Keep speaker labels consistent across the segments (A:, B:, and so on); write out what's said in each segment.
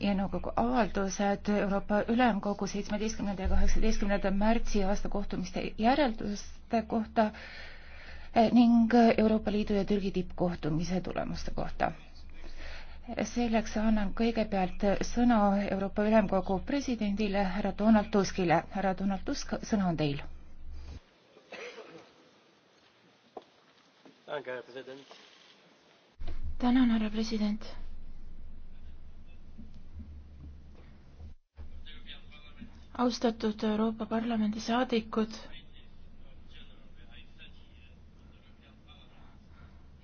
A: ja nõukogu avaldused Euroopa Ülemkogu seitsmeteistkümnenda ja kaheksateistkümnenda märtsi aasta kohtumiste järelduste kohta eh, ning Euroopa Liidu ja Türgi tippkohtumise tulemuste kohta. selleks annan kõigepealt sõna Euroopa Ülemkogu presidendile härra Donald Tuskile. härra Donald Tusk, sõna on teil.
B: tänan, härra
C: president
A: tänan, härra president
D: austatud Euroopa Parlamendi saadikud.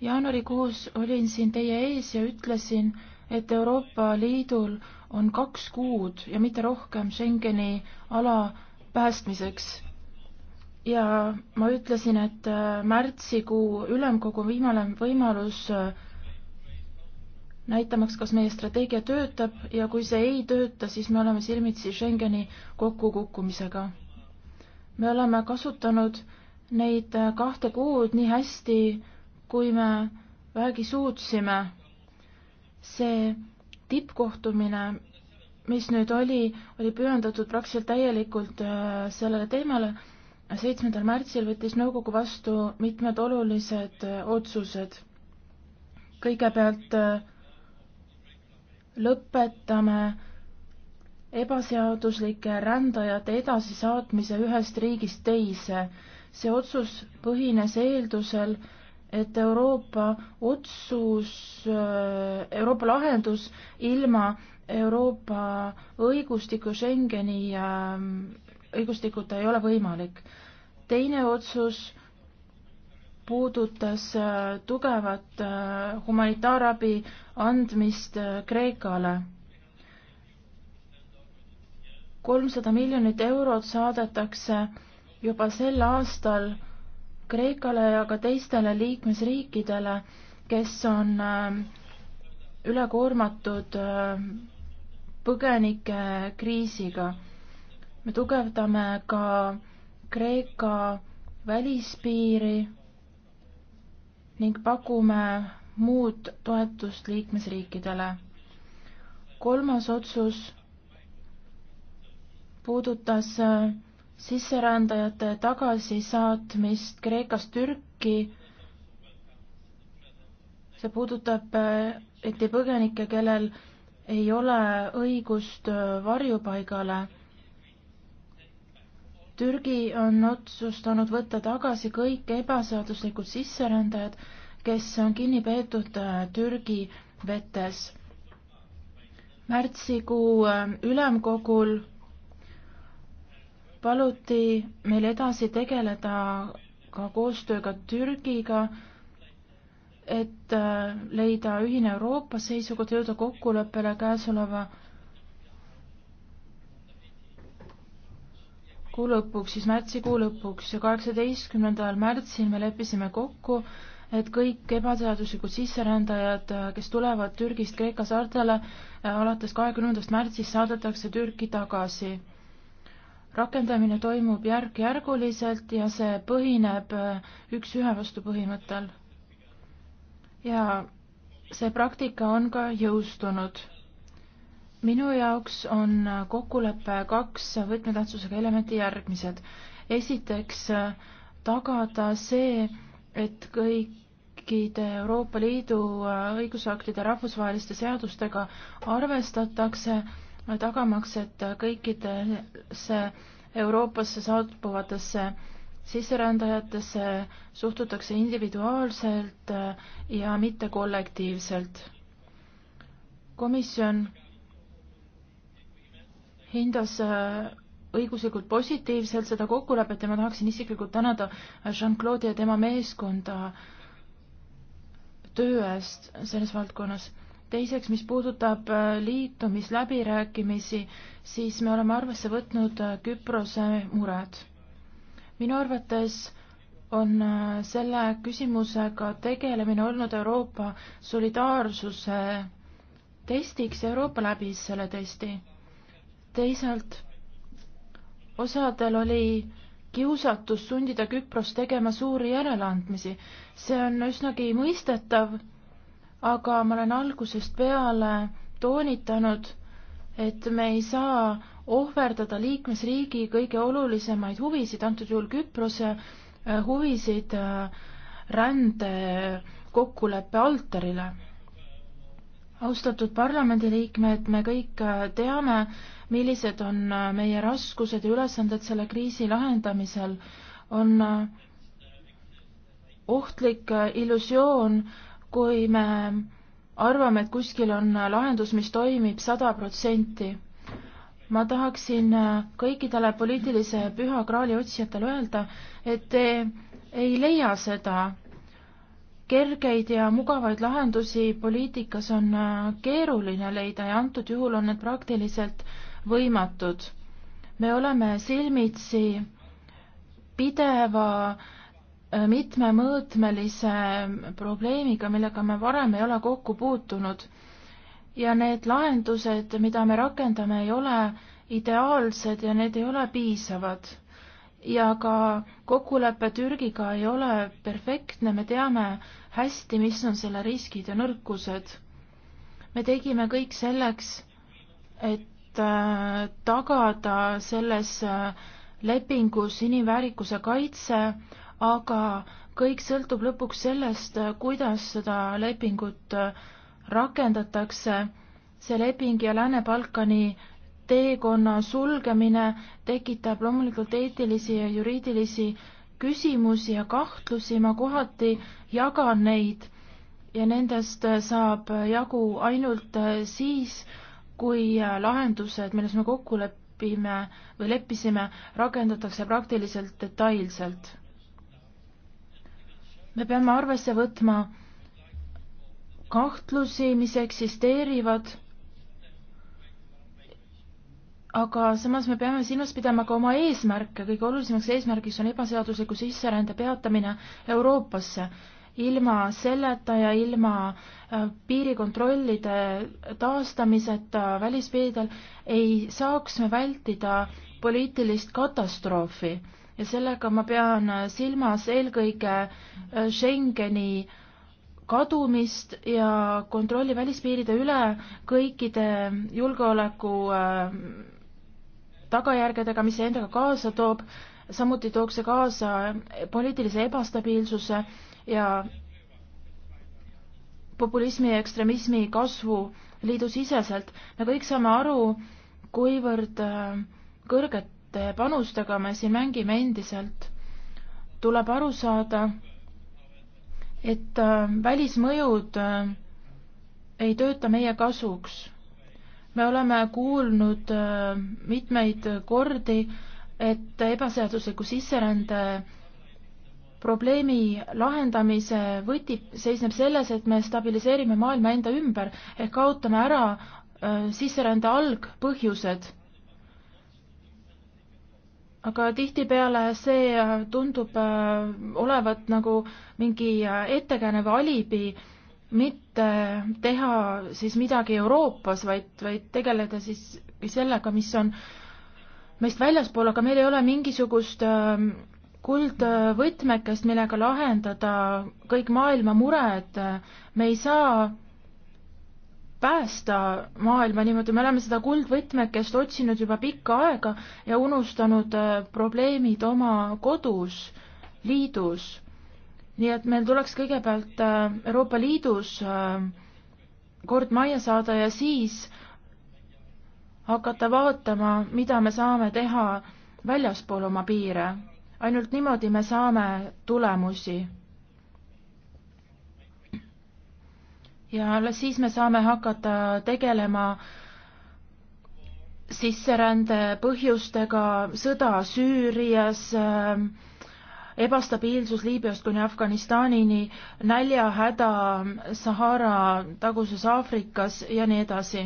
D: jaanuarikuus olin siin teie ees ja ütlesin, et Euroopa Liidul on kaks kuud ja mitte rohkem Schengeni ala päästmiseks. ja ma ütlesin, et märtsikuu ülemkogu viimane võimalus äh, näitamaks, kas meie strateegia töötab ja kui see ei tööta, siis me oleme silmitsi Schengeni kokkukukkumisega. me oleme kasutanud neid äh, kahte kuud nii hästi, kui me vähegi suutsime. see tippkohtumine, mis nüüd oli, oli pühendatud praktiliselt täielikult äh, sellele teemale. seitsmendal märtsil võttis nõukogu vastu mitmed olulised äh, otsused. kõigepealt äh, lõpetame ebaseaduslike rändajate edasisaatmise ühest riigist teise. see otsus põhines eeldusel, et Euroopa otsus, äh, Euroopa lahendus ilma Euroopa õigustiku Schengeni ähm, õigustikuta ei ole võimalik. teine otsus puudutas äh, tugevat äh, humanitaarabi andmist äh, Kreekale. kolmsada miljonit eurot saadetakse juba sel aastal Kreekale ja ka teistele liikmesriikidele, kes on ülekoormatud põgenikekriisiga. me tugevdame ka Kreeka välispiiri ning pakume muud toetust liikmesriikidele. kolmas otsus puudutas äh, sisserändajate tagasisaatmist Kreekast Türki. see puudutab äh, eriti põgenikke, kellel ei ole õigust äh, varjupaigale Türgi on otsustanud võtta tagasi kõik ebaseaduslikud sisserändajad, kes on kinni peetud äh, Türgi vetes. märtsikuu äh, ülemkogul paluti meil edasi tegeleda ka koostööga Türgiga, et äh, leida ühine Euroopa seisukoht, jõuda kokkuleppele käesoleva kuu lõpuks, siis märtsikuu lõpuks ja kaheksateistkümnendal märtsil me leppisime kokku, et kõik ebaseaduslikud sisserändajad, kes tulevad Türgist Kreeka saartele alates kahekümnendast märtsist, saadetakse Türki tagasi. rakendamine toimub järk-järguliselt ja see põhineb üks-ühe vastu põhimõttel. ja see praktika on ka jõustunud minu jaoks on kokkuleppe kaks võtmetähtsusega elementi järgmised. esiteks tagada see, et kõikide Euroopa Liidu õigusaktide rahvusvaheliste seadustega arvestatakse, tagamaks, et kõikidesse Euroopasse saabuvatesse sisserändajatesse suhtutakse individuaalselt ja mitte kollektiivselt. komisjon hindas äh, õiguslikult positiivselt seda kokkulepet ja ma tahaksin isiklikult tänada äh, Jean-Claude'i ja tema meeskonda äh, töö eest selles valdkonnas. teiseks, mis puudutab liitumisläbirääkimisi, siis me oleme arvesse võtnud Küprose mured. minu arvates on selle küsimusega tegelemine olnud Euroopa solidaarsuse testiks, Euroopa läbis selle testi teisalt osadel oli kiusatus sundida Küpros tegema suuri järeleandmisi. see on üsnagi mõistetav, aga ma olen algusest peale toonitanud, et me ei saa ohverdada liikmesriigi kõige olulisemaid huvisid, antud juhul Küprose eh, huvisid eh, rände kokkuleppe altarile austatud parlamendiliikmed, me kõik äh, teame, millised on äh, meie raskused ja ülesanded selle kriisi lahendamisel. on äh, ohtlik illusioon, kui me arvame, et kuskil on lahendus, mis toimib sada protsenti. ma tahaksin kõikidele poliitilise püha kraali otsijatele öelda, et te ei leia seda kergeid ja mugavaid lahendusi poliitikas on äh, keeruline leida ja antud juhul on need praktiliselt võimatud. me oleme silmitsi pideva äh, mitmemõõtmelise probleemiga, millega me varem ei ole kokku puutunud. ja need lahendused, mida me rakendame, ei ole ideaalsed ja need ei ole piisavad ja ka kokkulepe Türgiga ei ole perfektne, me teame hästi, mis on selle riskid ja nõrkused. me tegime kõik selleks, et äh, tagada selles äh, lepingus inimväärikuse kaitse, aga kõik sõltub lõpuks sellest, äh, kuidas seda lepingut rakendatakse. see leping ja Lääne-Balkani teekonna sulgemine tekitab loomulikult eetilisi ja juriidilisi küsimusi ja kahtlusi, ma kohati jagan neid ja nendest saab jagu ainult siis, kui lahendused, milles me kokku lepime või leppisime, rakendatakse praktiliselt detailselt. me peame arvesse võtma kahtlusi, mis eksisteerivad aga samas me peame silmas pidama ka oma eesmärke, kõige olulisemaks eesmärgiks on ebaseadusliku sisserände peatamine Euroopasse. ilma selleta ja ilma äh, piirikontrollide taastamiseta välispiiridel ei saaks me vältida poliitilist katastroofi ja sellega ma pean äh, silmas eelkõige äh, Schengeni kadumist ja kontrolli välispiiride üle kõikide julgeoleku tagajärgedega, mis see endaga kaasa toob, samuti tooks see kaasa poliitilise ebastabiilsuse ja populismi ja ekstremismi kasvu liidusiseselt. me kõik saame aru, kuivõrd äh, kõrgete panustega me siin mängime endiselt. tuleb aru saada, et äh, välismõjud äh, ei tööta meie kasuks me oleme kuulnud äh, mitmeid kordi, et ebaseadusliku sisserände probleemi lahendamise võti seisneb selles, et me stabiliseerime maailma enda ümber ehk kaotame ära äh, sisserände algpõhjused. aga tihtipeale see äh, tundub olevat nagu mingi ettekääne või alibi mitte teha siis midagi Euroopas, vaid, vaid tegeleda siis sellega, mis on meist väljaspool, aga meil ei ole mingisugust ähm, kuldvõtmekest, millega lahendada kõik maailma mured. me ei saa päästa maailma niimoodi, me oleme seda kuldvõtmekest otsinud juba pikka aega ja unustanud äh, probleemid oma kodus, liidus nii et meil tuleks kõigepealt äh, Euroopa Liidus äh, kord majja saada ja siis hakata vaatama, mida me saame teha väljaspool oma piire. ainult niimoodi me saame tulemusi ja alles siis me saame hakata tegelema sisserände põhjustega, sõda Süürias äh,, ebastabiilsus Liibüast kuni Afganistanini, näljahäda Sahara taguses Aafrikas ja nii edasi.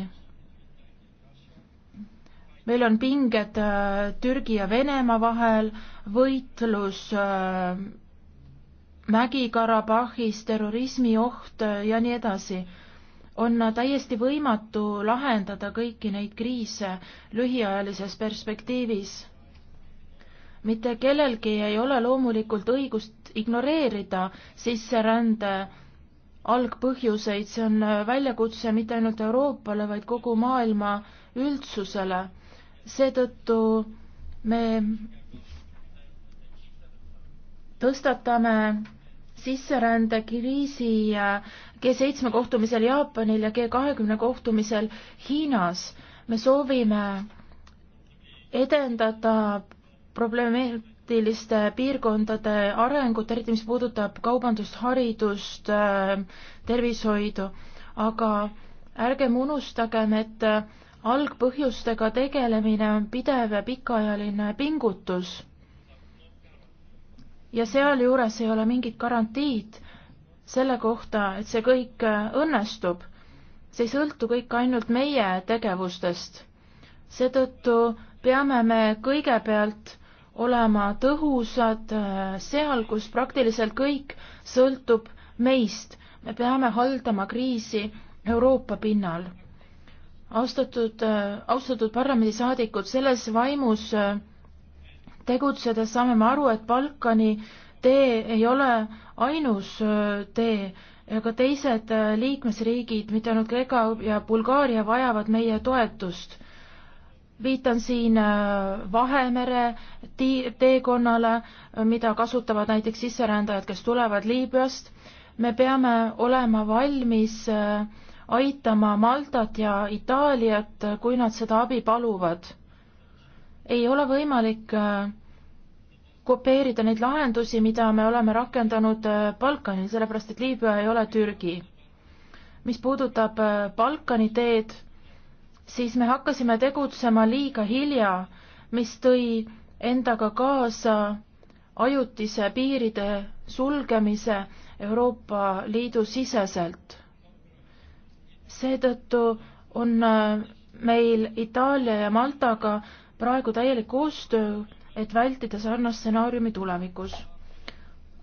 D: meil on pinged äh, Türgi ja Venemaa vahel, võitlus äh, Mägi-Karabahhis, terrorismi oht äh, ja nii edasi on täiesti võimatu lahendada kõiki neid kriise lühiajalises perspektiivis mitte kellelgi ei ole loomulikult õigust ignoreerida sisserände algpõhjuseid, see on väljakutse mitte ainult Euroopale, vaid kogu maailma üldsusele. seetõttu me tõstatame sisserändekriisi äh, G7 kohtumisel Jaapanil ja G20 kohtumisel Hiinas. me soovime edendada problemaatiliste piirkondade arengut, eriti mis puudutab kaubandust, haridust, tervishoidu, aga ärgem unustagem, et algpõhjustega tegelemine on pidev ja pikaajaline pingutus. ja sealjuures ei ole mingit garantiid selle kohta, et see kõik õnnestub. see ei sõltu kõik ainult meie tegevustest. seetõttu peame me kõigepealt olema tõhusad äh, seal, kus praktiliselt kõik sõltub meist. me peame haldama kriisi Euroopa pinnal. austatud, äh, austatud parlamendisaadikud, selles vaimus äh, tegutsedes saame me aru, et Balkani tee ei ole ainus tee ja ka teised liikmesriigid, mitte ainult Kreeka ja Bulgaaria, vajavad meie toetust viitan siin äh, Vahemere teekonnale, äh, mida kasutavad näiteks sisserändajad, kes tulevad Liibüast. me peame olema valmis äh, aitama Maltat ja Itaaliat, kui nad seda abi paluvad. ei ole võimalik kopeerida neid lahendusi, mida me oleme rakendanud Balkanil, sellepärast et Liibüa ei ole Türgi. mis puudutab Balkani teed siis me hakkasime tegutsema liiga hilja, mis tõi endaga kaasa ajutise piiride sulgemise Euroopa Liidu siseselt. seetõttu on äh, meil Itaalia ja Maltaga praegu täielik koostöö, et vältida sarnast stsenaariumi tulevikus.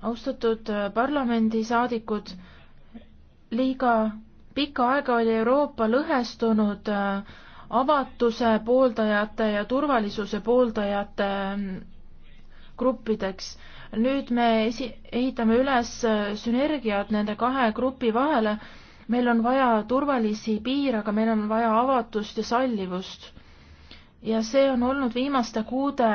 D: austatud äh, parlamendisaadikud, liiga pikka aega oli Euroopa lõhestunud äh, avatuse pooldajate ja turvalisuse pooldajate äh, gruppideks. nüüd me esi-, ehitame üles äh, sünergiad nende kahe grupi vahele. meil on vaja turvalisi piire, aga meil on vaja avatust ja sallivust. ja see on olnud viimaste kuude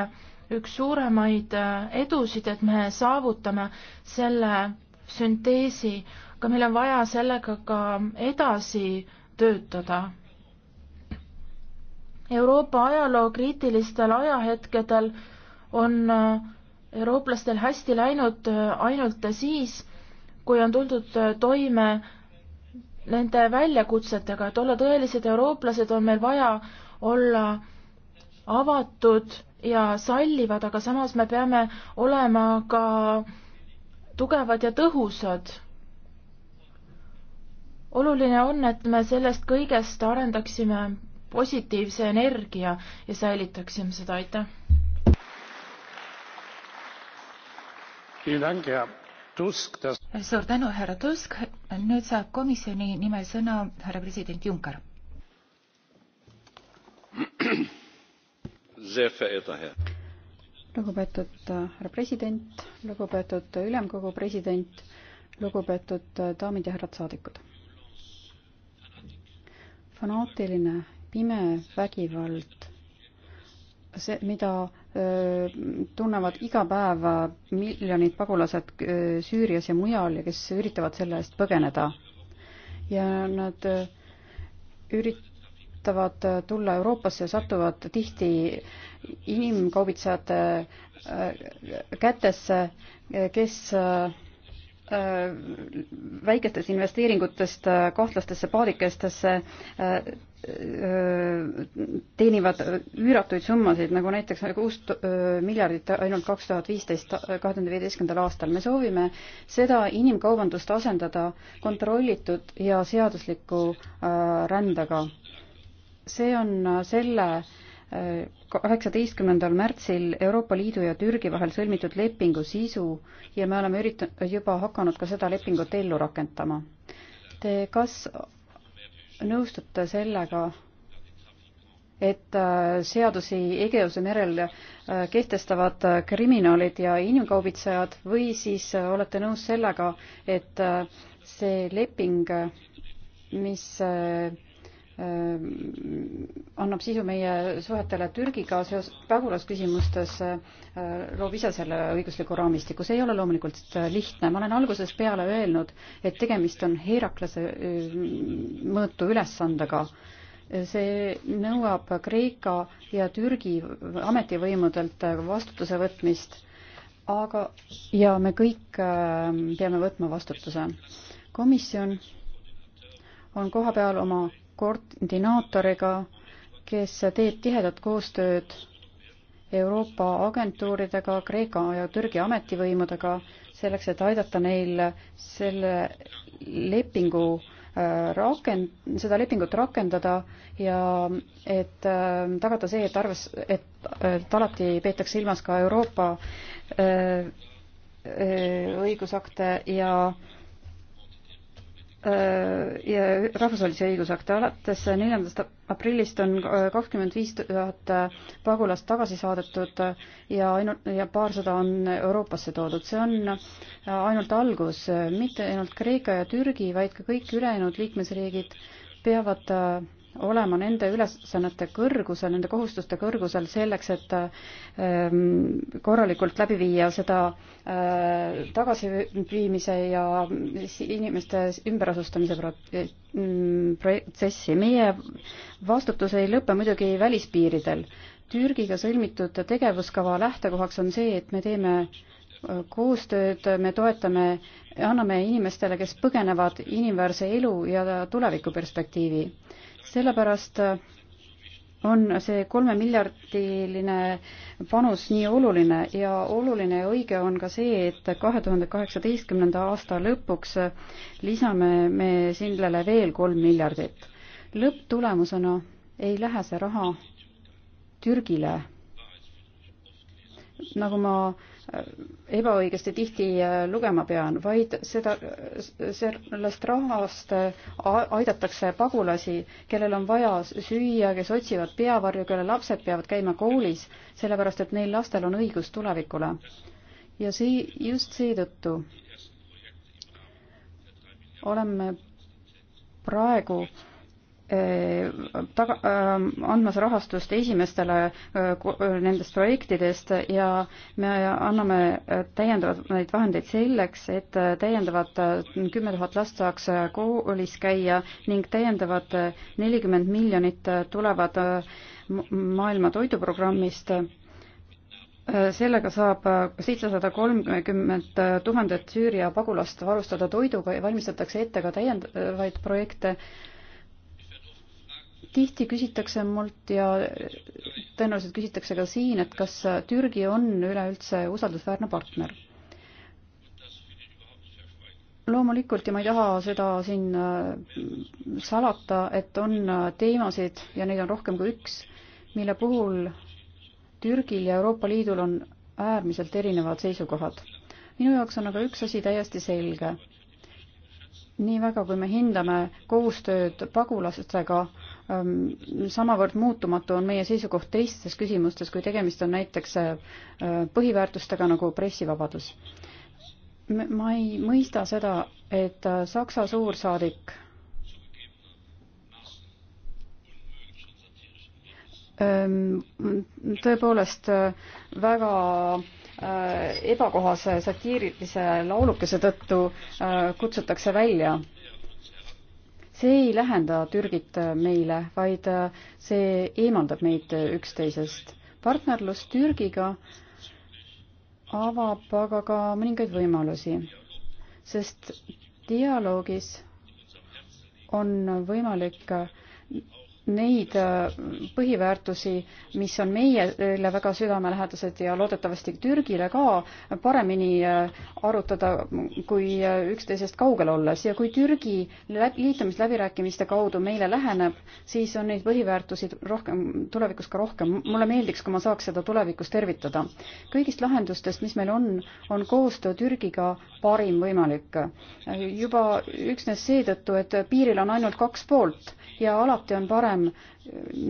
D: üks suuremaid edusid, et me saavutame selle sünteesi aga meil on vaja sellega ka edasi töötada. Euroopa ajaloo kriitilistel ajahetkedel on äh, eurooplastel hästi läinud äh, ainult siis, kui on tuldud äh, toime nende väljakutsetega, et olla tõelised eurooplased, on meil vaja olla avatud ja sallivad, aga samas me peame olema ka tugevad ja tõhusad oluline on, et me sellest kõigest arendaksime positiivse energia ja säilitaksime seda, aitäh.
A: suur tänu, härra Tusk. nüüd saab komisjoni nimel sõna härra president Juncker. lugupeetud äh,
C: härra president, lugupeetud ülemkogu president, lugupeetud äh, daamid ja härrad saadikud fanaatiline pime vägivald, see, mida öö, tunnevad iga päev miljonid pagulased öö, Süürias ja mujal ja kes üritavad selle eest põgeneda. ja nad öö, üritavad tulla Euroopasse ja satuvad tihti inimkaubitsejate kätesse, kes öö, Äh, väikestest investeeringutest äh, kahtlastesse paadikestesse äh, teenivad üüratuid summasid, nagu näiteks nagu kuus miljardit ainult kaks tuhat viisteist, kahe tuhande viieteistkümnendal aastal. me soovime seda inimkaubandust asendada kontrollitud ja seadusliku rändega. see on selle äh, kaheksateistkümnendal märtsil Euroopa Liidu ja Türgi vahel sõlmitud lepingu sisu ja me oleme üritanud, juba hakanud ka seda lepingut ellu rakendama. Te kas nõustute sellega, et äh, seadusi Egeuse merel äh, kehtestavad äh, kriminaalid ja inimkaubitsejad või siis olete nõus sellega, et see leping, mis Ehm, annab sisu meie suhetele Türgiga seos pagulasküsimustes, ehm, loob ise selle õigusliku raamistiku. see ei ole loomulikult lihtne. ma olen algusest peale öelnud, et tegemist on Heraklase ehm, mõõtu ülesandega. see nõuab Kreeka ja Türgi ametivõimudelt vastutuse võtmist, aga, ja me kõik peame võtma vastutuse. komisjon on kohapeal oma koordinaatoriga, kes teeb tihedat koostööd Euroopa agentuuridega, Kreeka ja Türgi ametivõimudega, selleks, et aidata neil selle lepingu äh, rakend-, seda lepingut rakendada ja et äh, tagada see, et arves, et, et alati peetakse silmas ka Euroopa öö, äh, õigusakte ja äh, Äh, ja rahvusvahelisi õigusakte. alates neljandast aprillist on äh, kakskümmend viis tuhat äh, pagulast tagasi saadetud ja ainult, ja paarsada on Euroopasse toodud. see on ainult algus, mitte ainult Kreeka ja Türgi, vaid ka kõik ülejäänud liikmesriigid peavad olema nende ülesannete kõrgusel, nende kohustuste kõrgusel selleks, et ähm, korralikult läbi viia seda äh, tagasiviimise ja inimeste ümberasustamise mm, protsessi. meie vastutus ei lõpe muidugi välispiiridel. Türgiga sõlmitud tegevuskava lähtekohaks on see, et me teeme äh, koostööd, me toetame, anname inimestele, kes põgenevad, inimväärse elu ja tulevikuperspektiivi sellepärast äh, on see kolmemiljardiline panus nii oluline ja oluline ja õige on ka see, et kahe tuhande kaheksateistkümnenda aasta lõpuks lisame me sellele veel kolm miljardit. lõpptulemusena ei lähe see raha Türgile. nagu ma ebaõigesti tihti äh, lugema pean, vaid seda, sellest rahast äh, aidatakse pagulasi, kellel on vaja süüa, kes otsivad peavarju, kelle lapsed peavad käima koolis, sellepärast et neil lastel on õigus tulevikule. ja see, just seetõttu oleme praegu äh, Äh, taga, äh, andmas rahastust esimestele äh, nendest projektidest ja me anname täiendavad neid vahendeid selleks, et täiendavad kümme tuhat last saaks koolis käia ning täiendavad nelikümmend miljonit tulevad maailma toiduprogrammist sellega saab seitsesada kolmkümmend tuhandet Süüria pagulast varustada toiduga ja valmistatakse ette ka täiendavaid projekte tihti küsitakse mult ja tõenäoliselt küsitakse ka siin, et kas Türgi on üleüldse usaldusväärne partner. loomulikult ja ma ei taha seda siin äh, salata, et on äh, teemasid ja neid on rohkem kui üks, mille puhul Türgil ja Euroopa Liidul on äärmiselt erinevad seisukohad. minu jaoks on aga üks asi täiesti selge nii väga, kui me hindame koostööd pagulastega, ähm, samavõrd muutumatu on meie seisukoht teistes küsimustes, kui tegemist on näiteks äh, põhiväärtustega nagu pressivabadus. ma ei mõista seda, et äh, Saksa suursaadik ähm, tõepoolest äh, väga Äh, ebakohase satiirilise laulukese tõttu äh, kutsutakse välja. see ei lähenda Türgit äh, meile, vaid see eemaldab meid üksteisest. partnerlus Türgiga avab aga ka mõningaid võimalusi, sest dialoogis on võimalik neid äh, põhiväärtusi, mis on meile väga südamelähedased ja loodetavasti Türgile ka, paremini äh, arutada kui äh, üksteisest kaugel olles ja kui Türgi liitumisläbirääkimiste kaudu meile läheneb, siis on neid põhiväärtusi rohkem, tulevikus ka rohkem. mulle meeldiks, kui ma saaks seda tulevikus tervitada. kõigist lahendustest, mis meil on, on koostöö Türgiga parim võimalik. juba üksnes seetõttu, et piiril on ainult kaks poolt ja alati on parem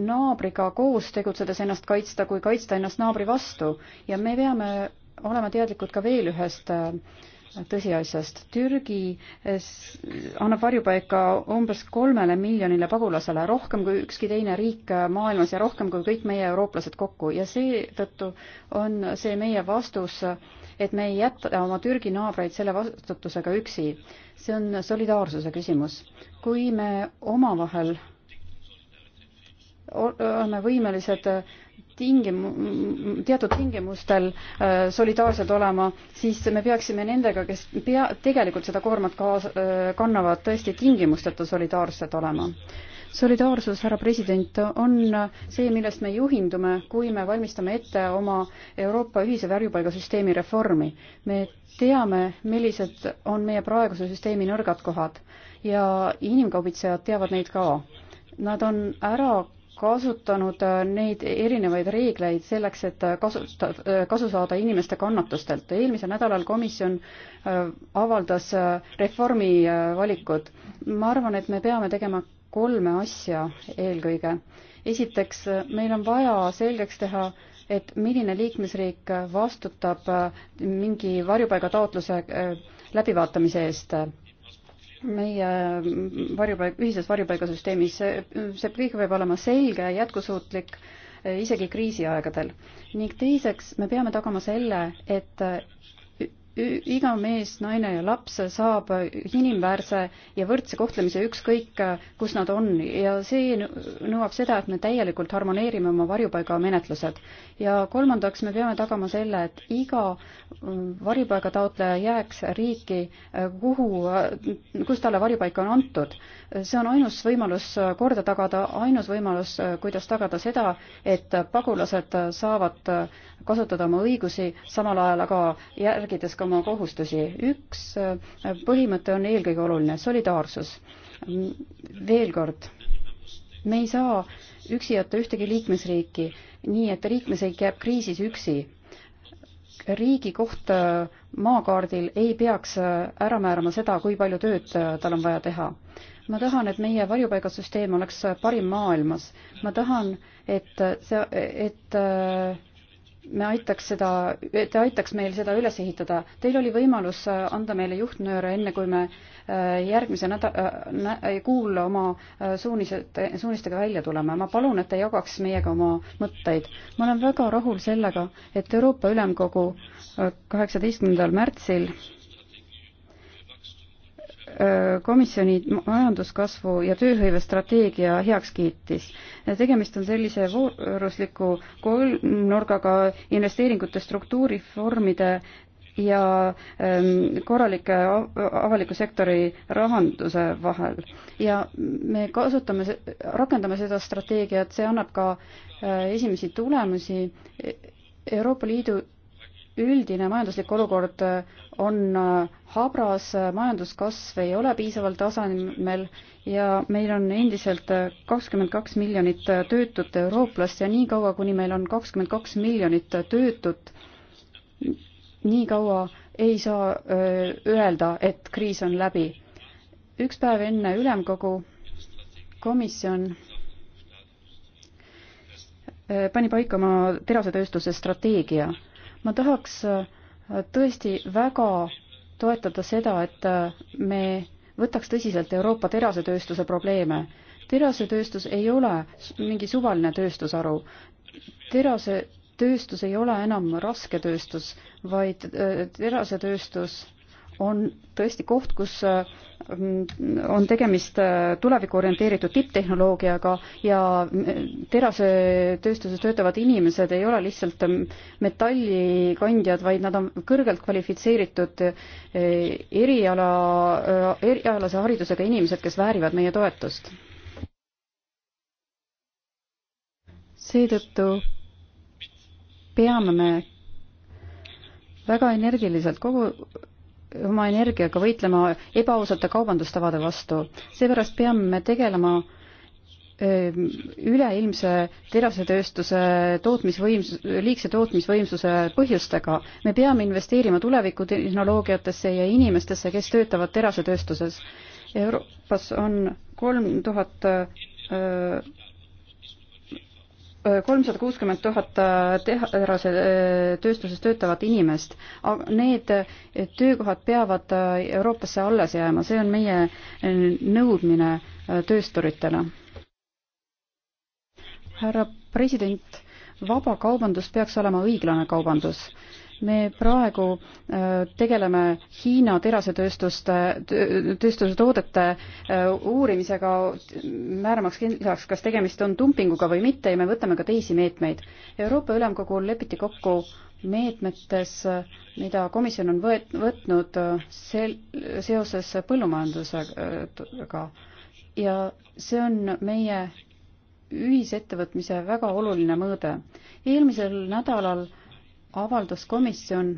C: naabriga koos tegutsedes ennast kaitsta, kui kaitsta ennast naabri vastu ja me peame olema teadlikud ka veel ühest äh, tõsiasjast. Türgi äh, annab varjupaika umbes kolmele miljonile pagulasele, rohkem kui ükski teine riik äh, maailmas ja rohkem kui kõik meie eurooplased kokku ja seetõttu on see meie vastus äh, et me ei jäta oma Türgi naabreid selle vastutusega üksi. see on solidaarsuse küsimus. kui me omavahel oleme võimelised tingim-, teatud tingimustel äh, solidaarsed olema, siis me peaksime nendega, kes pea, tegelikult seda koormat kaas-, äh, kannavad, tõesti tingimusteta solidaarsed olema solidaarsus, härra president, on see, millest me juhindume, kui me valmistame ette oma Euroopa ühise varjupaigasüsteemi reformi. me teame, millised on meie praeguse süsteemi nõrgad kohad ja inimkaubitsejad teavad neid ka. Nad on ära kasutanud neid erinevaid reegleid selleks, et kasu, kasu saada inimeste kannatustelt. eelmisel nädalal komisjon äh, avaldas äh, reformi äh, valikud. ma arvan, et me peame tegema kolme asja eelkõige. esiteks, meil on vaja selgeks teha, et milline liikmesriik vastutab äh, mingi varjupaigataotluse äh, läbivaatamise eest meie äh, varjupaig, ühises varjupaigasüsteemis, see kõik peab olema selge, jätkusuutlik, isegi kriisiaegadel. ning teiseks, me peame tagama selle, et iga mees, naine ja laps saab inimväärse ja võrdse kohtlemise ükskõik, kus nad on ja see nõuab seda, et me täielikult harmoneerime oma varjupaigamenetlused. ja kolmandaks, me peame tagama selle, et iga äh, varjupaigataotleja jääks riiki, äh, kuhu, äh, kus talle varjupaika on antud. see on ainus võimalus korda tagada, ainus võimalus, kuidas tagada seda, et pagulased saavad kasutada oma õigusi, samal ajal aga järgides ka oma kohustusi. üks äh, põhimõte on eelkõige oluline, solidaarsus. veel kord, me ei saa üksi jätta ühtegi liikmesriiki, nii et liikmesriik jääb kriisis üksi. riigi koht maakaardil ei peaks ära määrama seda, kui palju tööd äh, tal on vaja teha ma tahan, et meie varjupaigasüsteem oleks parim maailmas. ma tahan, et see, et äh, me aitaks seda, te aitaks meil seda üles ehitada. Teil oli võimalus äh, anda meile juhtnööre, enne kui me äh, järgmise nädala, äh, kuul oma suunised, suunistega välja tuleme. ma palun, et te jagaks meiega oma mõtteid. ma olen väga rahul sellega, et Euroopa Ülemkogu kaheksateistkümnendal märtsil komisjoni majanduskasvu ja tööhõivestrateegia heaks kiitis. tegemist on sellise voorusliku kolmnurgaga investeeringute struktuuriformide ja korralike avaliku sektori rahanduse vahel. ja me kasutame, rakendame seda strateegiat, see annab ka esimesi tulemusi. Euroopa Liidu üldine majanduslik olukord äh, on äh, habras, äh, majanduskasv ei ole piisaval tasemel ja meil on endiselt kakskümmend kaks miljonit töötut eurooplast ja niikaua, kuni meil on kakskümmend kaks miljonit töötut, niikaua ei saa öelda, et kriis on läbi. üks päev enne ülemkogu komisjon pani paika oma terasetööstuse strateegia ma tahaks äh, tõesti väga toetada seda, et äh, me võtaks tõsiselt Euroopa terasetööstuse probleeme. terasetööstus ei ole mingi suvaline tööstusharu. terasetööstus ei ole enam raske tööstus, vaid äh, terasetööstus on tõesti koht, kus äh, on tegemist äh, tulevikku orienteeritud tipptehnoloogiaga ja äh, terasetööstuses töötavad inimesed ei ole lihtsalt ähm, metallikandjad, vaid nad on kõrgelt kvalifitseeritud eriala, erialase haridusega inimesed, kes väärivad meie toetust. seetõttu peame me väga energiliselt kogu oma energiaga võitlema ebaausate kaubandustavade vastu. seepärast peame me tegelema üleilmse terasetööstuse tootmisvõimsus, liigse tootmisvõimsuse põhjustega. me peame investeerima tulevikutehnoloogiatesse ja inimestesse, kes töötavad terasetööstuses. Euroopas on kolm tuhat kolmsada kuuskümmend tuhat äh, teharase äh, tööstuses töötavat inimest. Need äh, töökohad peavad Euroopasse alles jääma, see on meie nõudmine töösturitele. härra president, vaba kaubandus peaks olema õiglane kaubandus me praegu äh, tegeleme Hiina terasetööstuste, tööstuse toodete äh, uurimisega, määramaks kindlaks, kas tegemist on dumpinguga või mitte ja me võtame ka teisi meetmeid. Euroopa Ülemkogul lepiti kokku meetmetes, mida komisjon on võet-, võtnud äh, sel-, seoses põllumajandusega. ja see on meie ühisettevõtmise väga oluline mõõde. eelmisel nädalal äh, avaldas komisjon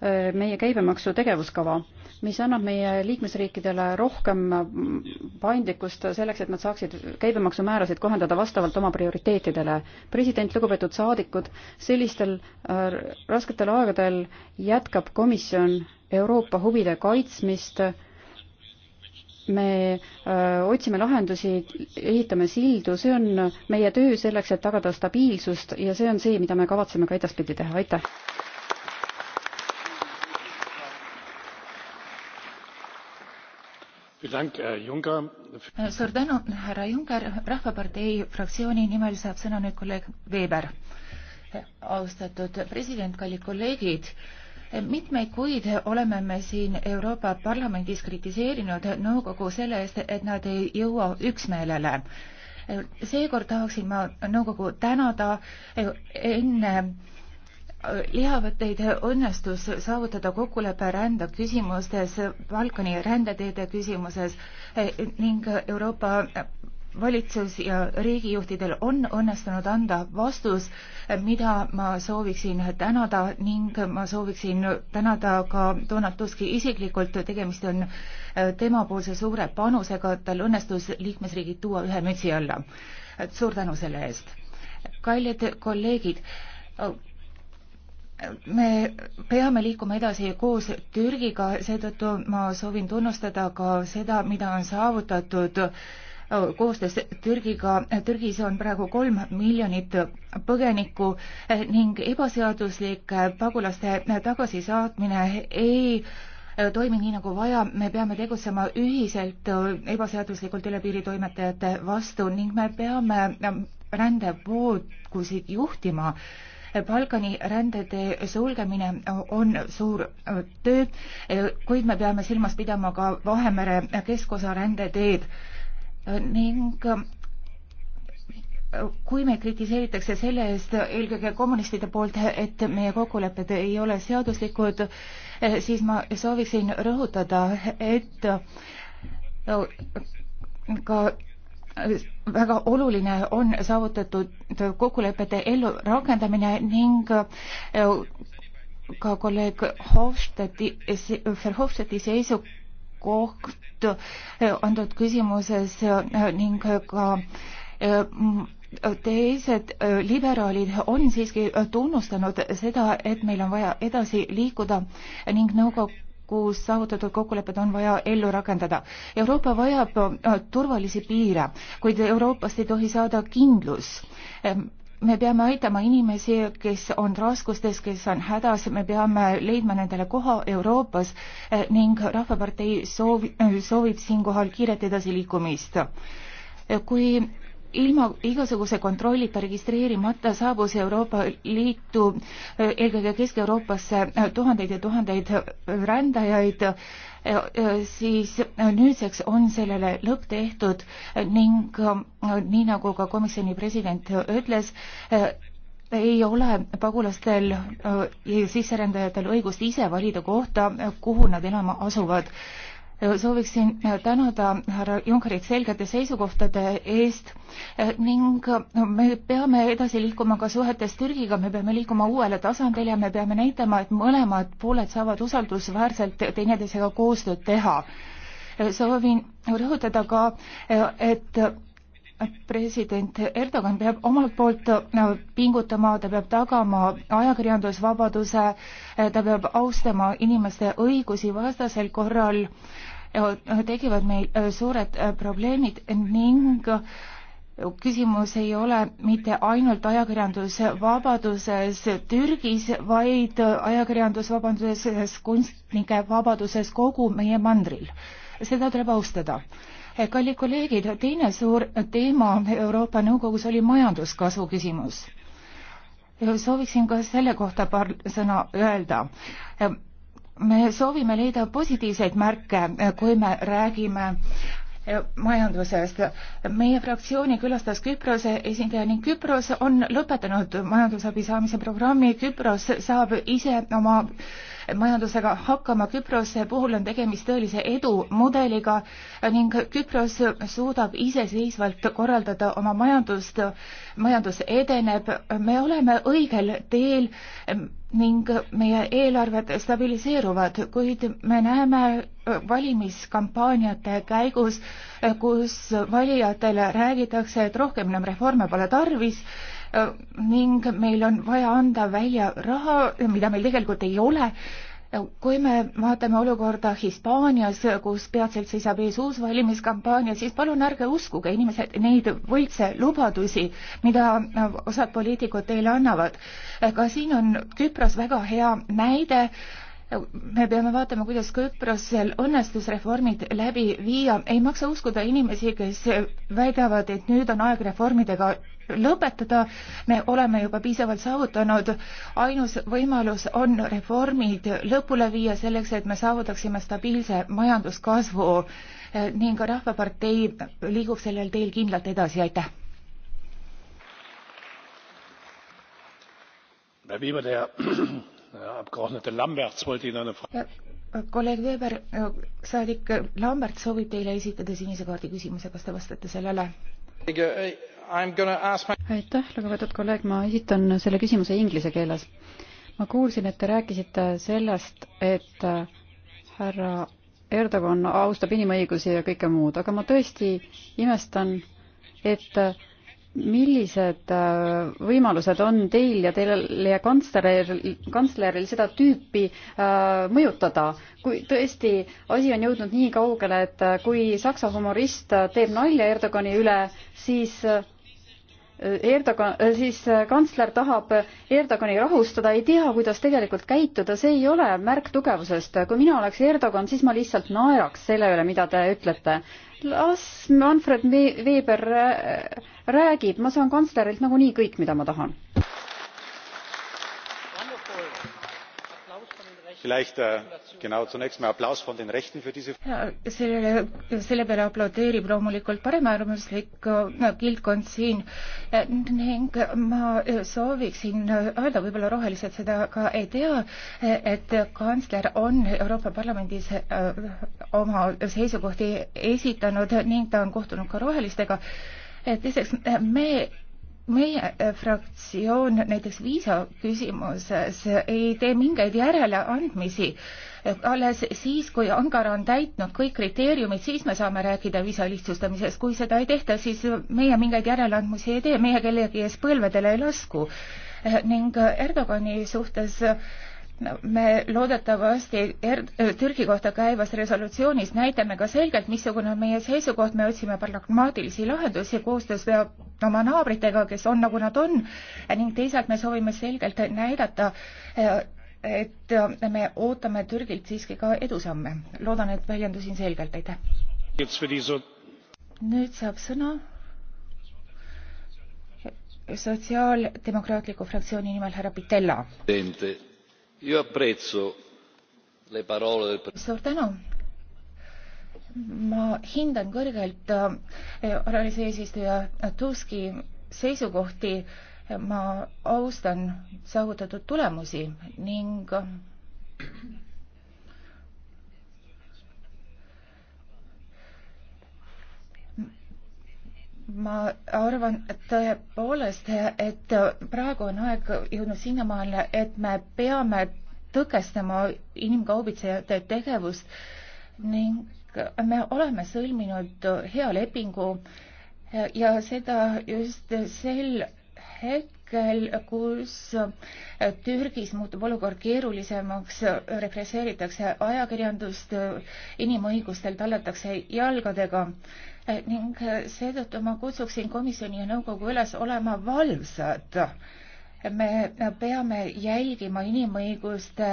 C: äh, meie käibemaksu tegevuskava, mis annab meie liikmesriikidele rohkem mm, paindlikkust selleks, et nad saaksid käibemaksumäärasid kohendada vastavalt oma prioriteetidele. president, lugupeetud saadikud, sellistel äh, rasketel aegadel jätkab komisjon Euroopa huvide kaitsmist äh, me otsime lahendusi, ehitame sildu, see on meie töö selleks, et tagada stabiilsust ja see on see, mida me kavatseme ka edaspidi teha, aitäh!
E: Äh, suur
A: tänu, härra Juncker, Rahvapartei fraktsiooni nimel saab sõna nüüd kolleeg Weber. austatud president, kallid kolleegid mitmeid kuid oleme me siin Euroopa Parlamendis kritiseerinud nõukogu selle eest, et nad ei jõua üksmeelele. seekord tahaksin ma nõukogu tänada e, enne e, lihavõtteid õnnestus saavutada kokkulepe rände küsimustes, Balkani rändeteede küsimuses e, ning Euroopa valitsus ja riigijuhtidel on õnnestunud anda vastus, mida ma sooviksin tänada ning ma sooviksin tänada ka Donald Tuski isiklikult, tegemist on äh, temapoolse suure panusega, tal õnnestus liikmesriigid tuua ühe mütsi alla. suur tänu selle eest. kallid kolleegid, me peame liikuma edasi koos Türgiga, seetõttu ma soovin tunnustada ka seda, mida on saavutatud äh, koostöös Türgiga. Türgis on praegu kolm miljonit põgenikku ning ebaseaduslik pagulaste tagasisaatmine ei toimi nii nagu vaja, me peame tegutsema ühiselt ebaseaduslikult üle piiri toimetajate vastu ning me peame rändevoogusid juhtima. Balkani rändetee sulgemine on suur töö, kuid me peame silmas pidama ka Vahemere keskosa rändeteed ning äh, kui meid kritiseeritakse selle eest eelkõige kommunistide poolt, et meie kokkulepped ei ole seaduslikud, äh, siis ma sooviksin rõhutada, et äh, ka väga oluline on saavutatud kokkulepete ellurakendamine ning ka kolleeg Hofstadti, Verhofstadti seisukoht koht eh, antud küsimuses eh, ning ka eh, teised liberaalid on siiski tunnustanud seda, et meil on vaja edasi liikuda ning nõukogu kus saavutatud kokkulepped on vaja ellu rakendada. Euroopa vajab turvalisi piire, kuid Euroopast ei tohi saada kindlus me peame aitama inimesi, kes on raskustes, kes on hädas, me peame leidma nendele koha Euroopas eh, ning Rahvapartei soov, eh, soovib siinkohal kiiret edasiliikumist. Eh, kui ilma igasuguse kontrollita registreerimata saabus Euroopa Liitu, eelkõige Kesk-Euroopasse tuhandeid ja tuhandeid rändajaid siis nüüdseks on sellele lõpp tehtud ning nii nagu ka komisjoni president ütles, ei ole pagulastel ja sisserändajatel õigust ise valida kohta, kuhu nad elama asuvad sooviksin äh, tänada härra Junckerit selgete seisukohtade eest äh, ning äh, me peame edasi liikuma ka suhetes Türgiga, me peame liikuma uuele tasandile ja me peame näitama, et mõlemad pooled saavad usaldusväärselt teineteisega koostööd teha. soovin rõhutada ka, et president Erdogan peab omalt poolt äh, pingutama, ta peab tagama ajakirjandusvabaduse, äh, ta peab austama inimeste õigusi, vastasel korral äh, tekivad meil suured probleemid ning küsimus ei ole mitte ainult ajakirjandusvabaduses Türgis, vaid ajakirjandusvabaduses, kunstnike vabaduses kogu meie mandril. seda tuleb austada kallid kolleegid, teine suur teema Euroopa Nõukogus oli majanduskasvu küsimus. sooviksin ka selle kohta paar sõna öelda. me soovime leida positiivseid märke, kui me räägime majandusest. meie fraktsiooni külastas Küprose esindaja ning Küpros on lõpetanud majandusabi saamise programmi. Küpros saab ise oma majandusega hakkama. Küprose puhul on tegemist tõelise edumudeliga ning Küpros suudab iseseisvalt korraldada oma majandust, majandus edeneb, me oleme õigel teel ning meie eelarved stabiliseeruvad, kuid me näeme valimiskampaaniate käigus, kus valijatele räägitakse, et rohkem enam reforme pole tarvis Äh, ning meil on vaja anda välja raha, mida meil tegelikult ei ole. Äh, kui me vaatame olukorda Hispaanias, kus peatselt seisab ees uus valimiskampaania, siis palun ärge uskuge, inimesed, neid võltse lubadusi, mida äh, osad poliitikud teile annavad. ka siin on Küpros väga hea näide me peame vaatama, kuidas Küprosel õnnestus reformid läbi viia. ei maksa uskuda inimesi, kes väidavad, et nüüd on aeg reformidega lõpetada. me oleme juba piisavalt saavutanud, ainus võimalus on reformid lõpule viia selleks, et me saavutaksime stabiilse majanduskasvu ning Rahvapartei liigub sellel teel kindlalt edasi, aitäh!
E: Äh, äh,
A: kolleeg Weber, äh, saadik Lambert soovib teile esitada sinise kaardi küsimuse, kas te vastate sellele?
D: aitäh,
A: lugupeetud
C: kolleeg, ma esitan selle küsimuse inglise keeles. ma kuulsin, et te rääkisite sellest, et äh, härra Erdogan austab inimõigusi ja kõike muud, aga ma tõesti imestan, et äh, millised äh, võimalused on teil ja teil ja kantsleril, kantsleril seda tüüpi äh, mõjutada, kui tõesti asi on jõudnud nii kaugele, et kui saksa humorist teeb nalja Erdogani üle, siis äh, Erdogan, äh, siis äh, kantsler tahab Erdogani rahustada, ei tea, kuidas tegelikult käituda, see ei ole märk tugevusest. kui mina oleks Erdogan, siis ma lihtsalt naeraks selle üle, mida te ütlete. las Manfred Weber räägib, ma saan kantslerilt nagunii kõik, mida ma tahan.
E: Äh,
A: sellele selle peale aplodeerib loomulikult paremäärmuslik äh, kildkond siin äh, ning ma sooviksin öelda võib-olla rohelised seda ka ei tea et kantsler on euroopa parlamendis oma seisukohti esitanud ning ta on kohtunud ka rohelistega teiseks me meie äh, fraktsioon näiteks viisa küsimuses ei tee mingeid järeleandmisi. alles siis, kui Ankara on täitnud kõik kriteeriumid, siis me saame rääkida viisa lihtsustamisest. kui seda ei tehta, siis meie mingeid järeleandmisi ei tee, meie kellegi ees põlvedele ei lasku. Äh, ning Erdogani suhtes me loodetavasti er Türgi kohta käivas resolutsioonis näitame ka selgelt, missugune on meie seisukoht, me otsime pragmaatilisi lahendusi koostöös oma naabritega, kes on, nagu nad on, ning teisalt me soovime selgelt näidata, et me ootame Türgilt siiski ka edusamme. loodan, et väljendusin selgelt, aitäh. nüüd saab sõna sotsiaaldemokraatliku fraktsiooni nimel härra Pitella
E: suur
A: tänu ma hindan kõrgelt alalise eh, eesistuja Tuski seisukohti ma austan saavutatud tulemusi ning ma arvan tõepoolest, et praegu on aeg jõudnud sinnamaale, et me peame tõkestama inimkaubitsejate tegevust ning me oleme sõlminud hea lepingu ja seda just sel hetkel, kus Türgis muutub olukord keerulisemaks, represseeritakse ajakirjandust, inimõigustel tallatakse jalgadega ning seetõttu ma kutsuksin komisjoni ja nõukogu üles olema valvsad me peame jälgima inimõiguste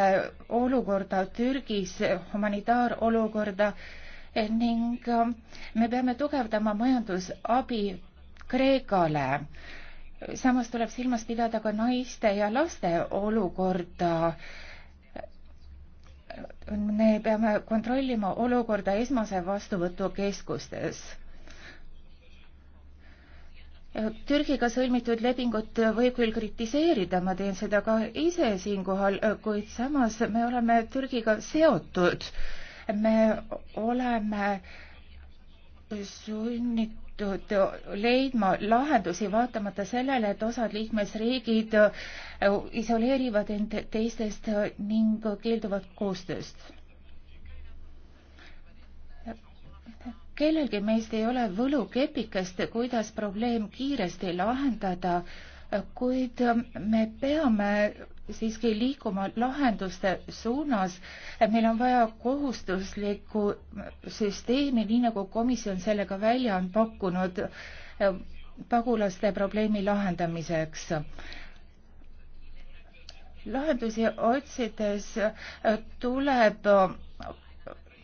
A: olukorda Türgis, humanitaarolukorda ning äh, me peame tugevdama majandusabi Kreekale. samas tuleb silmas pidada ka naiste ja laste olukorda. me peame kontrollima olukorda esmase vastuvõtukeskustes Türgiga sõlmitud lepingut võib küll kritiseerida, ma teen seda ka ise siinkohal, kuid samas me oleme Türgiga seotud. me oleme sunnitud leidma lahendusi, vaatamata sellele, et osad liikmesriigid isoleerivad end teistest ning keelduvad koostööst kellelgi meist ei ole võlukepikest, kuidas probleem kiiresti lahendada, kuid me peame siiski liikuma lahenduste suunas. meil on vaja kohustuslikku süsteemi, nii nagu komisjon sellega välja on pakkunud pagulaste probleemi lahendamiseks. lahendusi otsides tuleb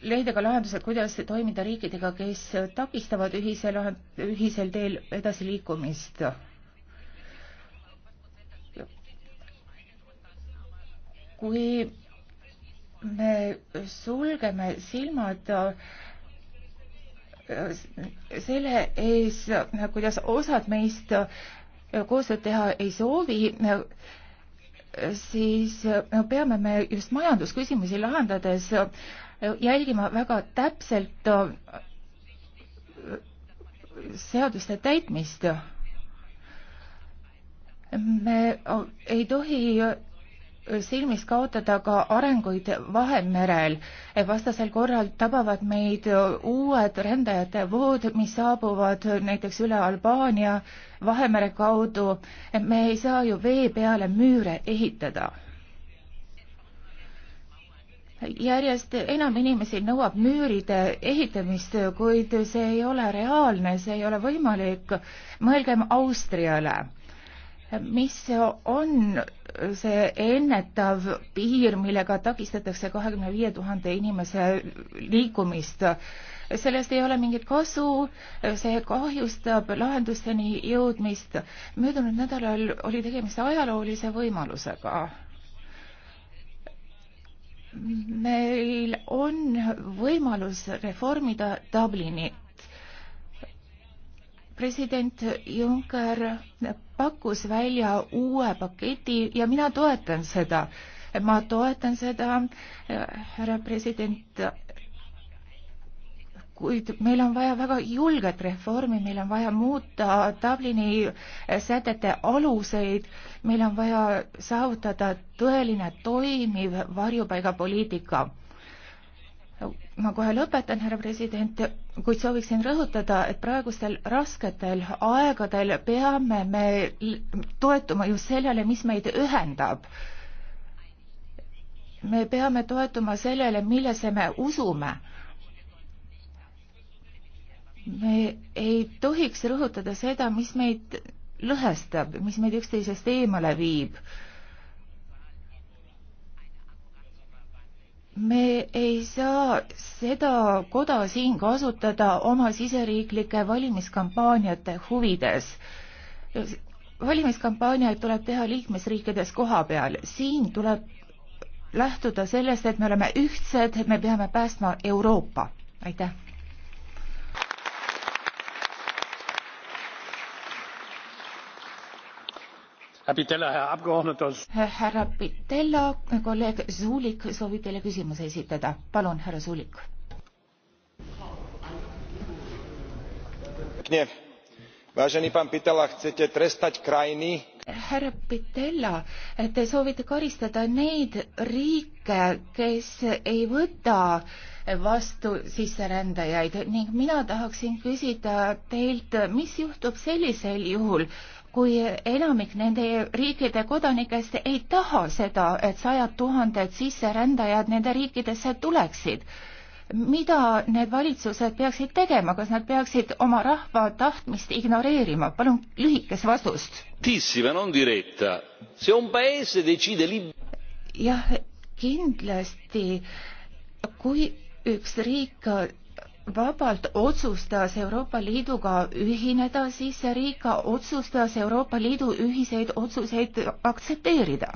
A: leida ka lahendused, kuidas toimida riikidega, kes takistavad ühise lahend-, ühisel teel edasiliikumist. kui me sulgeme silmad selle ees, kuidas osad meist koostööd teha ei soovi, siis peame me just majandusküsimusi lahendades jälgima väga täpselt äh, seaduste täitmist. me ei tohi silmis kaotada ka arenguid Vahemerel. vastasel korral tabavad meid uued rändajate vood, mis saabuvad näiteks üle Albaania Vahemere kaudu. me ei saa ju vee peale müüre ehitada järjest enam inimesi nõuab müüride ehitamist, kuid see ei ole reaalne, see ei ole võimalik. mõelgem Austriale. mis on see ennetav piir, millega takistatakse kahekümne viie tuhande inimese liikumist? sellest ei ole mingit kasu, see kahjustab lahendusteni jõudmist. möödunud nädalal oli tegemist ajaloolise võimalusega meil on võimalus reformida Dublinit. president Juncker pakkus välja uue paketi ja mina toetan seda. ma toetan seda, härra president kuid meil on vaja väga julget reformi, meil on vaja muuta Dublini sätete aluseid, meil on vaja saavutada tõeline toimiv varjupaigapoliitika. ma kohe lõpetan, härra president, kuid sooviksin rõhutada, et praegustel rasketel aegadel peame me toetuma just sellele, mis meid ühendab me peame toetuma sellele, millesse me usume me ei tohiks rõhutada seda, mis meid lõhestab, mis meid üksteisest eemale viib. me ei saa seda koda siin kasutada oma siseriiklike valimiskampaaniate huvides. valimiskampaaniaid tuleb teha liikmesriikides koha peal, siin tuleb lähtuda sellest, et me oleme ühtsed, et me peame päästma Euroopa. aitäh! härra Pitella, kolleeg Zuulik soovib teile küsimuse esitada. palun, härra Zuulik.
E: Vážený pán Pitela, chcete trestať krajiny?
A: Härra Pitella, te soovite karistada neid riike, kes ei võta vastu sisserändajaid ning mina tahaksin küsida teilt, mis juhtub sellisel juhul, kui enamik nende riikide kodanikest ei taha seda, et sajad tuhanded sisserändajad nende riikidesse tuleksid. mida need valitsused peaksid tegema, kas nad peaksid oma rahva tahtmist ignoreerima? palun lühikest vastust. jah, kindlasti, kui üks riik vabalt otsustas Euroopa Liiduga ühineda, siis see riik ka otsustas Euroopa Liidu ühiseid otsuseid aktsepteerida.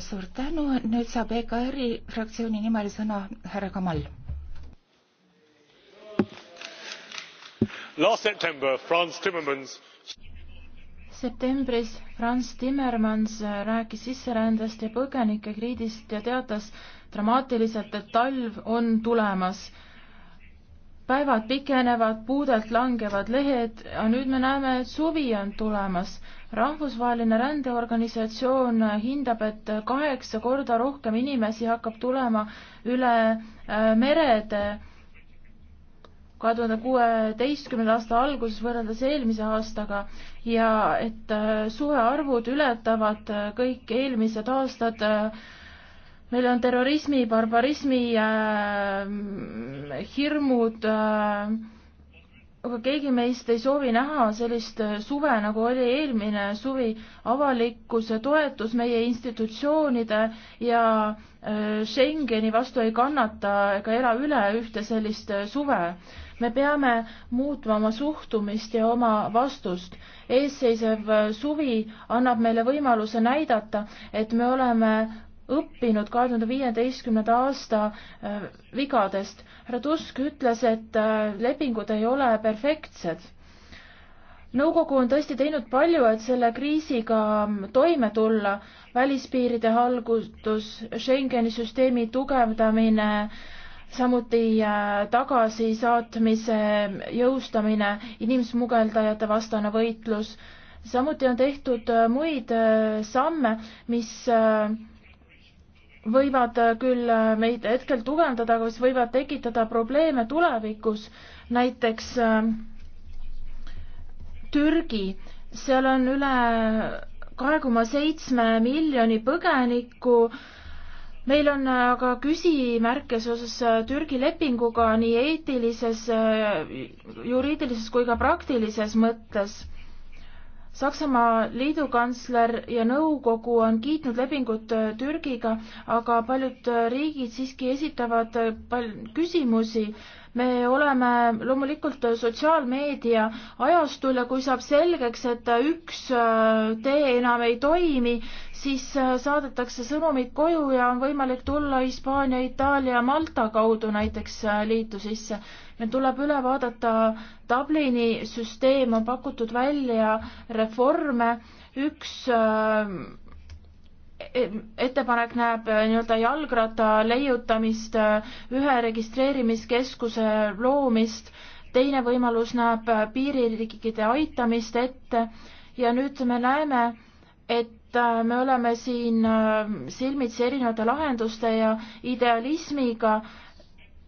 A: suur tänu, nüüd saab EKR-i fraktsiooni nimel sõna härra Kamal.
E: Last September Franz Timmermans
D: septembris Franz Timmermans rääkis sisserändest ja põgenike kriidist ja teatas dramaatiliselt, et talv on tulemas. päevad pikenevad, puudelt langevad lehed ja nüüd me näeme, et suvi on tulemas. rahvusvaheline rändeorganisatsioon hindab, et kaheksa korda rohkem inimesi hakkab tulema üle äh, merede kahe tuhande kuueteistkümnenda aasta alguses võrreldes eelmise aastaga ja et äh, suvearvud ületavad äh, kõik eelmised aastad. Äh, meil on terrorismi, barbarismi äh, hirmud äh,, aga keegi meist ei soovi näha sellist suve, nagu oli eelmine suvi. avalikkuse toetus meie institutsioonide ja äh, Schengeni vastu ei kannata ega ela üle ühte sellist suve me peame muutma oma suhtumist ja oma vastust. eesseisev suvi annab meile võimaluse näidata, et me oleme õppinud kahe tuhande viieteistkümnenda aasta äh, vigadest. härra Tusk ütles, et äh, lepingud ei ole perfektsed. nõukogu on tõesti teinud palju, et selle kriisiga mm, toime tulla, välispiiride halgutus, Schengeni süsteemi tugevdamine, samuti äh, tagasisaatmise jõustamine, inimsmugeldajate vastane võitlus. samuti on tehtud äh, muid äh, samme, mis võivad küll meid hetkel tugevdada, aga mis võivad tekitada probleeme tulevikus. näiteks Türgi, seal on üle kahe koma seitsme miljoni põgeniku meil on äh, aga küsimärke seoses äh, Türgi lepinguga nii eetilises, äh, juriidilises kui ka praktilises mõttes Saksamaa liidukantsler ja nõukogu on kiitnud lepingut äh, Türgiga, aga paljud äh, riigid siiski esitavad äh, pal-, küsimusi. me oleme loomulikult sotsiaalmeedia ajastul ja kui saab selgeks, et üks tee enam ei toimi, siis saadetakse sõnumid koju ja on võimalik tulla Hispaania, Itaalia, Malta kaudu näiteks liitu sisse meil tuleb üle vaadata Dublini süsteem, on pakutud välja reforme, üks äh, e-, ettepanek näeb äh, nii-öelda jalgratta leiutamist, äh, ühe registreerimiskeskuse loomist, teine võimalus näeb piiririikide aitamist ette ja nüüd me näeme, et me oleme siin silmitsi erinevate lahenduste ja idealismiga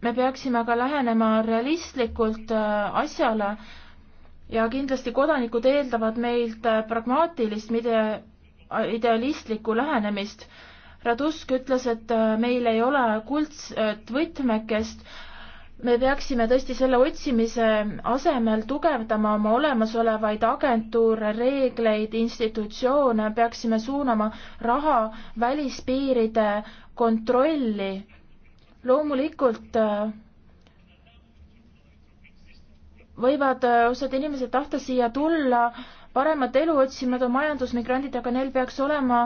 D: me peaksime aga lähenema realistlikult äh, asjale ja kindlasti kodanikud eeldavad meilt äh, pragmaatilist, mitte idealistlikku lähenemist. Radusk ütles, et äh, meil ei ole kuldset võtmekest. me peaksime tõesti selle otsimise asemel tugevdama oma olemasolevaid agentuure, reegleid, institutsioone, peaksime suunama raha välispiiride kontrolli loomulikult äh, võivad äh, osad inimesed tahta siia tulla paremat elu otsima, nad on majandusmigrandid, aga neil peaks olema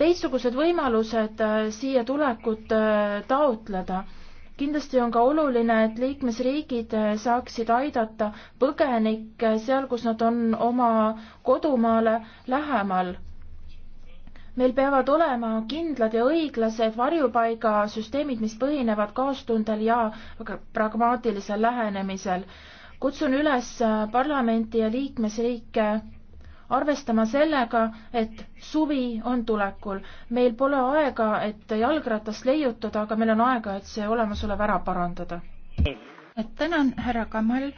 D: teistsugused võimalused äh, siia tulekut taotleda. kindlasti on ka oluline, et liikmesriigid saaksid aidata põgenikke seal, kus nad on oma kodumaale lähemal meil peavad olema kindlad ja õiglased varjupaigasüsteemid, mis põhinevad kaastundel ja pragmaatilisel lähenemisel. kutsun üles parlamenti ja liikmesriike arvestama sellega, et suvi on tulekul. meil pole aega, et jalgratast leiutada, aga meil on aega, et see olemasolev ära parandada.
A: tänan, härra Kamal.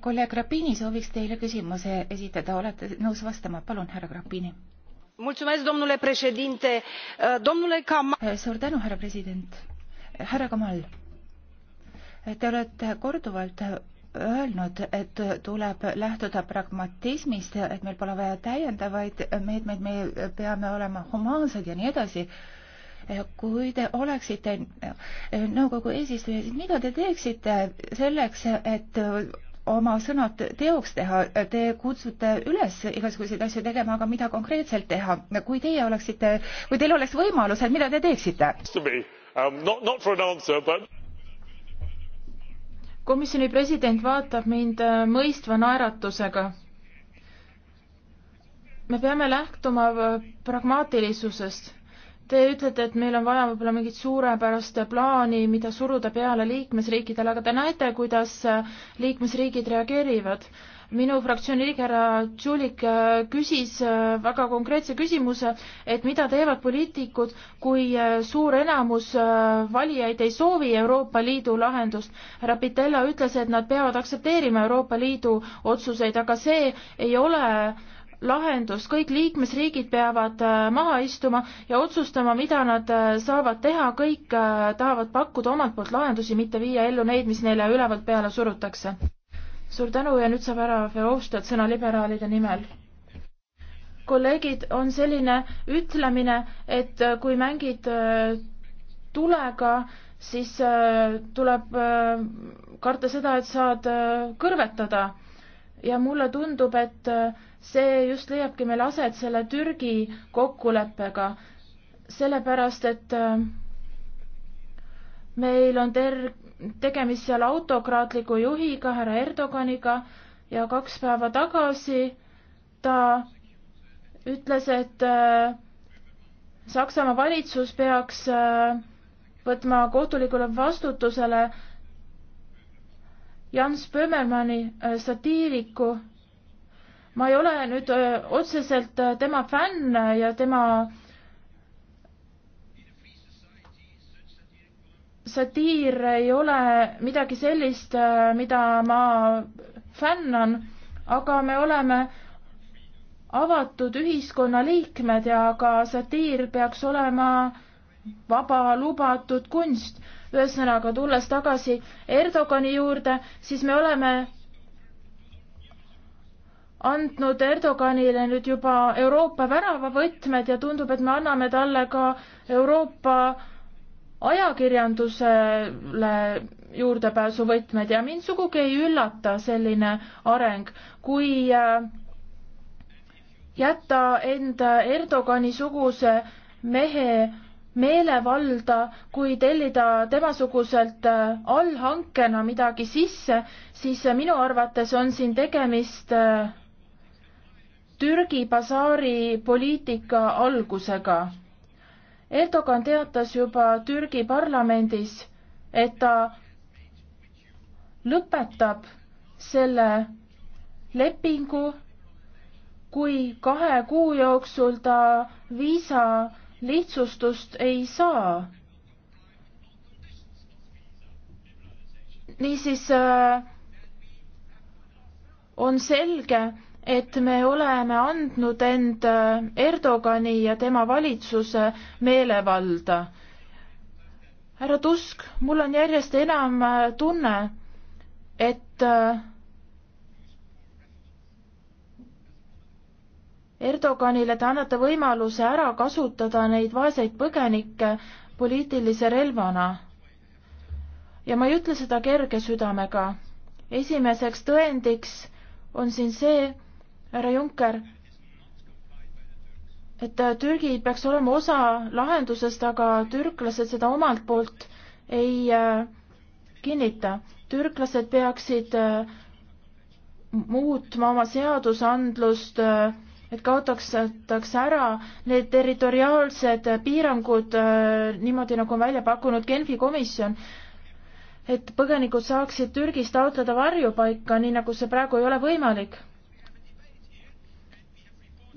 A: kolleeg Grapini sooviks teile küsimuse esitada, olete nõus vastama? palun, härra Grapini domnule președinte eh, domnule kamal eh, eh, te olete korduvalt öelnud et tuleb lähtuda pragmatismist et meil pole vaja täiendavaid meetmeid me peame olema humaansed ja nii edasi kui te oleksite nõukogu eesistuja siis mida te teeksite selleks et oma sõnad teoks teha. Te kutsute üles igasuguseid asju tegema, aga mida konkreetselt teha? kui teie oleksite, kui teil oleks võimalused, mida te teeksite? Um,
D: komisjoni president vaatab mind äh, mõistva naeratusega. me peame lähtuma äh, pragmaatilisusest Te ütlete, et meil on vaja võib-olla mingit suurepärast plaani, mida suruda peale liikmesriikidele, aga te näete, kuidas liikmesriigid reageerivad. minu fraktsiooni liige härra Tšulik äh, küsis äh, väga konkreetse küsimuse, et mida teevad poliitikud, kui äh, suur enamus valijaid ei soovi Euroopa Liidu lahendust. härra Pitella ütles, et nad peavad aktsepteerima Euroopa Liidu otsuseid, aga see ei ole lahendus, kõik liikmesriigid peavad äh, maha istuma ja otsustama, mida nad äh, saavad teha, kõik äh, tahavad pakkuda omalt poolt lahendusi, mitte viia ellu neid, mis neile ülevalt peale surutakse. suur tänu ja nüüd saab härra Verhofstadt sõna liberaalide nimel kolleegid, on selline ütlemine, et kui mängid tulega, siis tuleb karta seda, et saad kõrvetada. ja mulle tundub, et see just leiabki meil aset selle Türgi kokkuleppega, sellepärast et äh, meil on ter-, tegemist seal autokraatliku juhiga, härra Erdoganiga ja kaks päeva tagasi ta ütles, et äh, Saksamaa valitsus peaks äh, võtma kohtulikule vastutusele Jans Böhmermanni satiiriku ma ei ole nüüd äh, otseselt äh, tema fänn ja tema satiir ei ole midagi sellist, äh, mida ma fännan, aga me oleme avatud ühiskonna liikmed ja ka satiir peaks olema vaba lubatud kunst. ühesõnaga, tulles tagasi Erdogani juurde, siis me oleme andnud Erdoganile nüüd juba Euroopa väravavõtmed ja tundub, et me anname talle ka Euroopa ajakirjandusele juurdepääsuvõtmed ja mind sugugi ei üllata selline areng, kui äh, jätta enda Erdogani suguse mehe meelevalda, kui tellida temasuguselt äh, allhankena midagi sisse, siis äh, minu arvates on siin tegemist Türgi basaari poliitika algusega. Erdogan teatas juba Türgi parlamendis, et ta lõpetab selle lepingu, kui kahe kuu jooksul ta viisa lihtsustust ei saa. niisiis äh, on selge, et me oleme andnud end Erdogani ja tema valitsuse meelevalda. härra Tusk, mul on järjest enam tunne, et Erdoganile te annate võimaluse ära kasutada neid vaeseid põgenikke poliitilise relvana. ja ma ei ütle seda kerge südamega. esimeseks tõendiks on siin see, härra Juncker, et äh, Türgi peaks olema osa lahendusest, aga türklased seda omalt poolt ei äh, kinnita. türklased peaksid äh, muutma oma seadusandlust, et kaotatakse ära need territoriaalsed piirangud niimoodi, nagu on välja pakkunud Genfi komisjon, et põgenikud saaksid Türgis taotleda varjupaika, nii nagu see praegu ei ole võimalik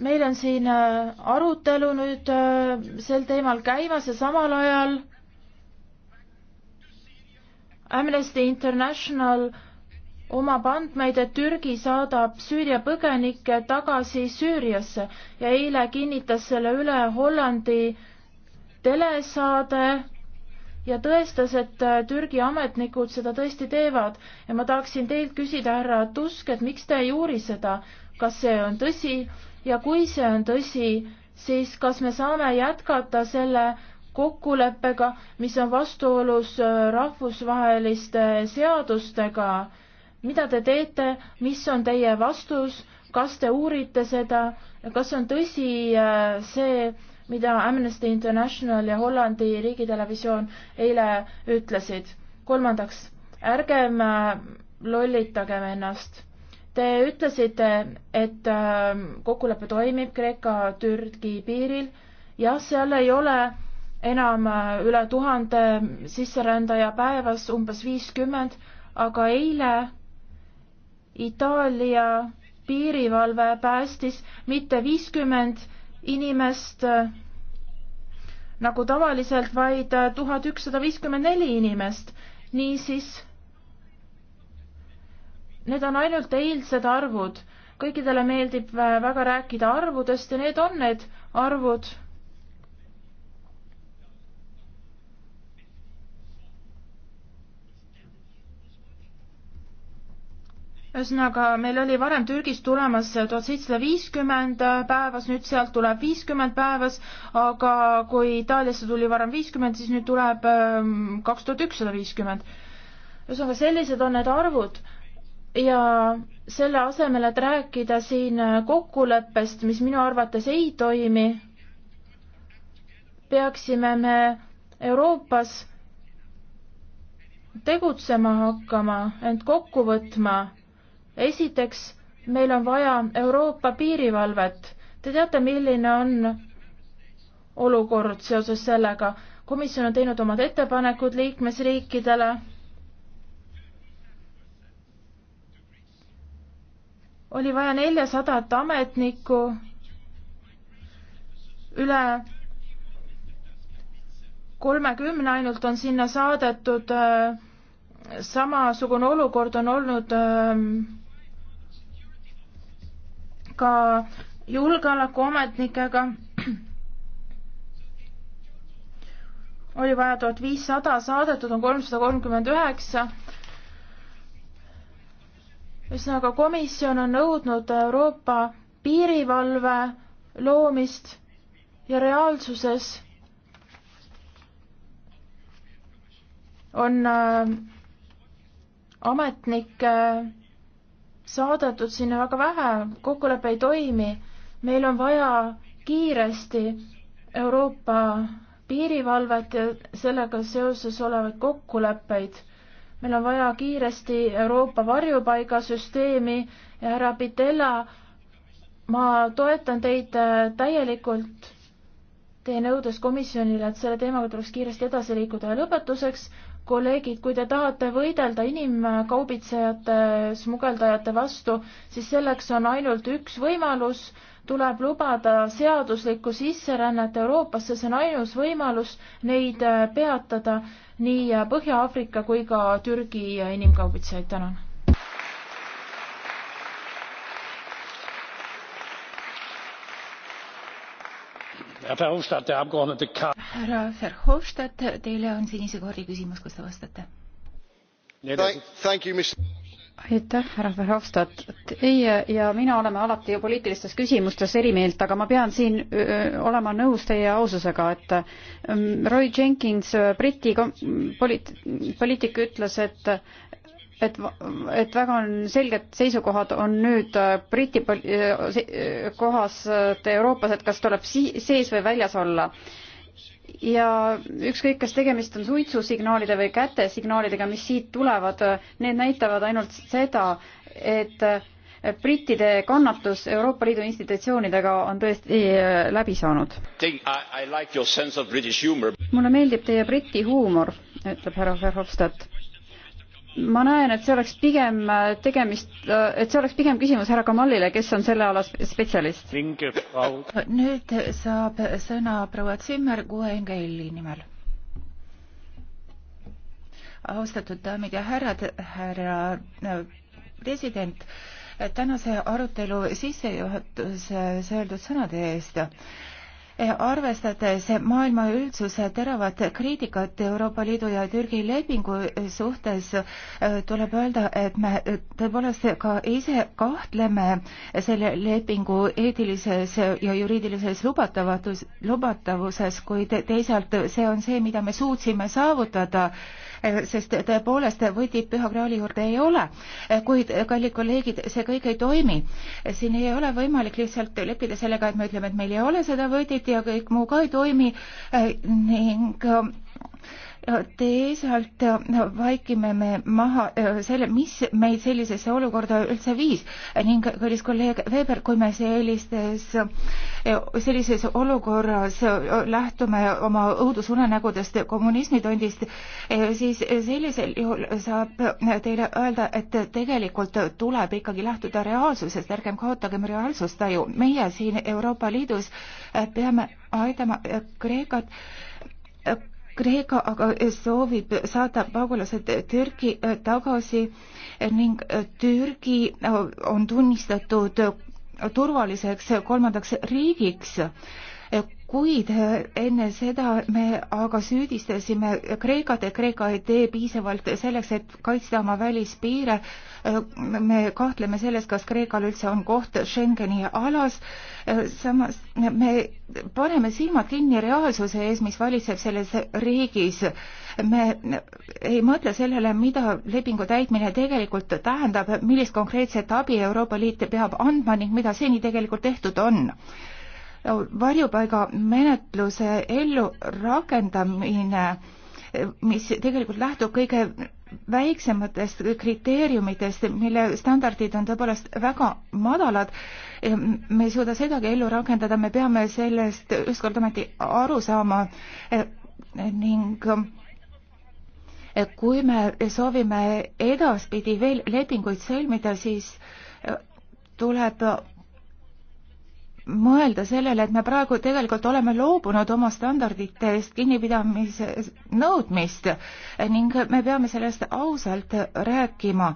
D: meil on siin äh, arutelu nüüd äh, sel teemal käimas ja samal ajal Amnesty International omab andmeid, et Türgi saadab Süüria põgenikke tagasi Süüriasse ja eile kinnitas selle üle Hollandi telesaade ja tõestas, et äh, Türgi ametnikud seda tõesti teevad ja ma tahaksin teilt küsida, härra Tusk, et miks te ei uuri seda, kas see on tõsi ja kui see on tõsi, siis kas me saame jätkata selle kokkuleppega, mis on vastuolus äh, rahvusvaheliste seadustega. mida te teete, mis on teie vastus, kas te uurite seda, kas on tõsi äh, see, mida Amnesty International ja Hollandi riigitelevisioon eile ütlesid? kolmandaks, ärgem äh, lollitagem ennast Te ütlesite, et ähm, kokkulepe toimib Kreeka-Türgi piiril. jah, seal ei ole enam äh, üle tuhande sisserändaja päevas, umbes viiskümmend, aga eile Itaalia piirivalve päästis mitte viiskümmend inimest äh, nagu tavaliselt, vaid äh, tuhat ükssada viiskümmend neli inimest. niisiis Need on ainult eilsed arvud. kõikidele meeldib äh, väga rääkida arvudest ja need on need arvud. ühesõnaga, meil oli varem Türgist tulemas tuhat seitsesada viiskümmend päevas, nüüd sealt tuleb viiskümmend päevas, aga kui Itaaliasse tuli varem viiskümmend, siis nüüd tuleb ähm, kaks tuhat ükssada viiskümmend. ühesõnaga, sellised on need arvud ja selle asemel, et rääkida siin kokkuleppest, mis minu arvates ei toimi, peaksime me Euroopas tegutsema hakkama, end kokku võtma. esiteks, meil on vaja Euroopa piirivalvet. Te teate, milline on olukord seoses sellega. komisjon on teinud omad ettepanekud liikmesriikidele oli vaja neljasadat ametnikku üle kolmekümne ainult on sinna saadetud, äh, samasugune olukord on olnud äh, ka julgeolekuametnikega. oli vaja tuhat viissada saadetud, on kolmsada kolmkümmend üheksa ühesõnaga, komisjon on nõudnud Euroopa piirivalve loomist ja reaalsuses on äh, ametnikke äh, saadetud sinna väga vähe, kokkulepe ei toimi. meil on vaja kiiresti Euroopa piirivalvet ja sellega seoses olevaid kokkuleppeid meil on vaja kiiresti Euroopa varjupaigasüsteemi ja härra Pitella, ma toetan teid äh, täielikult teie nõudes komisjonile, et selle teemaga tuleks kiiresti edasi liikuda ja lõpetuseks, kolleegid, kui te tahate võidelda inimkaubitsejate, smugeldajate vastu, siis selleks on ainult üks võimalus tuleb lubada seaduslikku sisserännet Euroopasse, see on ainus võimalus neid äh, peatada, nii äh, Põhja-Aafrika kui ka Türgi äh, inimkaubitsejaid, tänan.
A: härra Verhofstadt, teile on sinise kaardi küsimus, kas te vastate?
C: aitäh, härra Verhofstadt. Teie ja mina oleme alati ju poliitilistes küsimustes eri meelt, aga ma pean siin olema nõus teie aususega, et Roy Jenkins, Briti poliit-, poliitik ütles, et et, et väga on selged seisukohad on nüüd Briti kohas Euroopas, et kas tuleb si sees või väljas olla ja ükskõik, kas tegemist on suitsusignaalide või kätesignaalidega, mis siit tulevad, need näitavad ainult seda, et brittide kannatus Euroopa Liidu institutsioonidega on tõesti äh, läbi saanud.
E: Like
C: mulle meeldib teie briti huumor, ütleb härra Verhofstadt ma näen, et see oleks pigem
A: äh, tegemist,
C: äh, et see oleks pigem küsimus härra Kamalile, kes on selle ala spetsialist.
D: Äh,
A: nüüd saab sõna proua Zimmer QNGL-i nimel. austatud daamid ja härrad, härra president, tänase arutelu sissejuhatuses öeldud sõnade eest Eh, arvestades maailma üldsuse teravat kriitikat Euroopa Liidu ja Türgi lepingu suhtes, eh, tuleb öelda, et me eh, tõepoolest ka ise kahtleme selle lepingu eetilises ja juriidilises lubatavatus, lubatavuses, kuid teisalt see on see, mida me suutsime saavutada Eh, sest tõepoolest võidib Püha Graali juurde ei ole. Eh, kuid, eh, kallid kolleegid, see kõik ei toimi. siin ei ole võimalik lihtsalt leppida sellega, et me ütleme, et meil ei ole seda võidit ja kõik muu ka ei toimi ning teisalt äh, vaikime me maha äh, selle, mis meid sellisesse olukorda üldse viis ning kallis kolleeg Weber, kui me sellistes, äh, sellises olukorras lähtume oma õudusunenägudest kommunismitondist, siis sellisel juhul saab teile öelda, et tegelikult tuleb ikkagi lähtuda reaalsusest, ärgem kaotagem reaalsustaju. meie siin Euroopa Liidus peame aitama Kreekat Kreeka aga eh, soovib saada pagulased Türgi eh, tagasi eh, ning Türgi on tunnistatud turvaliseks kolmandaks riigiks kuid äh, enne seda me aga süüdistasime Kreekat, et Kreeka ei tee piisavalt selleks, et kaitsta oma välispiire. Äh, me kahtleme selles, kas Kreekal üldse on koht Schengeni alas. Äh, samas me paneme silmad kinni reaalsuse ees, mis valitseb selles riigis. me ei mõtle sellele, mida lepingu täitmine tegelikult tähendab, millist konkreetset abi Euroopa Liit peab andma ning mida seni tegelikult tehtud on varjupaigamenetluse ellurakendamine, mis tegelikult lähtub kõige väiksematest kriteeriumitest, mille standardid on tõepoolest väga madalad, me ei suuda sedagi ellu rakendada, me peame sellest ükskord ometi aru saama ning kui me soovime edaspidi veel lepinguid sõlmida, siis tuleb mõelda sellele, et me praegu tegelikult oleme loobunud oma standarditest kinnipidamise nõudmist ning me peame sellest ausalt rääkima.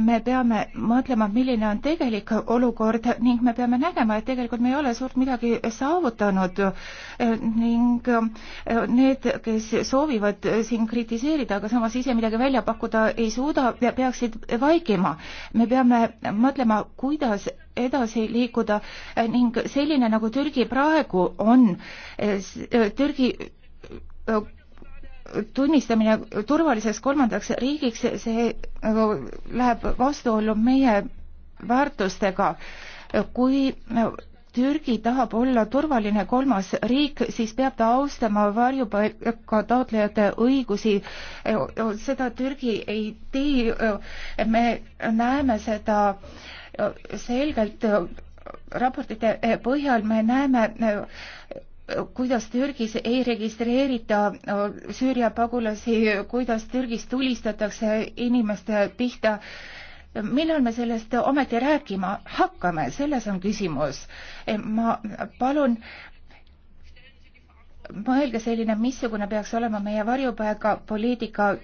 A: me peame mõtlema, milline on tegelik olukord ning me peame nägema, et tegelikult me ei ole suurt midagi saavutanud ning need, kes soovivad siin kritiseerida, aga samas ise midagi välja pakkuda ei suuda, peaksid vaikima. me peame mõtlema, kuidas edasi liikuda ning selline, nagu Türgi praegu on, eh, Türgi eh, tunnistamine turvaliseks kolmandaks riigiks, see eh, läheb vastuollu meie väärtustega. kui Türgi tahab olla turvaline kolmas riik, siis peab ta austama varjupaika taotlejate õigusi. seda Türgi ei tee. me näeme seda selgelt raportite põhjal me näeme, kuidas Türgis ei registreerita Süüria pagulasi, kuidas Türgis tulistatakse inimeste pihta millal me sellest ometi rääkima hakkame, selles on küsimus. ma palun, mõelge selline, missugune peaks olema meie varjupaigapoliitika,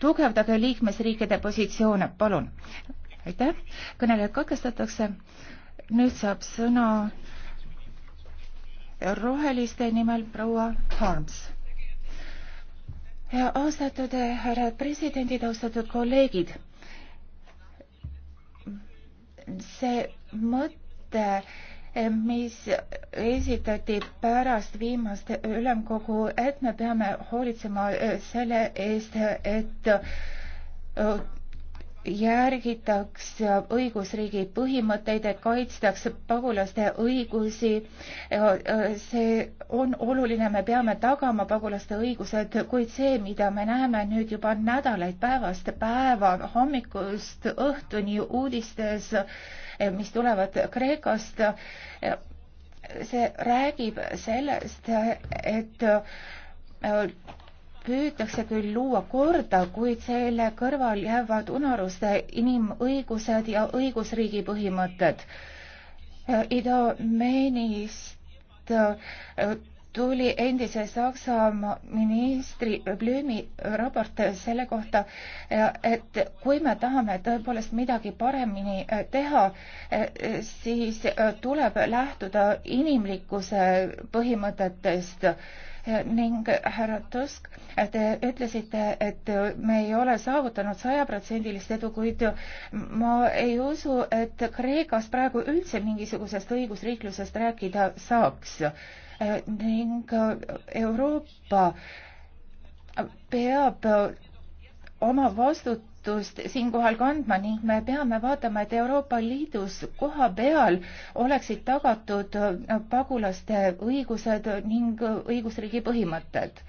A: tugevdage liikmesriikide positsioone, palun aitäh, kõnelejad katkestatakse. nüüd saab sõna roheliste nimel proua Harms. austatud härra presidendid, austatud kolleegid. see mõte mis esitati pärast viimast ülemkogu, et me peame hoolitsema selle eest, et järgitaks õigusriigi põhimõtteid, et kaitstakse pagulaste õigusi. see on oluline, me peame tagama pagulaste õigused, kuid see, mida me näeme nüüd juba nädalaid päevast päeva, hommikust õhtuni uudistes, mis tulevad Kreekast, see räägib sellest, et püütakse küll luua korda, kuid selle kõrval jäävad unaruste inimõigused ja õigusriigi põhimõtted. Idomeenist äh, tuli endise Saksamaa ministri Blümi raport selle kohta, äh, et kui me tahame tõepoolest midagi paremini äh, teha, siis tuleb lähtuda inimlikkuse põhimõtetest ning härra Tusk, te ütlesite, et me ei ole saavutanud sajaprotsendilist edu, kuid ma ei usu, et Kreekas praegu üldse mingisugusest õigusriiklusest rääkida saaks ning Euroopa peab oma vastutust siinkohal kandma ning me peame vaatama, et Euroopa Liidus koha peal oleksid tagatud pagulaste õigused ning õigusriigi põhimõtted.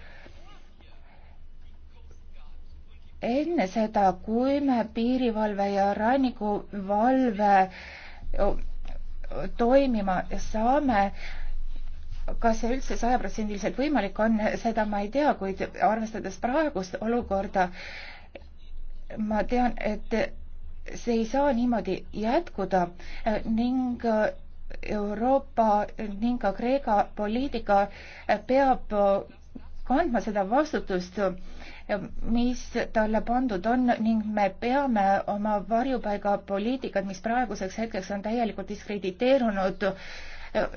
A: enne seda, kui me piirivalve ja rannikuvalve toimima saame, kas see üldse sajaprotsendiliselt võimalik on, seda ma ei tea, kuid arvestades praegust olukorda, ma tean, et see ei saa niimoodi jätkuda äh, ning äh, Euroopa ning ka Kreeka poliitika äh, peab kandma seda vastutust, mis talle pandud on ning me peame oma varjupaigapoliitikat, mis praeguseks hetkeks on täielikult diskrediteerunud,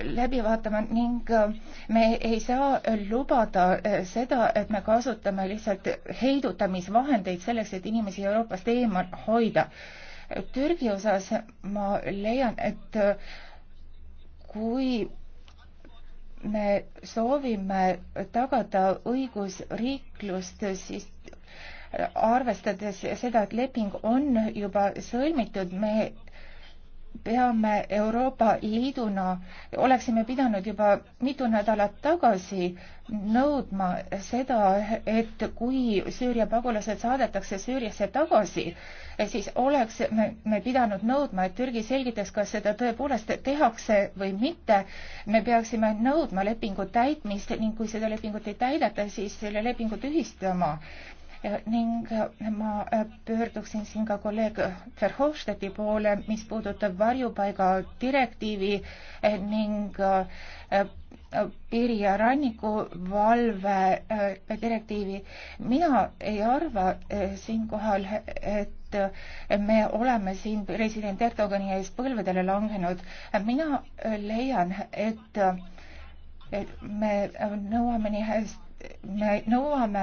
A: läbi vaatama ning äh, me ei saa lubada äh, seda, et me kasutame lihtsalt heidutamisvahendeid selleks, et inimesi Euroopast eemal hoida. Türgi osas ma leian, et äh, kui me soovime tagada õigusriiklust, siis arvestades seda, et leping on juba sõlmitud, me peame Euroopa Liiduna, oleksime pidanud juba mitu nädalat tagasi nõudma seda, et kui Süüria pagulased saadetakse Süüriasse tagasi, siis oleks me, me pidanud nõudma, et Türgi selgitas, kas seda tõepoolest tehakse või mitte. me peaksime nõudma lepingu täitmist ning kui seda lepingut ei täideta, siis selle lepingu tühistama ning ma äh, pöörduksin siin ka kolleeg Verhofstadti poole, mis puudutab varjupaiga direktiivi äh, ning äh, piiri- ja rannikuvalve direktiivi. mina ei arva siinkohal, et me oleme siin president Erdogani ees põlvedele langenud. mina leian, et me nõuame nii hästi me nõuame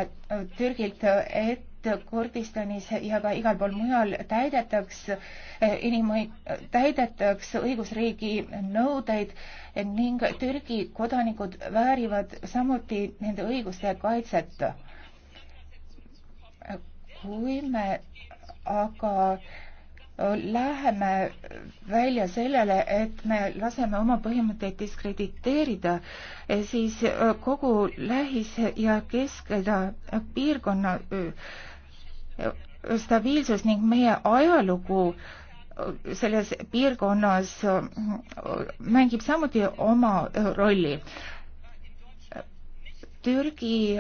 A: Türgilt, et Kurdistanis ja ka igal pool mujal täidetaks eh, inimõig-, täidetaks õigusriigi nõudeid ning Türgi kodanikud väärivad samuti nende õiguste kaitset. kui me aga läheme välja sellele, et me laseme oma põhimõtteid diskrediteerida, eh, siis eh, kogu Lähis- ja Kesk-Ida eh, piirkonna stabiilsus ning meie ajalugu selles piirkonnas mängib samuti oma rolli. Türgi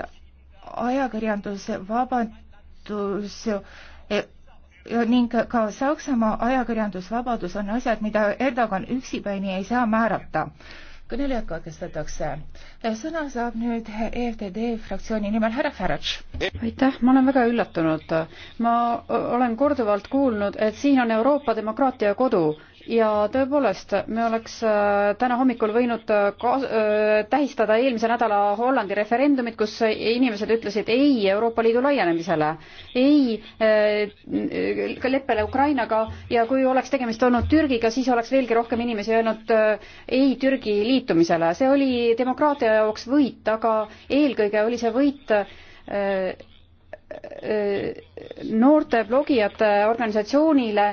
A: ajakirjandus Vabadus ning ka Saksamaa ajakirjandusvabadus on asjad, mida Erdogan üksipäini ei saa määrata. kõnelejad katkestatakse. sõna saab nüüd EFTD fraktsiooni nimel härra Farage.
C: aitäh, ma olen väga üllatunud. ma olen korduvalt kuulnud, et siin on Euroopa demokraatia kodu ja tõepoolest, me oleks äh, täna hommikul võinud äh, kaas-, äh, tähistada eelmise nädala Hollandi referendumit, kus inimesed ütlesid ei Euroopa Liidu laienemisele, ei leppele Ukrainaga ja kui oleks tegemist olnud Türgiga, siis oleks veelgi rohkem inimesi öelnud ei Türgi liitumisele. see oli demokraatia jaoks võit, aga eelkõige oli see võit noorte blogijate organisatsioonile,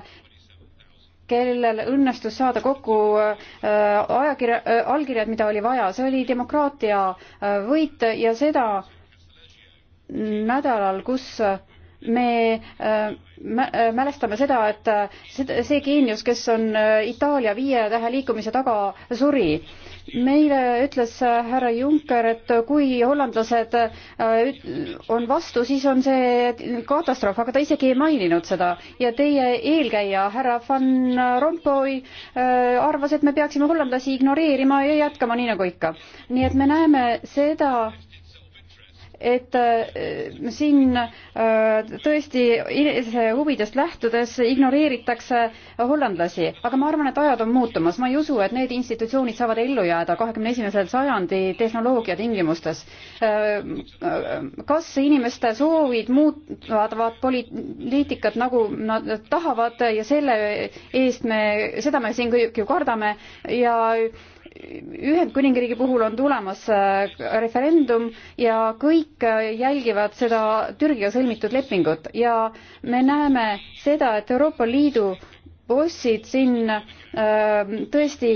C: kellel õnnestus saada kokku äh, ajakirja, äh, allkirjad, mida oli vaja, see oli demokraatia äh, võit ja seda nädalal, kus me mälestame seda, et see geenius, kes on Itaalia viie tähe liikumise taga, suri meile ütles äh, härra Juncker, et kui hollandlased äh, on vastu, siis on see katastroof, aga ta isegi ei maininud seda. ja teie eelkäija härra Van Rompuy äh, arvas, et me peaksime hollandlasi ignoreerima ja jätkama nii nagu ikka. nii et me näeme seda, et äh, siin äh, tõesti enese huvidest lähtudes ignoreeritakse hollandlasi, aga ma arvan, et ajad on muutumas, ma ei usu, et need institutsioonid saavad ellu jääda kahekümne esimesel sajandi tehnoloogia tingimustes. Äh, kas inimeste soovid muutuvad poliitikat nagu nad tahavad ja selle eest me, seda me siin kõik ju kardame ja Ühendkuningriigi puhul on tulemas äh, referendum ja kõik äh, jälgivad seda Türgiga sõlmitud lepingut ja me näeme seda, et Euroopa Liidu bossid siin äh, tõesti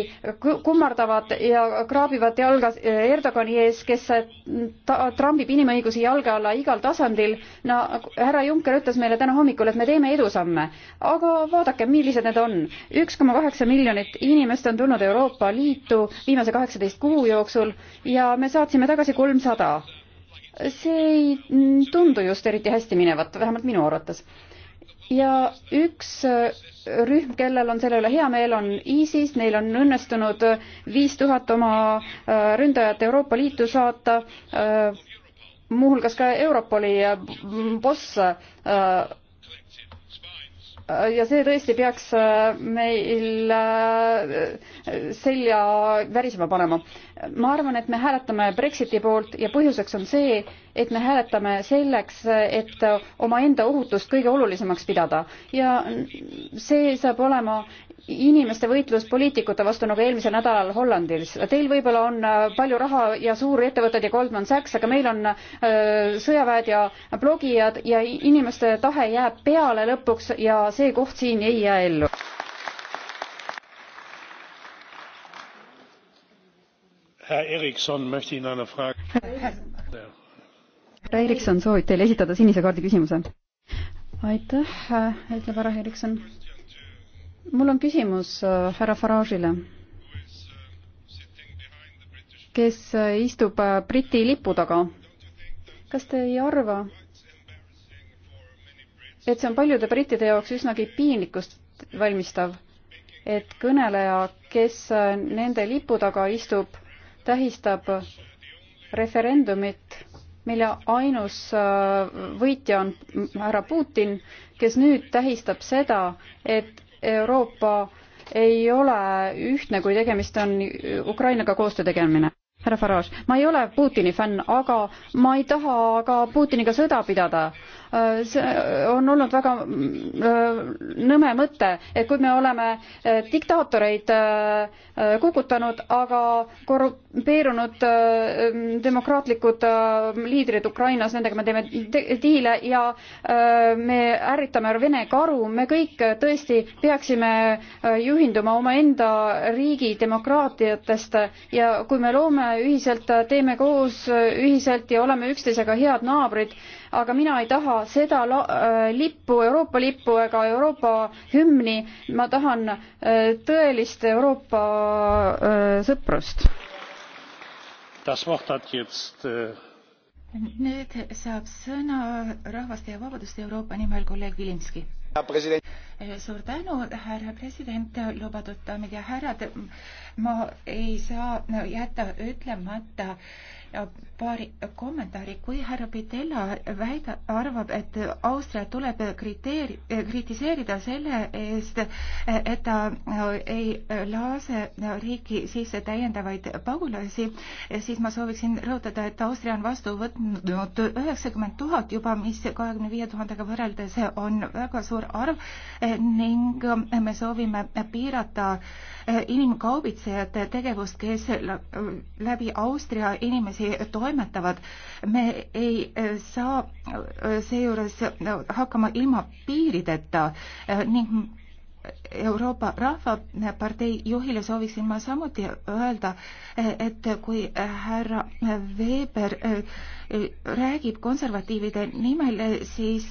C: kummardavad ja kraabivad jalga äh, Erdogani ees, kes äh, trambib inimõigusi jalge alla igal tasandil. no härra Juncker ütles meile täna hommikul, et me teeme edusamme, aga vaadake, millised need on. üks koma kaheksa miljonit inimest on tulnud Euroopa Liitu viimase kaheksateist kuu jooksul ja me saatsime tagasi kolmsada. see ei tundu just eriti hästi minevat, vähemalt minu arvates ja üks äh, rühm, kellel on selle üle hea meel, on ISIS, neil on õnnestunud viis tuhat oma äh, ründajat Euroopa Liitu saata, äh, muuhulgas ka Europoli boss ja see tõesti peaks äh, meil äh, selja värisema panema. ma arvan, et me hääletame Brexiti poolt ja põhjuseks on see, et me hääletame selleks, et omaenda ohutust kõige olulisemaks pidada ja see saab olema inimeste võitlus poliitikute vastu nagu eelmisel nädalal Hollandis. Teil võib-olla on äh, palju raha ja suuri ettevõtteid ja Goldman Sachs, aga meil on äh, sõjaväed ja blogijad ja inimeste tahe jääb peale lõpuks ja see koht siin ei jää ellu. härra Erikson soovib teile esitada sinise kaardi küsimuse. aitäh, äh, ütleb härra Erikson mul on küsimus äh, härra Farage'ile, kes äh, istub äh, Briti lipu taga. kas te ei arva, et see on paljude brittide jaoks üsnagi piinlikkust valmistav, et kõneleja, kes nende lipu taga istub, tähistab referendumit, mille ainus võitja on härra Putin, kes nüüd tähistab seda, et Euroopa ei ole ühtne, kui tegemist on Ukrainaga koostöö tegemine härra Farage, ma ei ole Putini fänn, aga ma ei taha ka Putiniga sõda pidada. Äh, see on olnud väga mm, äh, nõme mõte, et kui me oleme äh, diktaatoreid kukutanud, aga korrumpeerunud mm, demokraatlikud liidrid Ukrainas, nendega me teeme diile ja me ärritame Vene karu, me kõik tõesti peaksime juhinduma omaenda riigi demokraatiatest ja kui me loome ühiselt, teeme koos ühiselt ja oleme üksteisega head naabrid, aga mina ei taha seda äh, lippu, Euroopa lippu ega Euroopa hümni, ma tahan äh, tõelist Euroopa äh, sõprust.
A: nüüd saab sõna Rahvaste ja Vabaduste Euroopa nimel kolleeg Vilimski suur tänu, härra president, lubatud daamid ja härrad. ma ei saa jätta ütlemata, paari kommentaari. kui härra Pidella väida, arvab, et Austria tuleb kriteeri-, kritiseerida selle eest, et ta ei lase riiki sisse täiendavaid pagulasi, siis ma sooviksin rõhutada, et Austria on vastu võtnud üheksakümmend tuhat juba, mis kahekümne viie tuhandega võrreldes on väga suur arv ning me soovime piirata inimkaubitsejate tegevust, kes läbi Austria inimesi edasi toimetavad. me ei e, saa e, seejuures hakkama ilma piirideta e, ning Euroopa Rahvapartei juhile sooviksin ma samuti öelda, et kui härra Weber räägib konservatiivide nimel, siis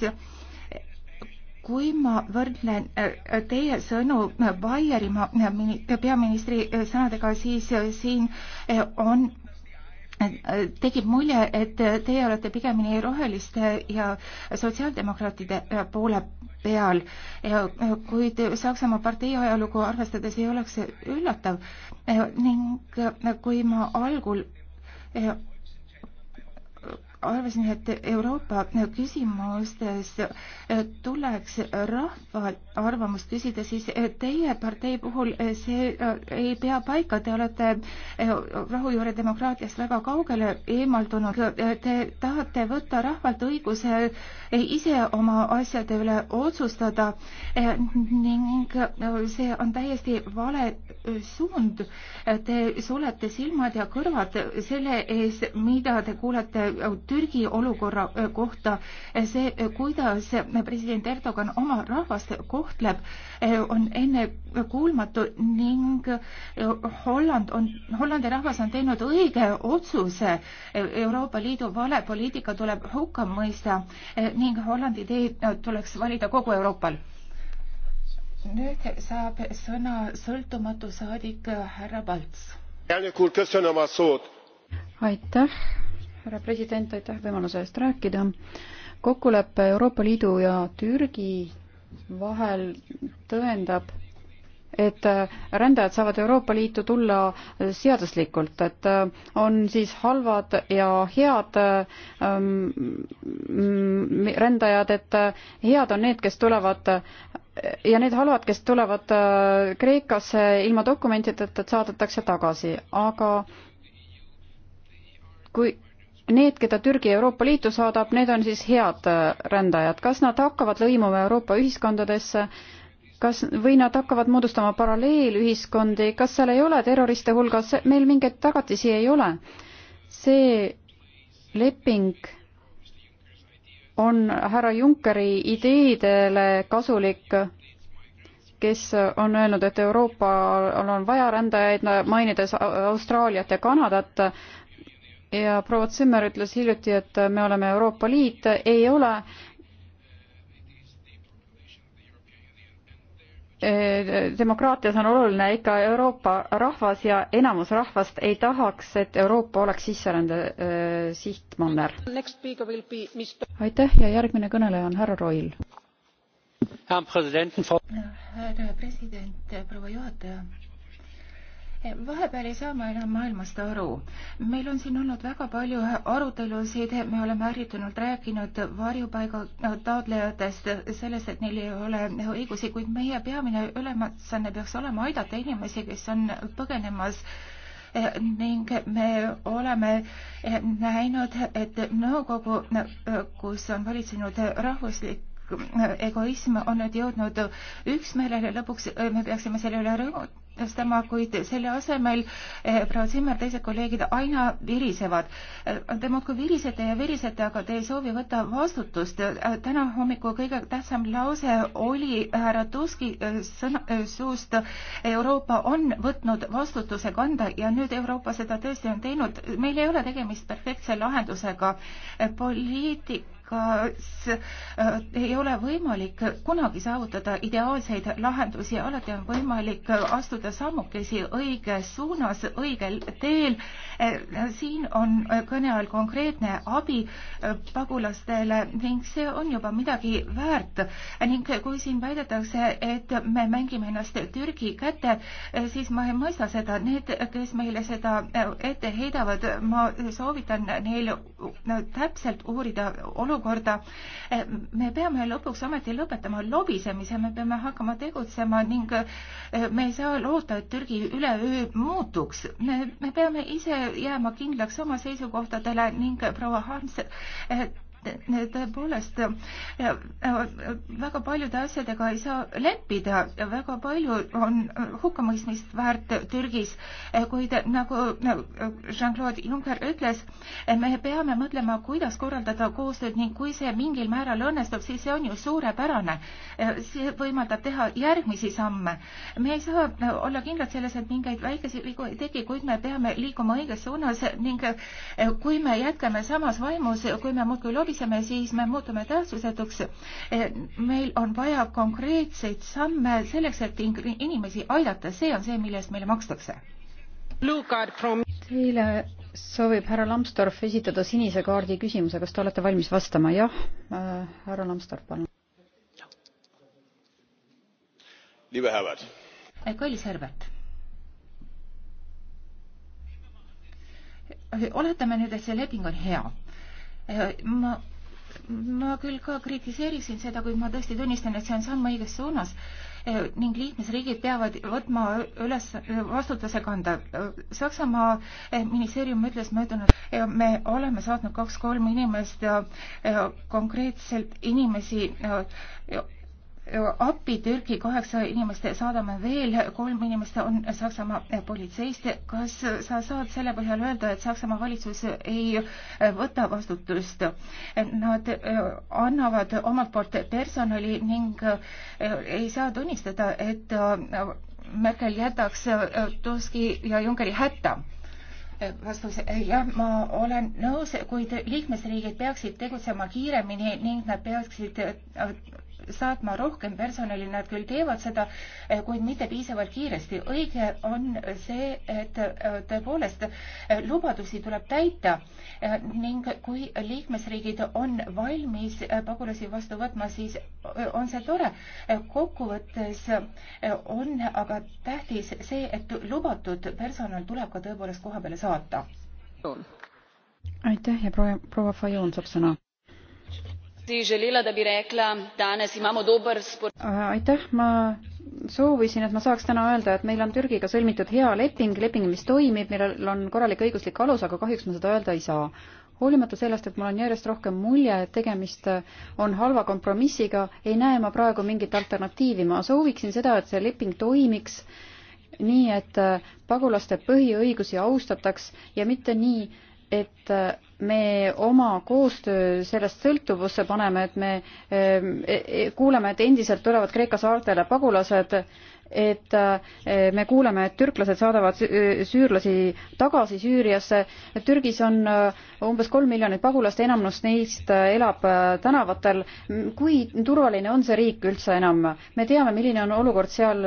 A: kui ma võrdlen teie sõnu Baierimaa peaministri sõnadega, siis siin on tekib mulje, et teie olete pigemini roheliste ja sotsiaaldemokraatide poole peal, kuid Saksamaa partei ajalugu arvestades ei oleks see üllatav ning kui ma algul arvasin, et Euroopa küsimustes tuleks rahva arvamust küsida, siis teie partei puhul see ei pea paika, te olete rahujuure demokraatiast väga kaugele eemaldunud. Te tahate võtta rahvalt õiguse ise oma asjade üle otsustada ning see on täiesti vale suund. Te sulete silmad ja kõrvad selle ees, mida te kuulete Türgi olukorra kohta, see, kuidas president Erdogan oma rahvast kohtleb, on ennekuulmatu ning Holland on, Hollandi rahvas on teinud õige otsuse. Euroopa Liidu vale poliitika tuleb hukka mõista ning Hollandi tee tuleks valida kogu Euroopal. nüüd saab sõna sõltumatu saadik härra Palts.
C: aitäh härra president, aitäh võimaluse eest rääkida. kokkulepe Euroopa Liidu ja Türgi vahel tõendab, et äh, rändajad saavad Euroopa Liitu tulla äh, seaduslikult, et äh, on siis halvad ja head ähm, rändajad, et head on need, kes tulevad ja need halvad, kes tulevad Kreekasse ilma dokumentideta, et saadetakse tagasi, aga kui need, keda Türgi Euroopa Liitu saadab, need on siis head äh, rändajad, kas nad hakkavad lõimuma Euroopa ühiskondadesse, kas, või nad hakkavad moodustama paralleelühiskondi, kas seal ei ole terroriste hulgas, meil mingeid tagatisi ei ole. see leping on härra Junckeri ideedele kasulik, kes on öelnud, et Euroopal on vaja rändajaid, mainides Austraaliat ja Kanadat, ja proua Zimmer ütles hiljuti, et me oleme Euroopa Liit, ei ole. E, demokraatias on oluline ikka Euroopa rahvas ja enamus rahvast ei tahaks, et Euroopa oleks sisserände e, sihtmanner. aitäh ja järgmine kõneleja on härra Roil. härra
A: president, proua juhataja vahepeal ei saa ma enam maailmast aru. meil on siin olnud väga palju arutelusid, me oleme ärritunult rääkinud varjupaiga taotlejatest, sellest, et neil ei ole õigusi, kuid meie peamine ülesanne peaks olema aidata inimesi, kes on põgenemas ning me oleme näinud, et nõukogu, kus on valitsenud rahvuslik avalik egoism on nüüd jõudnud üksmeelele, lõpuks äh, me peaksime selle üle rõõmustama, kuid selle asemel äh, proua Zimmer, teised kolleegid aina virisevad. Äh, te muudkui virisete ja virisete, aga te ei soovi võtta vastutust. täna hommikul kõige tähtsam lause oli härra Tuski sõna, suust Euroopa on võtnud vastutuse kanda ja nüüd Euroopa seda tõesti on teinud. meil ei ole tegemist perfektse lahendusega. poliitik poliitikas äh, ei ole võimalik kunagi saavutada ideaalseid lahendusi, alati on võimalik astuda sammukesi õiges suunas, õigel teel. Äh, siin on kõne all konkreetne abi äh, pagulastele ning see on juba midagi väärt ning kui siin väidetakse, et me mängime ennast Türgi kätte, siis ma ei mõista seda, need, kes meile seda ette heidavad, ma soovitan neil täpselt uurida olukorda, olukorda. Eh, me peame lõpuks ometi lõpetama lobisemise, me peame hakkama tegutsema ning eh, me ei saa loota, et Türgi üleöö muutuks. me, me peame ise jääma kindlaks oma seisukohtadele ning proua Harms, eh, tõepoolest väga paljude asjadega ei saa leppida ja väga palju on hukkamõistmist väärt Türgis, kuid nagu Jean-Claude Juncker ütles, me peame mõtlema, kuidas korraldada koostööd ning kui see mingil määral õnnestub, siis see on ju suurepärane. see võimaldab teha järgmisi samme. me ei saa olla kindlad selles, et mingeid väikesi vigu ei teki, kuid me peame liikuma õiges suunas ning kui me jätkame samas vaimus, kui me muudkui lobi-, libiseme, siis me muutume tähtsusetuks. Eh, meil on vaja konkreetseid samme selleks, et inimesi aidata, see on see, mille eest meile makstakse.
B: Teile
C: soovib härra Lambsdorff esitada sinise kaardi küsimuse, kas te olete valmis vastama? jah, äh, härra Lambsdorff, palun.
A: Eh, kallis Herbert eh, oletame nüüd, et see leping on hea Äh, ma, ma küll ka kritiseeriksin seda, kuid ma tõesti tunnistan, et see on samm õiges suunas äh, ning liikmesriigid peavad võtma üles äh, vastutuse kanda. Saksamaa ministeerium ütles möödunud, me oleme saatnud kaks-kolm inimest konkreetselt inimesi appi Türgi kaheksa inimest saadame veel, kolm inimest on Saksamaa politseist. kas sa saad selle põhjal öelda, et Saksamaa valitsus ei võta vastutust? Nad äh, annavad omalt poolt personali ning äh, ei saa tunnistada, et äh, Merkel jätaks Tuski ja Junckeri hätta vastus, jah, ma olen nõus, kuid liikmesriigid peaksid tegutsema kiiremini ning nad peaksid saatma rohkem personali, nad küll teevad seda, eh, kuid mitte piisavalt kiiresti. õige on see, et eh, tõepoolest eh, lubadusi tuleb täita ning kui liikmesriigid on valmis pagulasi vastu võtma, siis on see tore. kokkuvõttes on aga tähtis see, et lubatud personal tuleb ka tõepoolest koha peale saata.
C: aitäh ja proua, proua Fajon saab sõna bi želela da bi rekla danes imamo dober äh, aitäh ma soovisin et ma saaks täna öelda et meil on türgiga sõlmitud hea leping leping mis toimib millel on korralik õiguslik alus aga kahjuks ma seda öelda ei saa hoolimata sellest et mul on järjest rohkem mulje et tegemist on halva kompromissiga ei näe ma praegu mingit alternatiivi ma sooviksin seda et see leping toimiks nii et pagulaste põhiõigusi austataks ja mitte nii et äh, me oma koostöö sellest sõltuvusse paneme, et me äh, e, e, kuuleme, et endiselt tulevad Kreeka saartele pagulased et eh, me kuuleme, et türklased saadavad süürlasi tagasi Süüriasse. Türgis on eh, umbes kolm miljonit pagulast, enamus neist eh, elab tänavatel. kui turvaline on see riik üldse enam? me teame, milline on olukord seal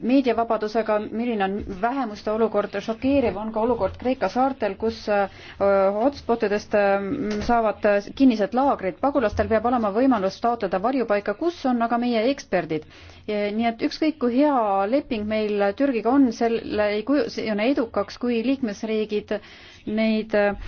C: meediavabadusega, milline on vähemuste olukord, šokeeriv on ka olukord Kreeka saartel, kus hotspotidest saavad kinnised laagrid. pagulastel peab olema võimalus taotleda varjupaika, kus on aga meie eksperdid? nii et ükskõik, kui hea leping meil Türgiga on, selle ei kujune edukaks, kui liikmesriigid neid äh,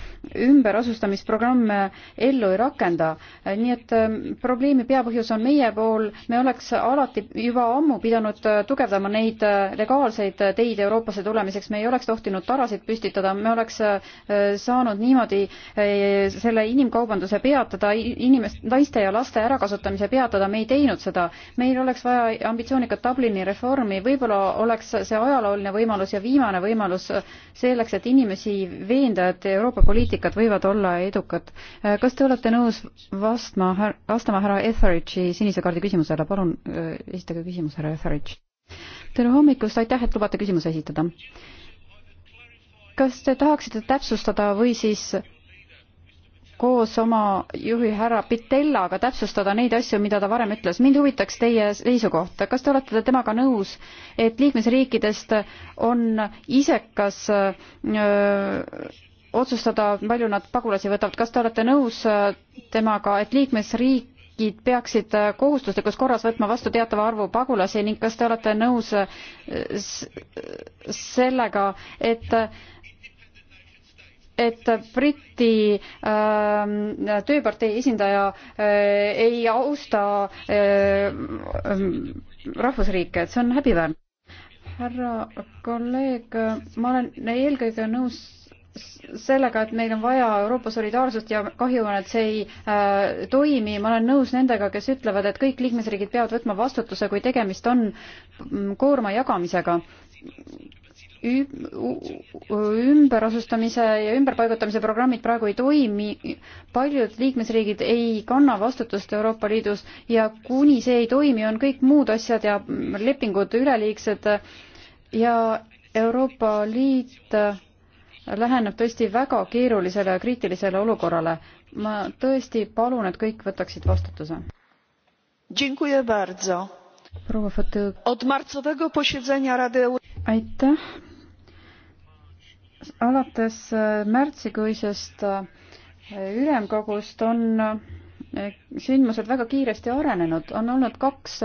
C: ümberasustamisprogramme ellu ei rakenda. nii et ähm, probleemi peapõhjus on meie pool, me oleks alati juba ammu pidanud äh, tugevdama neid äh, legaalseid teid Euroopasse tulemiseks, me ei oleks tohtinud tarasid püstitada, me oleks saanud niimoodi selle inimkaubanduse peatada, inimest, naiste ja laste ärakasutamise peatada, me ei teinud seda. meil oleks vaja ambitsioonikat Dublini reformi, võib-olla oleks see ajalooline võimalus ja viimane võimalus selleks, et inimesi veenda, et Euroopa poliitikad võivad olla edukad. kas te olete nõus vastma, vastama härra Etheridge'i sinise kaardi küsimusele, palun äh, esitage küsimus, härra Etheridge. tere hommikust, aitäh, et lubate küsimuse esitada. kas te tahaksite täpsustada või siis koos oma juhi härra Pitellaga täpsustada neid asju, mida ta varem ütles. mind huvitaks teie seisukoht, kas te olete temaga nõus, et liikmesriikidest on isekas öö, otsustada, palju nad pagulasi võtavad, kas te olete nõus temaga, et liikmesriik riigid peaksid kohustuslikus korras võtma vastu teatava arvu pagulasi ning kas te olete nõus sellega, et et Briti äh, tööpartei esindaja äh, ei austa äh, ähm, rahvusriike, et see on häbiväärne. härra kolleeg, ma olen eelkõige nõus sellega, et meil on vaja Euroopa solidaarsust ja kahju on, et see ei äh, toimi. ma olen nõus nendega, kes ütlevad, et kõik liikmesriigid peavad võtma vastutuse, kui tegemist on mm, koorma jagamisega ümberasustamise ja ümberpaigutamise programmid praegu ei toimi, paljud liikmesriigid ei kanna vastutust Euroopa Liidus ja kuni see ei toimi, on kõik muud asjad ja lepingud üleliigsed ja Euroopa Liit läheneb tõesti väga keerulisele ja kriitilisele olukorrale. ma tõesti palun, et kõik võtaksid vastutuse proua Fatou. aitäh. alates e, märtsikuisest e, ülemkogust on e, sündmused väga kiiresti arenenud, on olnud kaks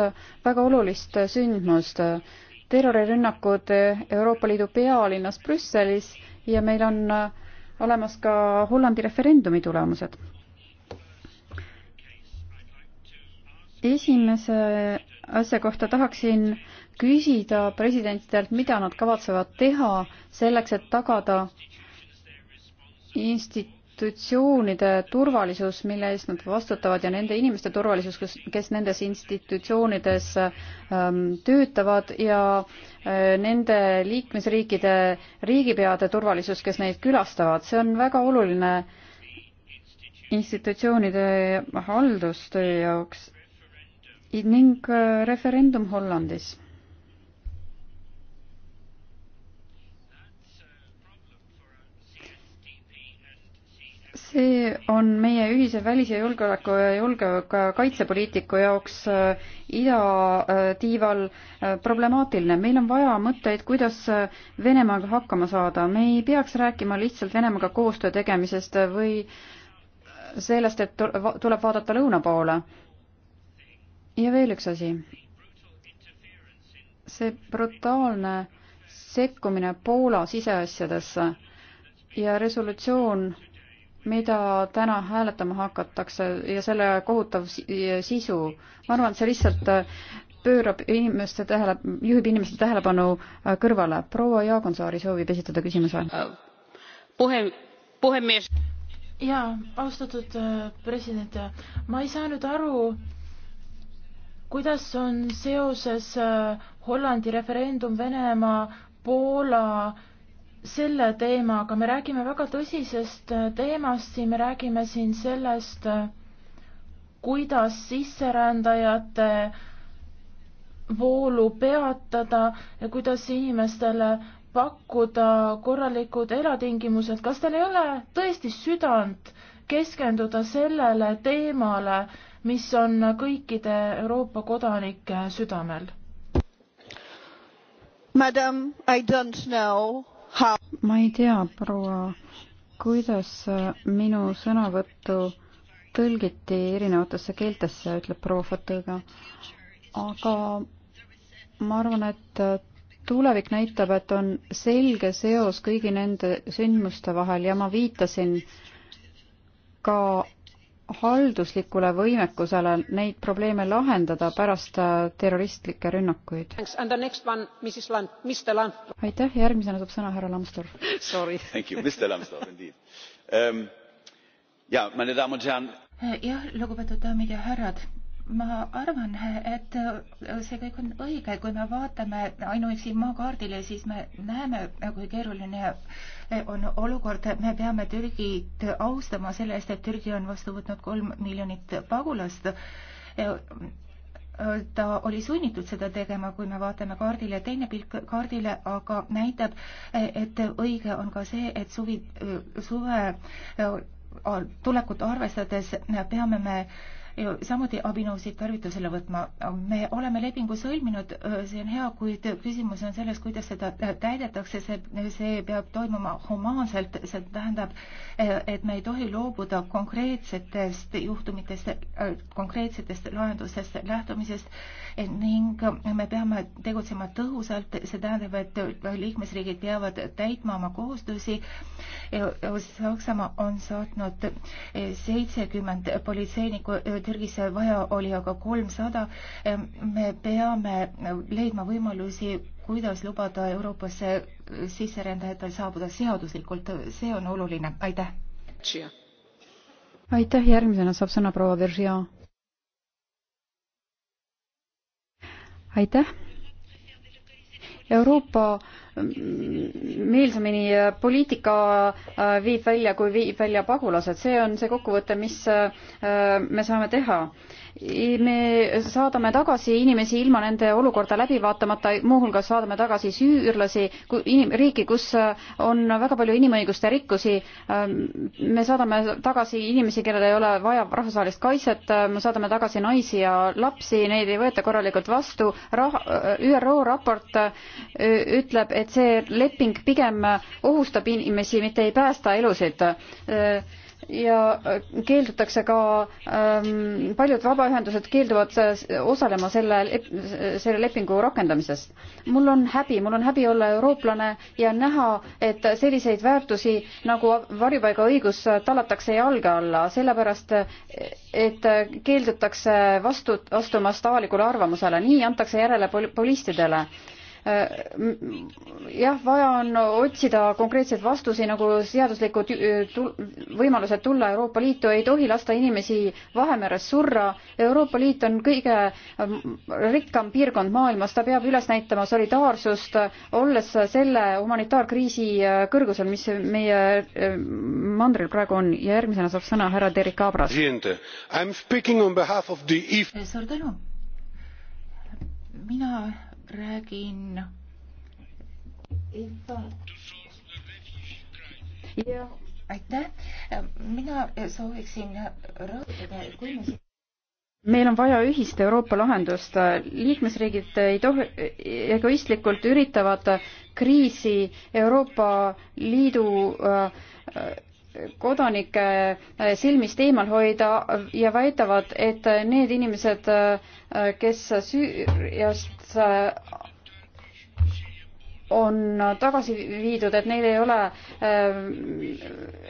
C: väga olulist sündmust, terrorirünnakud Euroopa Liidu pealinnas Brüsselis ja meil on olemas ka Hollandi referendumi tulemused esimese asja kohta tahaksin küsida presidentidelt, mida nad kavatsevad teha selleks, et tagada institutsioonide turvalisus, mille eest nad vastutavad ja nende inimeste turvalisus, kes, kes nendes institutsioonides ähm, töötavad ja äh, nende liikmesriikide riigipeade turvalisus, kes neid külastavad, see on väga oluline institutsioonide haldustöö jaoks ning äh, referendum Hollandis. see on meie ühise välis- ja julgeoleku ja julgeoleku kaitsepoliitiku jaoks äh, idatiival äh, problemaatiline. meil on vaja mõtteid, kuidas Venemaaga hakkama saada. me ei peaks rääkima lihtsalt Venemaaga koostöö tegemisest või sellest, et tuleb vaadata lõuna poole ja veel üks asi. see brutaalne sekkumine Poola siseasjadesse ja resolutsioon, mida täna hääletama hakatakse ja selle kohutav sisu, ma arvan, et see lihtsalt äh, pöörab inimeste tähele, juhib inimeste tähelepanu äh, kõrvale. proua Jaagonsaari soovib esitada küsimuse.
D: puhe, puhemees. jaa, austatud äh, president, ma ei saa nüüd aru, kuidas on seoses äh, Hollandi referendum Venemaa, Poola selle teemaga, me räägime väga tõsisest äh, teemast siin, me räägime siin sellest, äh, kuidas sisserändajate voolu peatada ja kuidas inimestele pakkuda korralikud elatingimused, kas teil ei ole tõesti südant keskenduda sellele teemale, mis on kõikide Euroopa kodanike südamel.
C: How... ma ei tea, proua, kuidas minu sõnavõttu tõlgiti erinevatesse keeltesse, ütleb proua Fatuga. aga ma arvan, et tulevik näitab, et on selge seos kõigi nende sündmuste vahel ja ma viitasin ka halduslikule võimekusele neid probleeme lahendada pärast äh, terroristlikke rünnakuid. aitäh, järgmisena saab sõna härra Lambsdorff. Um,
A: jah, lugupeetud daamid ja härrad ma arvan, et see kõik on õige, kui me vaatame ainuüksi maakaardile, siis me näeme, kui keeruline on olukord, me peame Türgit austama selle eest, et Türgi on vastu võtnud kolm miljonit pagulast. ta oli sunnitud seda tegema, kui me vaatame kaardile, teine pilk kaardile aga näitab, et õige on ka see, et suvi, suve tulekut arvestades peame me samuti abinõusid tarvitusele võtma. me oleme lepingu sõlminud, see on hea, kuid küsimus on selles, kuidas seda täidetakse, see, see peab toimuma humaanselt, see tähendab, et me ei tohi loobuda konkreetsetest juhtumitest, konkreetsetest lahendusest lähtumisest ning me peame tegutsema tõhusalt, see tähendab, et liikmesriigid peavad täitma oma kohustusi. Saksamaa on saatnud seitsekümmend politseinikku Türgis vaja oli aga kolmsada. me peame leidma võimalusi, kuidas lubada Euroopasse sisserändajatel saabuda seaduslikult, see on oluline, aitäh.
C: aitäh, järgmisena saab sõna proua Veržia. aitäh. Euroopa meelsamini poliitika äh, viib välja, kui viib välja pagulased, see on see kokkuvõte, mis äh, me saame teha me saadame tagasi inimesi ilma nende olukorda läbi vaatamata, muuhulgas saadame tagasi süürlasi, inim-, riiki, kus äh, on väga palju inimõiguste rikkusi. Ähm, me saadame tagasi inimesi, kellel ei ole vaja rahvusvahelist kaitset, äh, me saadame tagasi naisi ja lapsi, neid ei võeta korralikult vastu. Rah-, äh, ÜRO raport ütleb, et see leping pigem ohustab inimesi, mitte ei päästa elusid ja äh, keeldutakse ka ähm,, paljud vabaühendused keelduvad äh, osalema selle, selle lepingu rakendamisest. mul on häbi, mul on häbi olla eurooplane ja näha, et selliseid väärtusi nagu varjupaigaõigus äh, tallatakse jalge alla, sellepärast et keeldutakse vastu, astumast avalikule arvamusele, nii antakse järele pol-, poliistidele Äh, jah, vaja on otsida konkreetseid vastuseid, nagu seaduslikud võimalused tulla Euroopa Liitu, ei tohi lasta inimesi Vahemeres surra. Euroopa Liit on kõige ähm, rikkam piirkond maailmas, ta peab üles näitama solidaarsust, olles selle humanitaarkriisi äh, kõrgusel, mis meie äh, mandril praegu on ja järgmisena saab sõna härra Derik Abras.
E: E
A: suur tänu. mina räägin jah, aitäh, mina sooviksin rõhutada, kui me
C: meil on vaja ühist Euroopa lahendust, liikmesriigid ei tohi, egoistlikult üritavad kriisi Euroopa Liidu äh, äh, kodanike äh, silmist eemal hoida ja väidavad, et need inimesed, kes Süüriast Äh, on tagasi viidud, et neil ei ole, äh,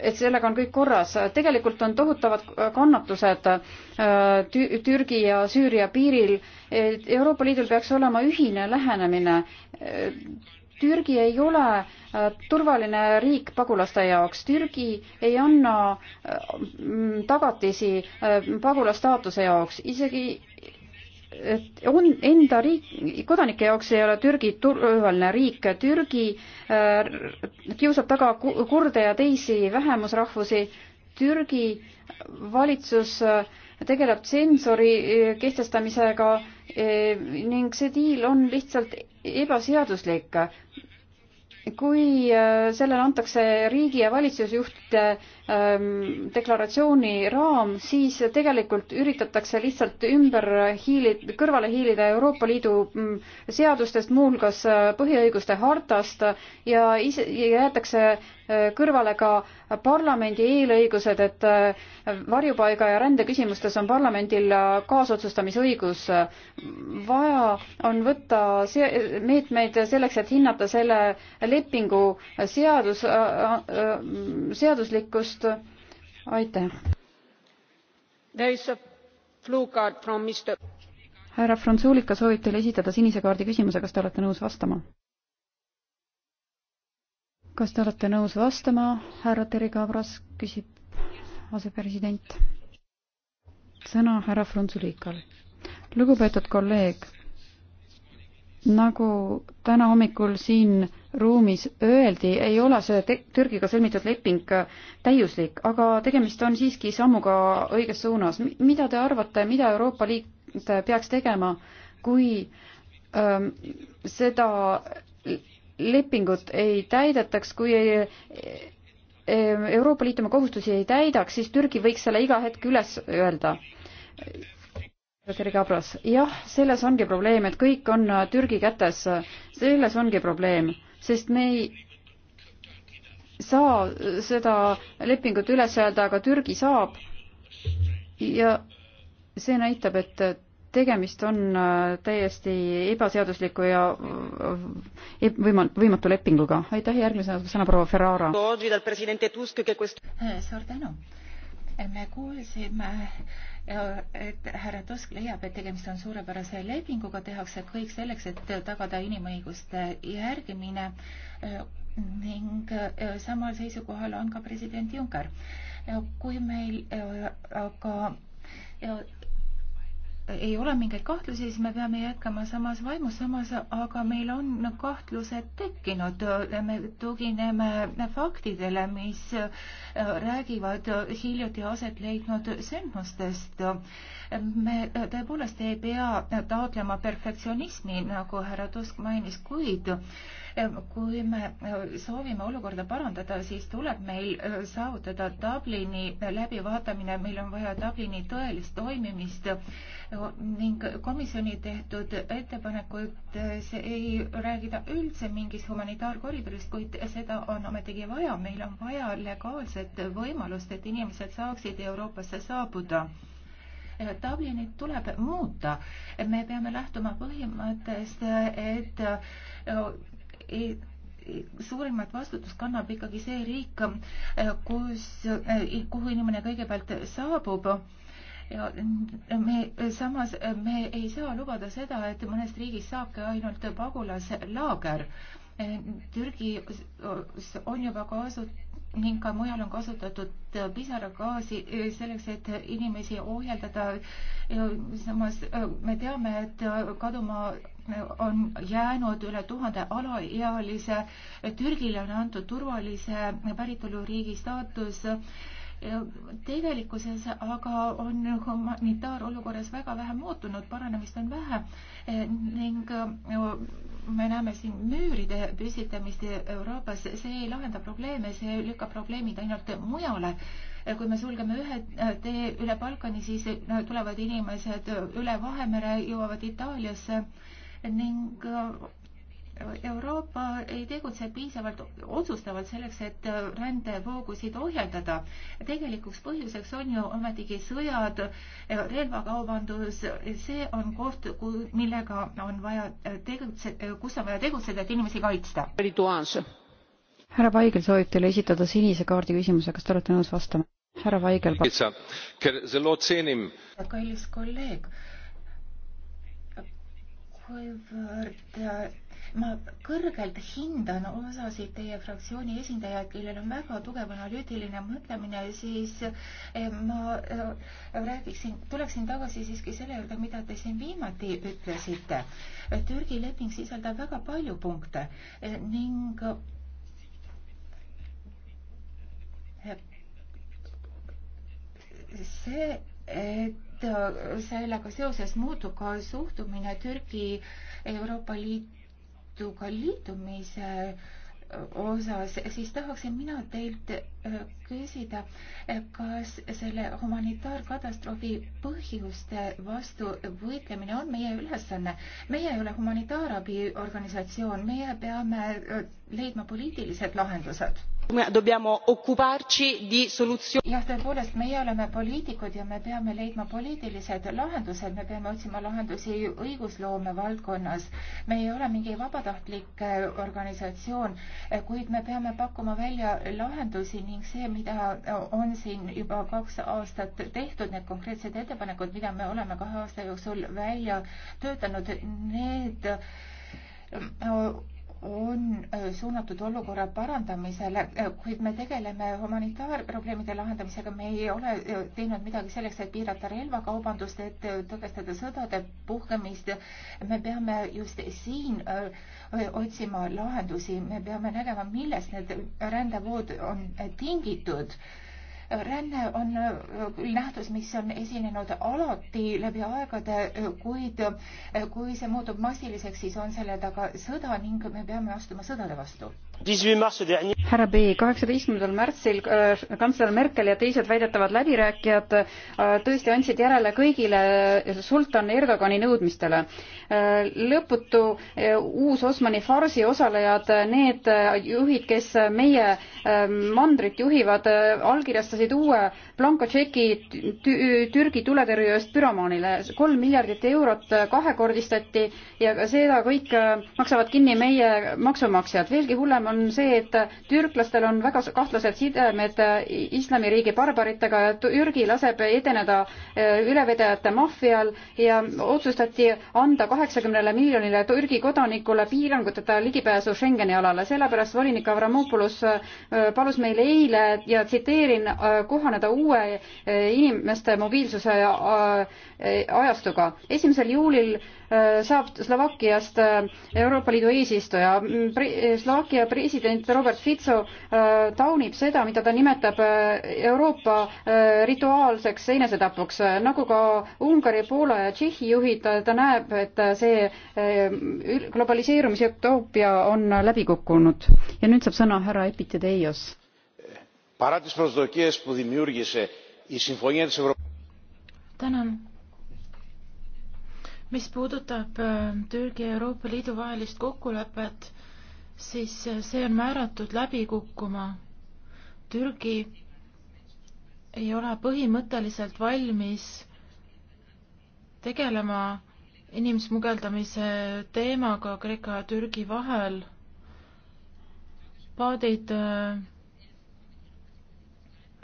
C: et sellega on kõik korras. tegelikult on tohutavad kannatused äh, Türgi ja Süüria piiril. Euroopa Liidul peaks olema ühine lähenemine. Türgi ei ole turvaline riik pagulaste jaoks. Türgi ei anna tagatisi pagulastaatuse jaoks, isegi et on enda riik, kodanike jaoks ei ole Türgi turvaline riik, Türgi äh, kiusab taga kurde ja teisi vähemusrahvusi, Türgi valitsus äh, tegeleb tsensori äh, kehtestamisega äh, ning see diil on lihtsalt ebaseaduslik. kui äh, sellele antakse riigi ja valitsusjuhtide Ähm, deklaratsiooni raam, siis tegelikult üritatakse lihtsalt ümber hiili-, kõrvale hiilida Euroopa Liidu mm, seadustest, muuhulgas äh, põhiõiguste hartast ja ise, jäetakse äh, kõrvale ka parlamendi eelõigused, et äh, varjupaiga ja rände küsimustes on parlamendil kaasotsustamisõigus. vaja on võtta see-, meetmeid selleks, et hinnata selle lepingu seadus, seaduslikkust vastust. aitäh. härra Frunzulika soovib teile esitada sinise kaardi küsimuse, kas te olete nõus vastama? kas te olete nõus vastama, härra Terri Kabras, küsib asepresident. sõna härra Frunzulikal. lugupeetud kolleeg, nagu täna hommikul siin ruumis öeldi, ei ole see Türgiga sõlmitud leping äh, täiuslik, aga tegemist on siiski sammuga õiges suunas. mida te arvate, mida Euroopa Liit peaks tegema, kui ähm, seda lepingut ei täidetaks, kui ei, äh, äh, Euroopa Liit oma kohustusi ei täidaks, siis Türgi võiks selle iga hetk üles öelda. Terri Kabras, jah, selles ongi probleem, et kõik on Türgi kätes, selles ongi probleem sest me ei saa seda lepingut üles öelda, aga Türgi saab. ja see näitab, et tegemist on äh, täiesti ebaseadusliku ja äh, võimal-, võimatu lepinguga. aitäh, järgmisena sõna proua Ferrara.
A: suur tänu. me kuulsime et härra Tusk leiab, et tegemist on suurepärase lepinguga, tehakse kõik selleks, et tagada inimõiguste järgimine ning e, samal seisukohal on ka president Juncker. kui meil e, aga e, ei ole mingeid kahtlusi, siis me peame jätkama samas vaimus, samas aga meil on kahtlused tekkinud. me tugineme faktidele, mis äh, räägivad hiljuti aset leidnud sündmustest. me äh, tõepoolest ei pea taotlema perfektsionismi, nagu härra Tusk mainis, kuid kui me äh, soovime olukorda parandada, siis tuleb meil äh, saavutada Dublini läbivaatamine, meil on vaja Dublini tõelist toimimist äh, ning komisjoni tehtud ettepanekutes ei räägida üldse mingist humanitaarkoridorist, kuid seda on ometigi vaja, meil on vaja legaalset võimalust, et inimesed saaksid Euroopasse saabuda Dublinit tuleb muuta. me peame lähtuma põhimõttest, et suurimat vastutust kannab ikkagi see riik, kus, kuhu inimene kõigepealt saabub. ja me samas, me ei saa lubada seda, et mõnest riigist saabki ainult pagulaslaager. Türgis on juba kaasut-, ning ka mujal on kasutatud pisaragaasi eh, selleks, et inimesi ohjeldada. samas eh, me teame, et eh, kaduma on jäänud üle tuhande alaealise. Türgile on antud turvalise päritoluriigi staatus Äh, tegelikkuses aga on humanitaarolukorras väga vähe muutunud, paranemist on vähe äh, ning äh, me näeme siin müüride püstitamist Euroopas, see ei lahenda probleeme, see lükkab probleemid ainult mujale. kui me sulgeme ühe tee üle Balkani, siis tulevad inimesed üle Vahemere, jõuavad Itaaliasse ning Euroopa ei tegutse piisavalt otsustavalt selleks, et äh, rändevoogusid ohjeldada. tegelikuks põhjuseks on ju ometigi sõjad, äh, relvakaubandus, see on koht, millega on vaja äh, tegutseda, kus on vaja tegutseda, et inimesi kaitsta.
C: härra Vaigel soovib teile esitada sinise kaardi küsimuse, kas te olete nõus vastama? härra Vaigel.
B: kallis
A: kolleeg kuivõrd ma kõrgelt hindan osasid teie fraktsiooni esindajaid, kellel on väga tugev analüütiline mõtlemine, siis eh, ma eh, räägiksin, tuleksin tagasi siiski selle juurde, mida te siin viimati ütlesite. Türgi leping sisaldab väga palju punkte eh, ning see, et sellega seoses muutub ka suhtumine Türgi Euroopa Liitu Liiduga liitumise äh, osas, siis tahaksin mina teilt äh, küsida, äh, kas selle humanitaarkatastroofi põhjuste vastu võitlemine on meie ülesanne. meie ei ole humanitaarabiorganisatsioon, meie peame leidma poliitilised lahendused jah, tõepoolest, meie oleme poliitikud ja me peame leidma poliitilised lahendused, me peame otsima lahendusi õigusloome valdkonnas. me ei ole mingi vabatahtlik eh, organisatsioon, eh, kuid me peame pakkuma välja lahendusi ning see, mida eh, on siin juba kaks aastat tehtud, need konkreetsed ettepanekud, mida me oleme kahe aasta jooksul välja töötanud, need on äh, suunatud olukorra parandamisele, äh, kuid me tegeleme humanitaarprobleemide lahendamisega, me ei ole äh, teinud midagi selleks, et piirata relvakaubandust, et tõkestada sõdade puhkemist. me peame just siin otsima lahendusi, me peame nägema, millest need rändevood on tingitud ränne on äh, nähtus, mis on esinenud alati läbi aegade, äh, kuid äh, kui see muutub massiliseks, siis on selle taga sõda ning me peame astuma sõdade vastu
C: härra B, kaheksateistkümnendal märtsil äh, kantsler Merkel ja teised väidetavad läbirääkijad äh, tõesti andsid järele kõigile sultan Erdogani nõudmistele. Äh, lõputu uus Osmani farsi osalejad, need juhid, kes meie mandrit juhivad, allkirjastasid uue blankotšeki Türgi tuletõrje eest püromaanile. kolm miljardit eurot kahekordistati ja seda kõik maksavad kinni meie maksumaksjad. veelgi hullem on see, et türklastel on väga kahtlased sidemed islamiriigi barbaritega ja Türgi laseb edeneda eh, ülevedajate maffial ja otsustati anda kaheksakümnele miljonile Türgi kodanikule piiranguteta ligipääsu Schengeni alale. sellepärast volinik Avramopoulos eh, palus meile eile ja tsiteerin, eh, kohaneda uue inimeste mobiilsuse ajastuga. esimesel juulil saab Slovakkiast Euroopa Liidu eesistuja. Slovakkia president Robert Fitso äh, taunib seda, mida ta nimetab äh, Euroopa äh, rituaalseks enesetapuks, nagu ka Ungari, Poola ja Tšehhi juhid, ta näeb, et see globaliseerumise utoopia on läbi kukkunud. ja nüüd saab sõna härra Epitedeios.
D: tänan mis puudutab Türgi ja Euroopa Liidu vahelist kokkulepet, siis see on määratud läbi kukkuma. Türgi ei ole põhimõtteliselt valmis tegelema inimsmugeldamise teemaga Kreeka ja Türgi vahel. paadid äh,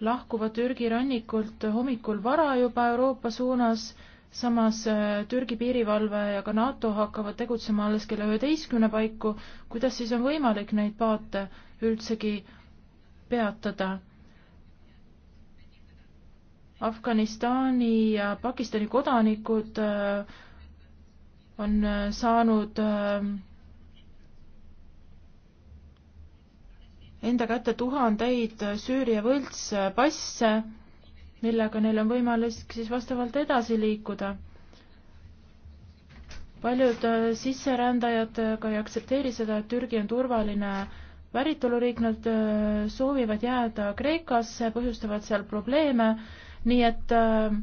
D: lahkuvad Türgi rannikult hommikul vara juba Euroopa suunas samas äh, Türgi piirivalve ja ka NATO hakkavad tegutsema alles kella üheteistkümne paiku, kuidas siis on võimalik neid paate üldsegi peatada? Afganistani ja Pakistani kodanikud äh, on äh, saanud enda kätte tuhandeid Süüria võltspasse millega neil on võimalik siis vastavalt edasi liikuda. paljud äh, sisserändajad ka ei aktsepteeri seda, et Türgi on turvaline päritoluriik, nad äh, soovivad jääda Kreekasse, põhjustavad seal probleeme, nii et äh,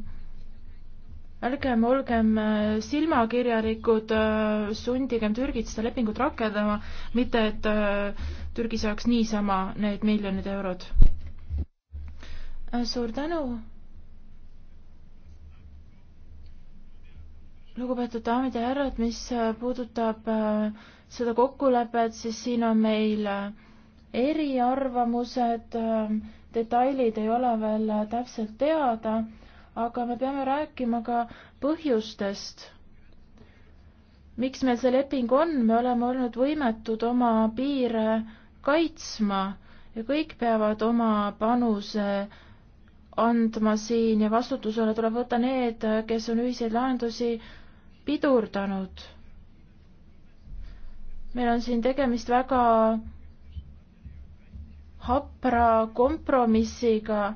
D: ärgem olgem äh, silmakirjalikud, sundigem Türgit seda lepingut rakendama, mitte et Türgi saaks niisama need miljonid eurod suur tänu. lugupeetud daamid ja härrad, mis äh, puudutab äh, seda kokkulepet, siis siin on meil äh, eriarvamused, detailid ei ole veel täpselt teada, aga me peame rääkima ka põhjustest miks meil see leping on, me oleme olnud võimetud oma piire kaitsma ja kõik peavad oma panuse andma siin ja vastutusele tuleb võtta need, kes on ühiseid lahendusi pidurdanud. meil on siin tegemist väga hapra kompromissiga,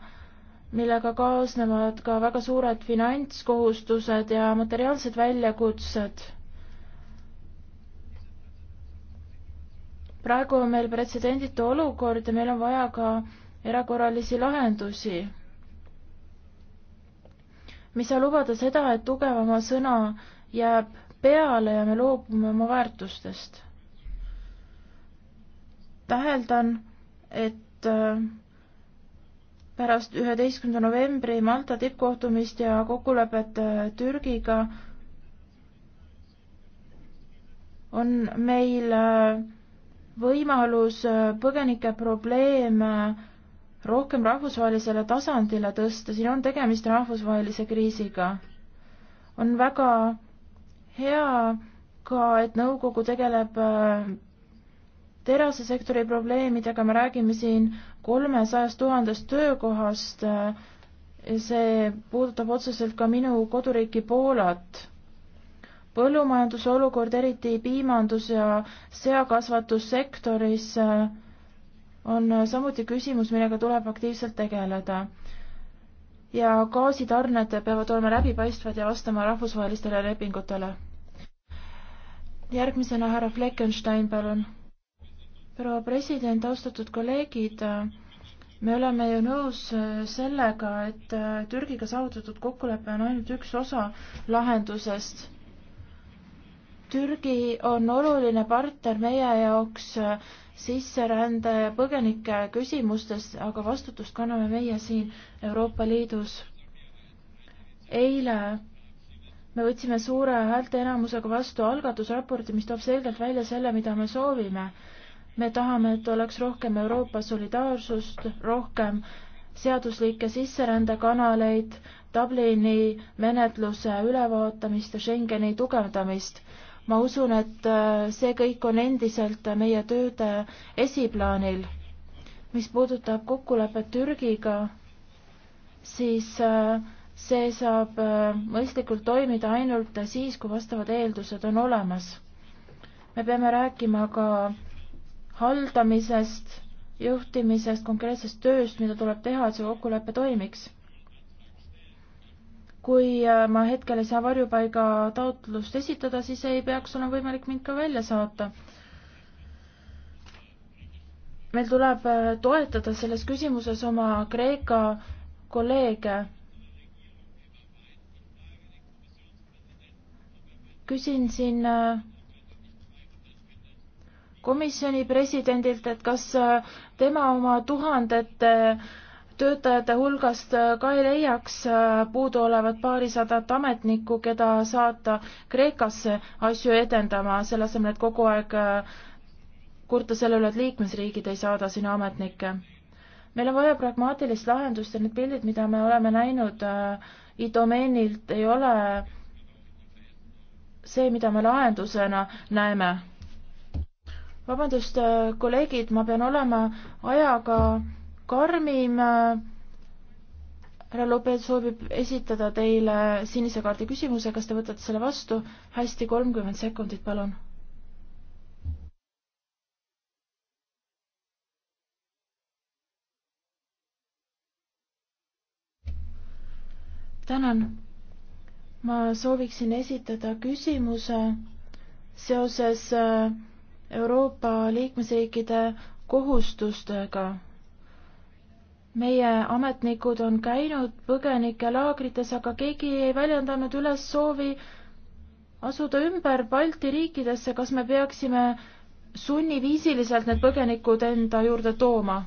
D: millega kaasnevad ka väga suured finantskohustused ja materiaalsed väljakutsed. praegu on meil pretsedenditu olukord ja meil on vaja ka erakorralisi lahendusi me ei saa lubada seda, et tugevama sõna jääb peale ja me loobume oma väärtustest. täheldan, et äh, pärast üheteistkümnenda novembri Malta tippkohtumist ja kokkulepet äh, Türgiga on meil äh, võimalus põgenike probleeme rohkem rahvusvahelisele tasandile tõsta, siin on tegemist rahvusvahelise kriisiga. on väga hea ka, et nõukogu tegeleb äh, terasesektori probleemidega, me räägime siin kolmesajast tuhandest töökohast, äh, see puudutab otseselt ka minu koduriiki Poolat. põllumajanduse olukord, eriti piimandus- ja seakasvatussektoris äh, on samuti küsimus, millega tuleb aktiivselt tegeleda. ja gaasitarned peavad olema läbipaistvad ja vastama rahvusvahelistele lepingutele. järgmisena härra Fleckenstein, palun. proua president, austatud kolleegid, me oleme ju nõus sellega, et Türgiga saavutatud kokkulepe on ainult üks osa lahendusest Türgi on oluline partner meie jaoks sisserände ja põgenike küsimustes, aga vastutust kanname meie siin Euroopa Liidus. eile me võtsime suure häälteenamusega vastu algatusraporti, mis toob selgelt välja selle, mida me soovime. me tahame, et oleks rohkem Euroopa solidaarsust, rohkem seaduslikke sisserändekanaleid, Dublini menetluse ülevaatamist ja Schengeni tugevdamist ma usun, et äh, see kõik on endiselt äh, meie tööde esiplaanil. mis puudutab kokkulepet Türgiga, siis äh, see saab mõistlikult toimida ainult siis, kui vastavad eeldused on olemas. me peame rääkima ka haldamisest, juhtimisest, konkreetsest tööst, mida tuleb teha, et see kokkulepe toimiks kui äh, ma hetkel ei saa varjupaiga taotlust esitada, siis ei peaks olema võimalik mind ka välja saata. meil tuleb äh, toetada selles küsimuses oma Kreeka kolleege. küsin siin äh, komisjoni presidendilt, et kas tema oma tuhandete äh, töötajate hulgast äh, ka ei leiaks äh, puuduolevat paarisadat ametnikku, keda saata Kreekasse asju edendama, selle asemel, et kogu aeg äh, kurta selle üle, et liikmesriigid ei saada sinna ametnikke. meil on vaja pragmaatilist lahendust ja need pildid, mida me oleme näinud idomeenilt, ei ole see, mida me lahendusena näeme. vabandust, kolleegid, ma pean olema ajaga karmim. härra Lopet soovib esitada teile sinise kaardi küsimuse, kas te võtate selle vastu? hästi, kolmkümmend sekundit, palun. tänan. ma sooviksin esitada küsimuse seoses Euroopa liikmesriikide kohustustega meie ametnikud on käinud põgenikelaagrites, aga keegi ei väljendanud üles soovi asuda ümber Balti riikidesse, kas me peaksime sunniviisiliselt need põgenikud enda juurde tooma?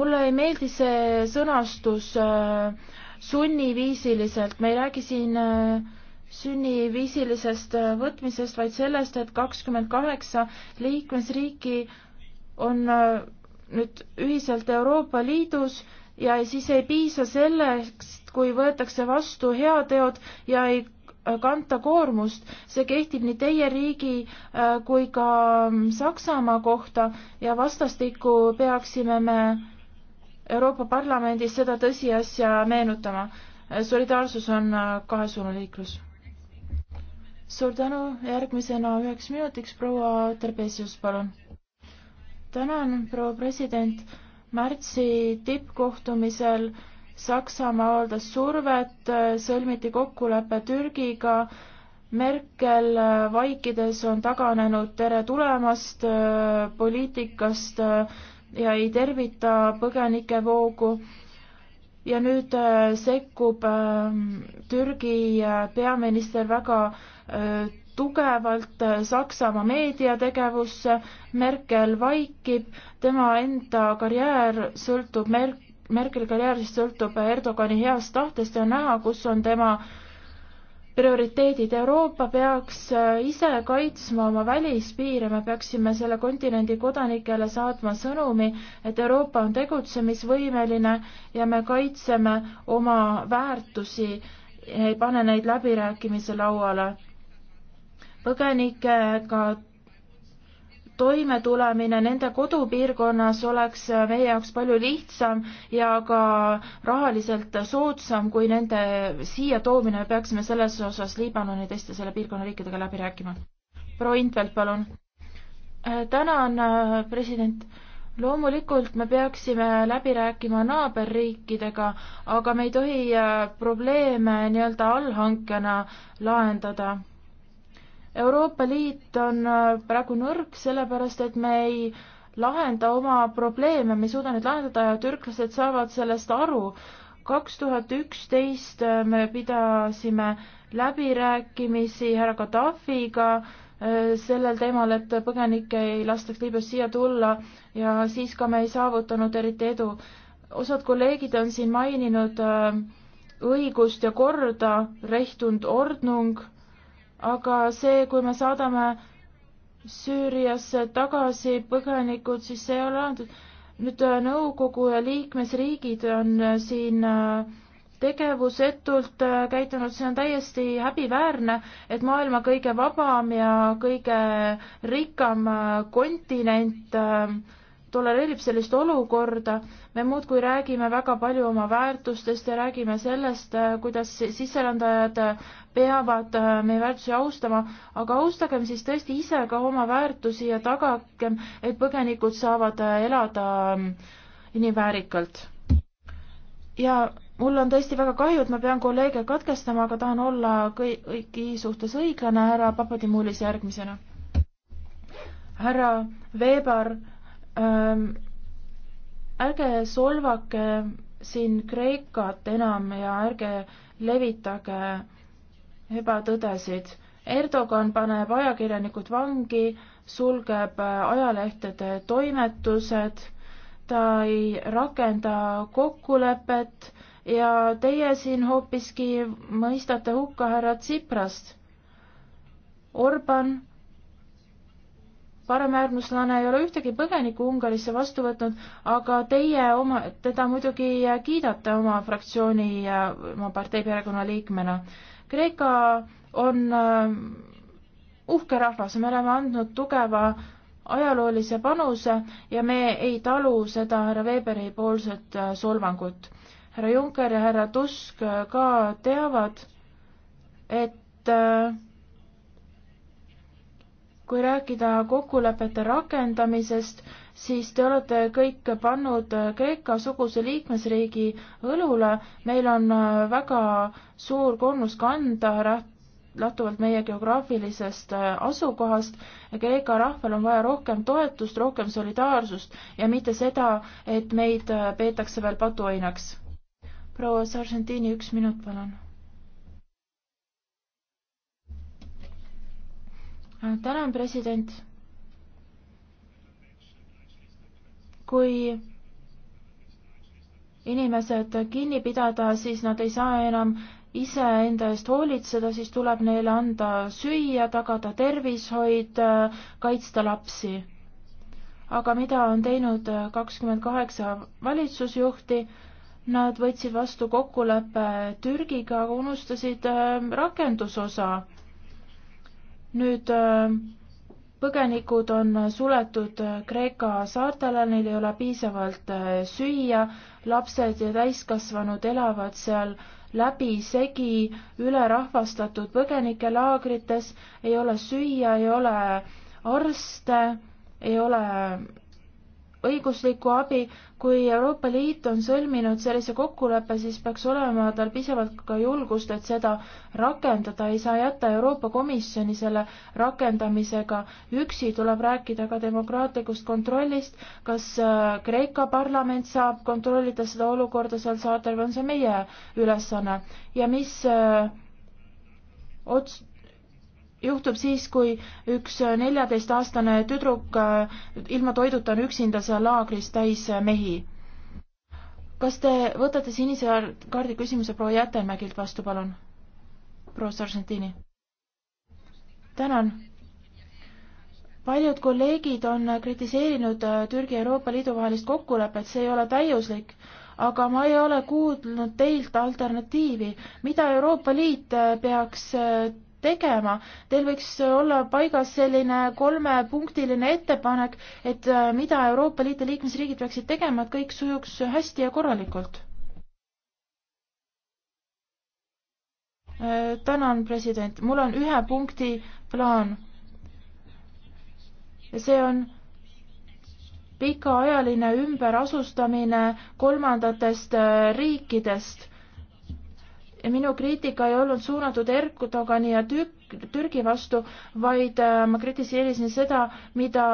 D: mulle ei meeldi see sõnastus äh, sunniviisiliselt, me ei räägi siin äh, sunniviisilisest äh, võtmisest, vaid sellest, et kakskümmend kaheksa liikmesriiki on äh, nüüd ühiselt Euroopa Liidus ja siis ei piisa sellest, kui võetakse vastu heateod ja ei kanta koormust, see kehtib nii teie riigi äh, kui ka mm, Saksamaa kohta ja vastastikku peaksime me Euroopa Parlamendis seda tõsiasja meenutama. Äh, solidaarsus on äh, kahesuunaline liiklus. suur tänu, järgmisena üheks minutiks proua Terbesius, palun tänan, proua president. märtsi tippkohtumisel Saksamaa avaldas survet, sõlmiti kokkulepe Türgiga. Merkel vaikides on taganenud tere tulemast poliitikast ja ei tervita põgenikevoogu ja nüüd äh, sekkub ähm, Türgi äh, peaminister väga äh, tugevalt äh, Saksamaa meediategevusse, Merkel vaikib, tema enda karjäär sõltub Mer-, Merkeli karjäärist sõltub Erdogani heast tahtest ja näha, kus on tema prioriteedid. Euroopa peaks äh, ise kaitsma oma välispiire, me peaksime selle kontinendi kodanikele saatma sõnumi, et Euroopa on tegutsemisvõimeline ja me kaitseme oma väärtusi, ei pane neid läbirääkimise lauale põgenikega toimetulemine nende kodupiirkonnas oleks meie jaoks palju lihtsam ja ka rahaliselt soodsam, kui nende siia toomine, me peaksime selles osas Liibanoni, teiste selle piirkonna riikidega läbi rääkima. proua Intvelt, palun. tänan, president. loomulikult me peaksime läbi rääkima naaberriikidega, aga me ei tohi probleeme nii-öelda allhankena lahendada Euroopa Liit on äh, praegu nõrk, sellepärast et me ei lahenda oma probleeme, me ei suuda neid lahendada ja türklased saavad sellest aru. kaks tuhat üksteist äh, me pidasime läbirääkimisi härra Gaddafiga äh, sellel teemal, et põgenikke ei lastaks Liibüast siia tulla ja siis ka me ei saavutanud eriti edu. osad kolleegid on siin maininud õigust ja korda, rehtund ordnung aga see, kui me saadame Süüriasse tagasi põgenikud, siis see ei ole antud. nüüd äh, nõukogu ja liikmesriigid on äh, siin äh, tegevusetult käitunud, see on täiesti häbiväärne, et maailma kõige vabam ja kõige rikkam kontinent äh, tolereerib sellist olukorda, me muudkui räägime väga palju oma väärtustest ja räägime sellest, äh, kuidas sisserändajad äh, peavad äh, meie väärtusi austama, aga austagem siis tõesti ise ka oma väärtusi ja tagagem, et põgenikud saavad elada inimväärikalt. ja mul on tõesti väga kahju, et ma pean kolleege katkestama, aga tahan olla kõigi suhtes õiglane, härra Papadimulis järgmisena. härra Veebar ähm, ärge solvake siin Kreekat enam ja ärge levitage ebatõdesid. Erdogan paneb ajakirjanikud vangi, sulgeb ajalehtede toimetused, ta ei rakenda kokkulepet ja teie siin hoopiski mõistate hukka härra Tsiprast. Orban paremäärmuslane ei ole ühtegi põgenikku Ungarisse vastu võtnud, aga teie oma, teda muidugi kiidate oma fraktsiooni ja oma partei perekonna liikmena. Kreeka on äh, uhke rahvas, me oleme andnud tugeva ajaloolise panuse ja me ei talu seda härra Weberi poolset äh, solvangut. härra Juncker ja härra Tusk äh, ka teavad, et äh, kui rääkida kokkulepete rakendamisest, siis te olete kõik pannud Kreeka-suguse liikmesriigi õlule. meil on äh, väga suur koormus kanda lähtuvalt meie geograafilisest äh, asukohast ja Kreeka rahval on vaja rohkem toetust, rohkem solidaarsust ja mitte seda, et meid äh, peetakse veel patuoinaks. proua Sargentini, üks minut, palun tänan, president. kui inimesed kinni pidada, siis nad ei saa enam iseenda eest hoolitseda, siis tuleb neile anda süüa, tagada tervishoid, kaitsta lapsi. aga mida on teinud kakskümmend kaheksa valitsusjuhti? Nad võtsid vastu kokkuleppe Türgiga, aga unustasid äh, rakendusosa nüüd äh, põgenikud on suletud äh, Kreeka saartele, neil ei ole piisavalt äh, süüa, lapsed ja täiskasvanud elavad seal läbisegi ülerahvastatud põgenikelaagrites, ei ole süüa, ei ole arste, ei ole õiguslikku abi. kui Euroopa Liit on sõlminud sellise kokkuleppe, siis peaks olema tal piisavalt ka julgust, et seda rakendada. ei saa jätta Euroopa Komisjoni selle rakendamisega üksi, tuleb rääkida ka demokraatlikust kontrollist. kas äh, Kreeka parlament saab kontrollida seda olukorda seal saartel või on see meie ülesanne ja mis äh, ots-, juhtub siis, kui üks neljateistaastane tüdruk äh, ilma toiduta on üksinda seal laagris täis äh, mehi. kas te võtate sinise kaardi küsimuse proua Jätemägilt vastu, palun? proua Sargentini. tänan. paljud kolleegid on kritiseerinud äh, Türgi ja Euroopa Liidu vahelist kokkulepet, see ei ole täiuslik aga ma ei ole kuulnud teilt alternatiivi, mida Euroopa Liit peaks tegema. Teil võiks olla paigas selline kolmepunktiline ettepanek, et äh, mida Euroopa Liidu liikmesriigid peaksid tegema, et kõik sujuks hästi ja korralikult. Äh, tänan, president, mul on ühe punkti plaan. ja see on pikaajaline ümberasustamine kolmandatest äh, riikidest ja minu kriitika ei olnud suunatud Erkutogani ja Türk, Türgi vastu, vaid äh, ma kritiseerisin seda, mida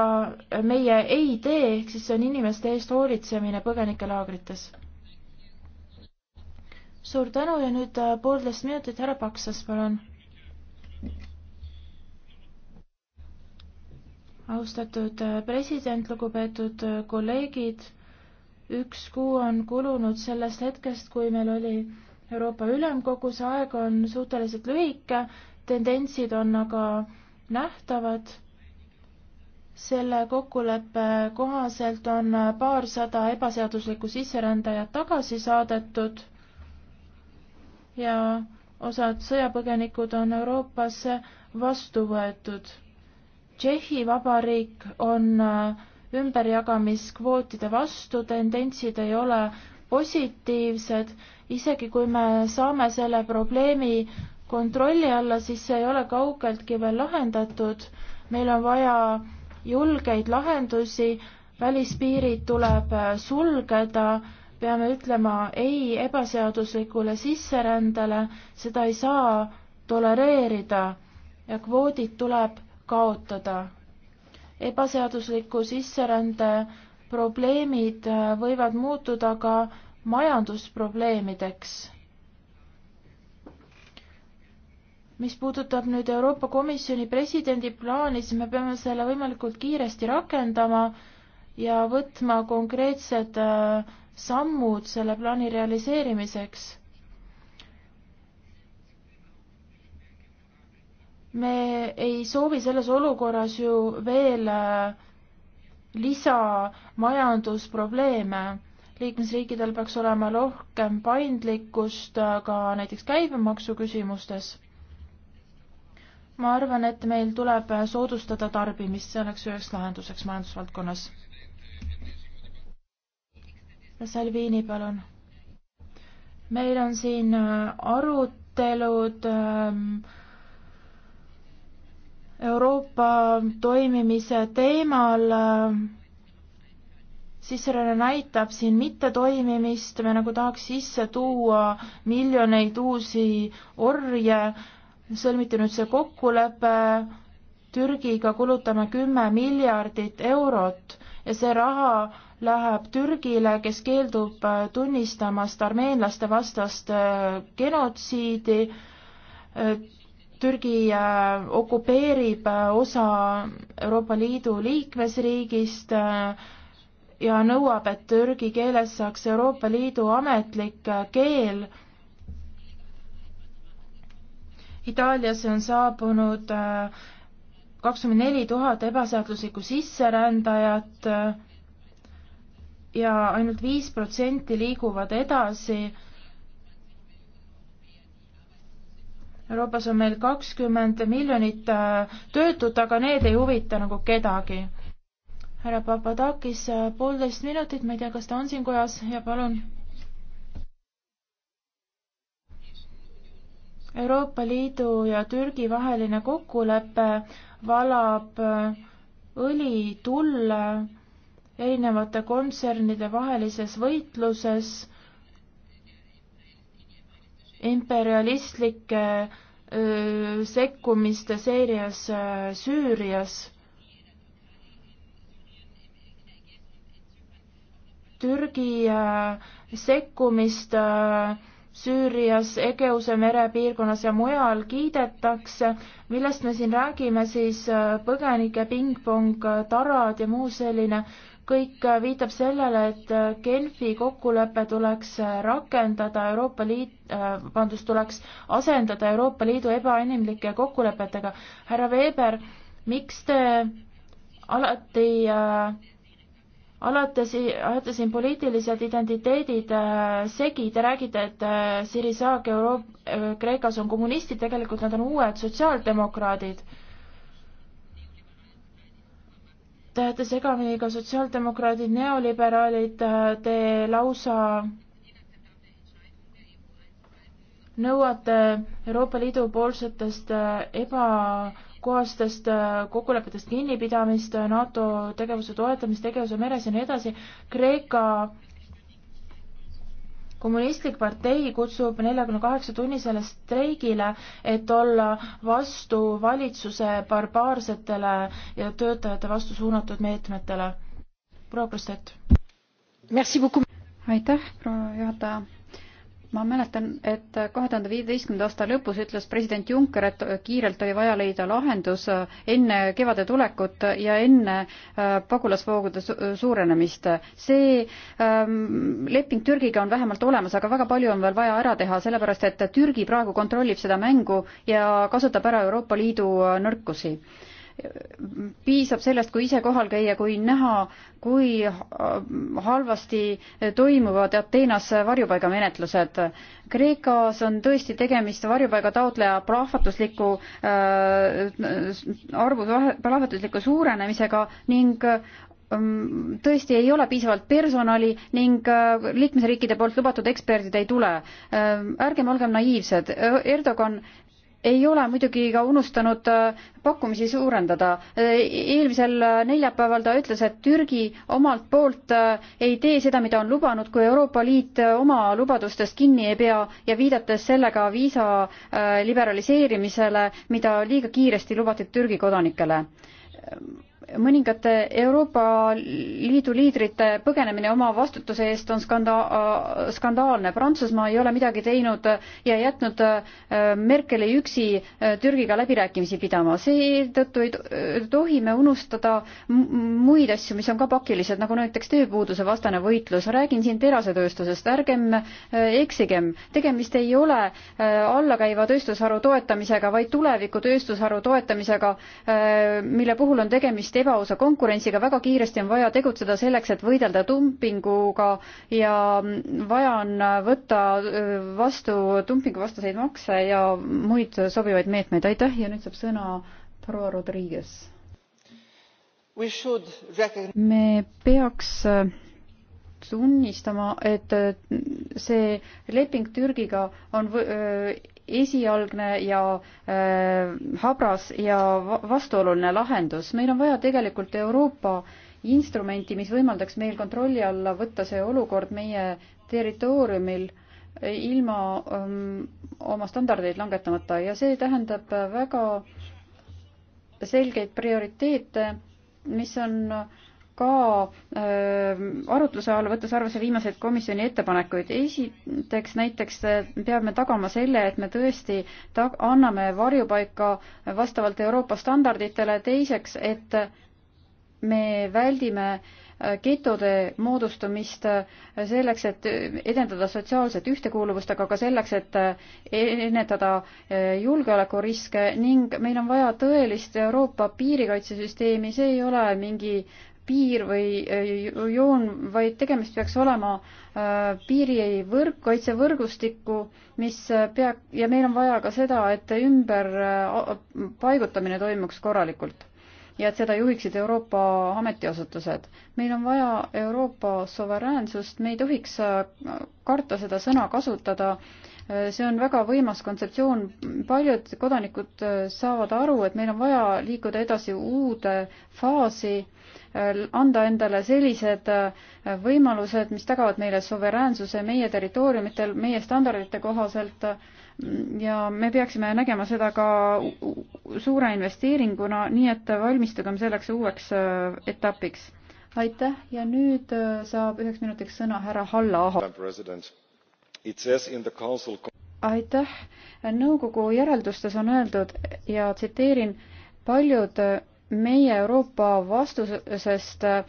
D: meie ei tee, ehk siis see on inimeste eest hoolitsemine põgenikelaagrites. suur tänu ja nüüd äh, poolteist minutit, härra Paksas, palun. austatud äh, president, lugupeetud kolleegid, üks kuu on kulunud sellest hetkest, kui meil oli Euroopa Ülemkogu, see aeg on suhteliselt lühike, tendentsid on aga nähtavad. selle kokkuleppe kohaselt on paarsada ebaseaduslikku sisserändajat tagasi saadetud ja osad sõjapõgenikud on Euroopasse vastu võetud. Tšehhi Vabariik on äh, ümberjagamiskvootide vastu, tendentsid ei ole positiivsed isegi kui me saame selle probleemi kontrolli alla, siis see ei ole kaugeltki veel lahendatud. meil on vaja julgeid lahendusi, välispiirid tuleb äh, sulgeda, peame ütlema ei ebaseaduslikule sisserändele, seda ei saa tolereerida ja kvoodid tuleb kaotada. ebaseadusliku sisserände probleemid äh, võivad muutuda ka majandusprobleemideks. mis puudutab nüüd Euroopa Komisjoni presidendi plaani, siis me peame selle võimalikult kiiresti rakendama ja võtma konkreetsed äh, sammud selle plaani realiseerimiseks me ei soovi selles olukorras ju veel äh, lisamajandusprobleeme liikmesriikidel peaks olema rohkem paindlikkust äh, ka näiteks käibemaksu küsimustes. ma arvan, et meil tuleb soodustada tarbimist, see oleks üheks lahenduseks majandusvaldkonnas. Salvini, palun. meil on siin äh, arutelud ähm, Euroopa toimimise teemal äh, sisseränne näitab siin mittetoimimist, me nagu tahaks sisse tuua miljoneid uusi orje, sõlmiti nüüd see kokkulepe, Türgiga kulutame kümme miljardit eurot ja see raha läheb Türgile, kes keeldub äh, tunnistamast armeenlaste vastast äh, genotsiidi. Äh, Türgi okupeerib osa Euroopa Liidu liikmesriigist äh, ja nõuab, et türgi keeles saaks Euroopa Liidu ametlik äh, keel. Itaaliasse on saabunud äh, kakskümmend neli tuhat ebaseaduslikku sisserändajat äh, ja ainult viis protsenti liiguvad edasi Euroopas on meil kakskümmend miljonit töötut, aga need ei huvita nagu kedagi härra Papadakis, poolteist minutit, ma ei tea, kas ta on siin kojas ja palun. Euroopa Liidu ja Türgi vaheline kokkulepe valab äh, õli tulle erinevate kontsernide vahelises võitluses imperialistlike öö, äh, sekkumiste seerias öö, äh, Süürias Türgi äh, sekkumist äh, Süürias, Egeuse mere piirkonnas ja mujal kiidetakse, millest me siin räägime, siis äh, põgenike pingpong, tarad ja muu selline, kõik viitab sellele, et Genfi kokkulepe tuleks rakendada Euroopa Liit, vabandust, tuleks asendada Euroopa Liidu ebainimlike kokkulepetega. härra Weber, miks te alati äh, alati, alati siin poliitilised identiteedid äh, segi, te räägite, et äh, Sirisaag Euroop-, äh, Kreekas on kommunistid, tegelikult nad on uued sotsiaaldemokraadid. Te ajate segamini ka sotsiaaldemokraadid, neoliberaalid, te lausa nõuate Euroopa Liidu poolsetest eba- kohastest äh, kokkulepetest kinnipidamist, äh, NATO tegevuse toetamist, tegevuse meres ja nii edasi. Kreeka kommunistlik partei kutsub neljakümne kaheksa tunnisele streigile, et olla vastu valitsuse barbaarsetele ja töötajate vastu suunatud meetmetele. proua Krustet.
C: aitäh, proua juhataja ma mäletan, et kahe tuhande viieteistkümnenda aasta lõpus ütles president Juncker, et kiirelt oli vaja leida lahendus enne kevade tulekut ja enne äh, pagulasvoogude suurenemist. see ähm, leping Türgiga on vähemalt olemas, aga väga palju on veel vaja ära teha, sellepärast et Türgi praegu kontrollib seda mängu ja kasutab ära Euroopa Liidu äh, nõrkusi piisab sellest, kui ise kohal käia, kui näha, kui halvasti toimuvad Ateenas varjupaigamenetlused. Kreekas on tõesti tegemist varjupaiga taotleja plahvatusliku äh,, arvu plahvatusliku suurenemisega ning mm, tõesti ei ole piisavalt personali ning äh, liikmesriikide poolt lubatud eksperdid ei tule. Äh, ärgem olgem naiivsed, Erdogan ei ole muidugi ka unustanud äh, pakkumisi suurendada. Äh, eelmisel äh, neljapäeval ta ütles, et Türgi omalt poolt ei tee seda, mida on lubanud, kui Euroopa Liit oma lubadustest kinni ei pea ja viidates sellega viisa liberaliseerimisele, mida liiga kiiresti lubati Türgi kodanikele mõningate Euroopa Liidu liidrite põgenemine oma vastutuse eest on skanda-, skandaalne. Prantsusmaa ei ole midagi teinud ja jätnud äh, Merkeli üksi äh, Türgiga läbirääkimisi pidama. seetõttu ei äh, tohi me unustada muid asju, mis on ka pakilised, nagu näiteks tööpuuduse vastane võitlus. räägin siin terasetööstusest, ärgem eksigem. tegemist ei ole allakäiva tööstusharu toetamisega, vaid tuleviku tööstusharu toetamisega, mille puhul on tegemist ebaausa konkurentsiga, väga kiiresti on vaja tegutseda selleks, et võidelda dumpinguga ja vaja on võtta vastu dumpinguvastaseid makse ja muid sobivaid meetmeid. aitäh ja nüüd saab sõna proua Rodriguez. me peaks tunnistama, et äh, see leping Türgiga on äh, esialgne ja äh, habras ja vastuoluline lahendus. meil on vaja tegelikult Euroopa instrumenti, mis võimaldaks meil kontrolli alla võtta see olukord meie territooriumil ilma ähm, oma standardeid langetamata ja see tähendab väga selgeid prioriteete, mis on äh, ka äh, arutluse alla, võttes arvesse viimaseid komisjoni ettepanekuid. esiteks näiteks äh, peame tagama selle, et me tõesti ta-, anname varjupaika vastavalt Euroopa standarditele, teiseks, et me väldime äh, getode moodustumist äh, selleks, et edendada sotsiaalset ühtekuuluvust, aga ka selleks, et ennetada julgeolekuriske ning meil on vaja tõelist Euroopa piirikaitsesüsteemi, see ei ole mingi äh, piir või äh, joon, vaid tegemist peaks olema äh, piirivõrk, kaitsevõrgustikku, mis äh, pea- ja meil on vaja ka seda, et ümberpaigutamine toimuks korralikult ja et seda juhiksid Euroopa ametiasutused. meil on vaja Euroopa suveräänsust, me ei tohiks karta seda sõna kasutada, see on väga võimas kontseptsioon, paljud kodanikud saavad aru, et meil on vaja liikuda edasi uude faasi Äh, anda endale sellised äh, võimalused, mis tagavad meile suveräänsuse meie territooriumitel, meie standardite kohaselt ja me peaksime nägema seda ka suure investeeringuna, nii et valmistugem selleks uueks äh, etapiks. aitäh ja nüüd saab üheks minutiks sõna härra Halla Aho. aitäh, nõukogu järeldustes on öeldud ja tsiteerin, paljud meie Euroopa vastusest äh,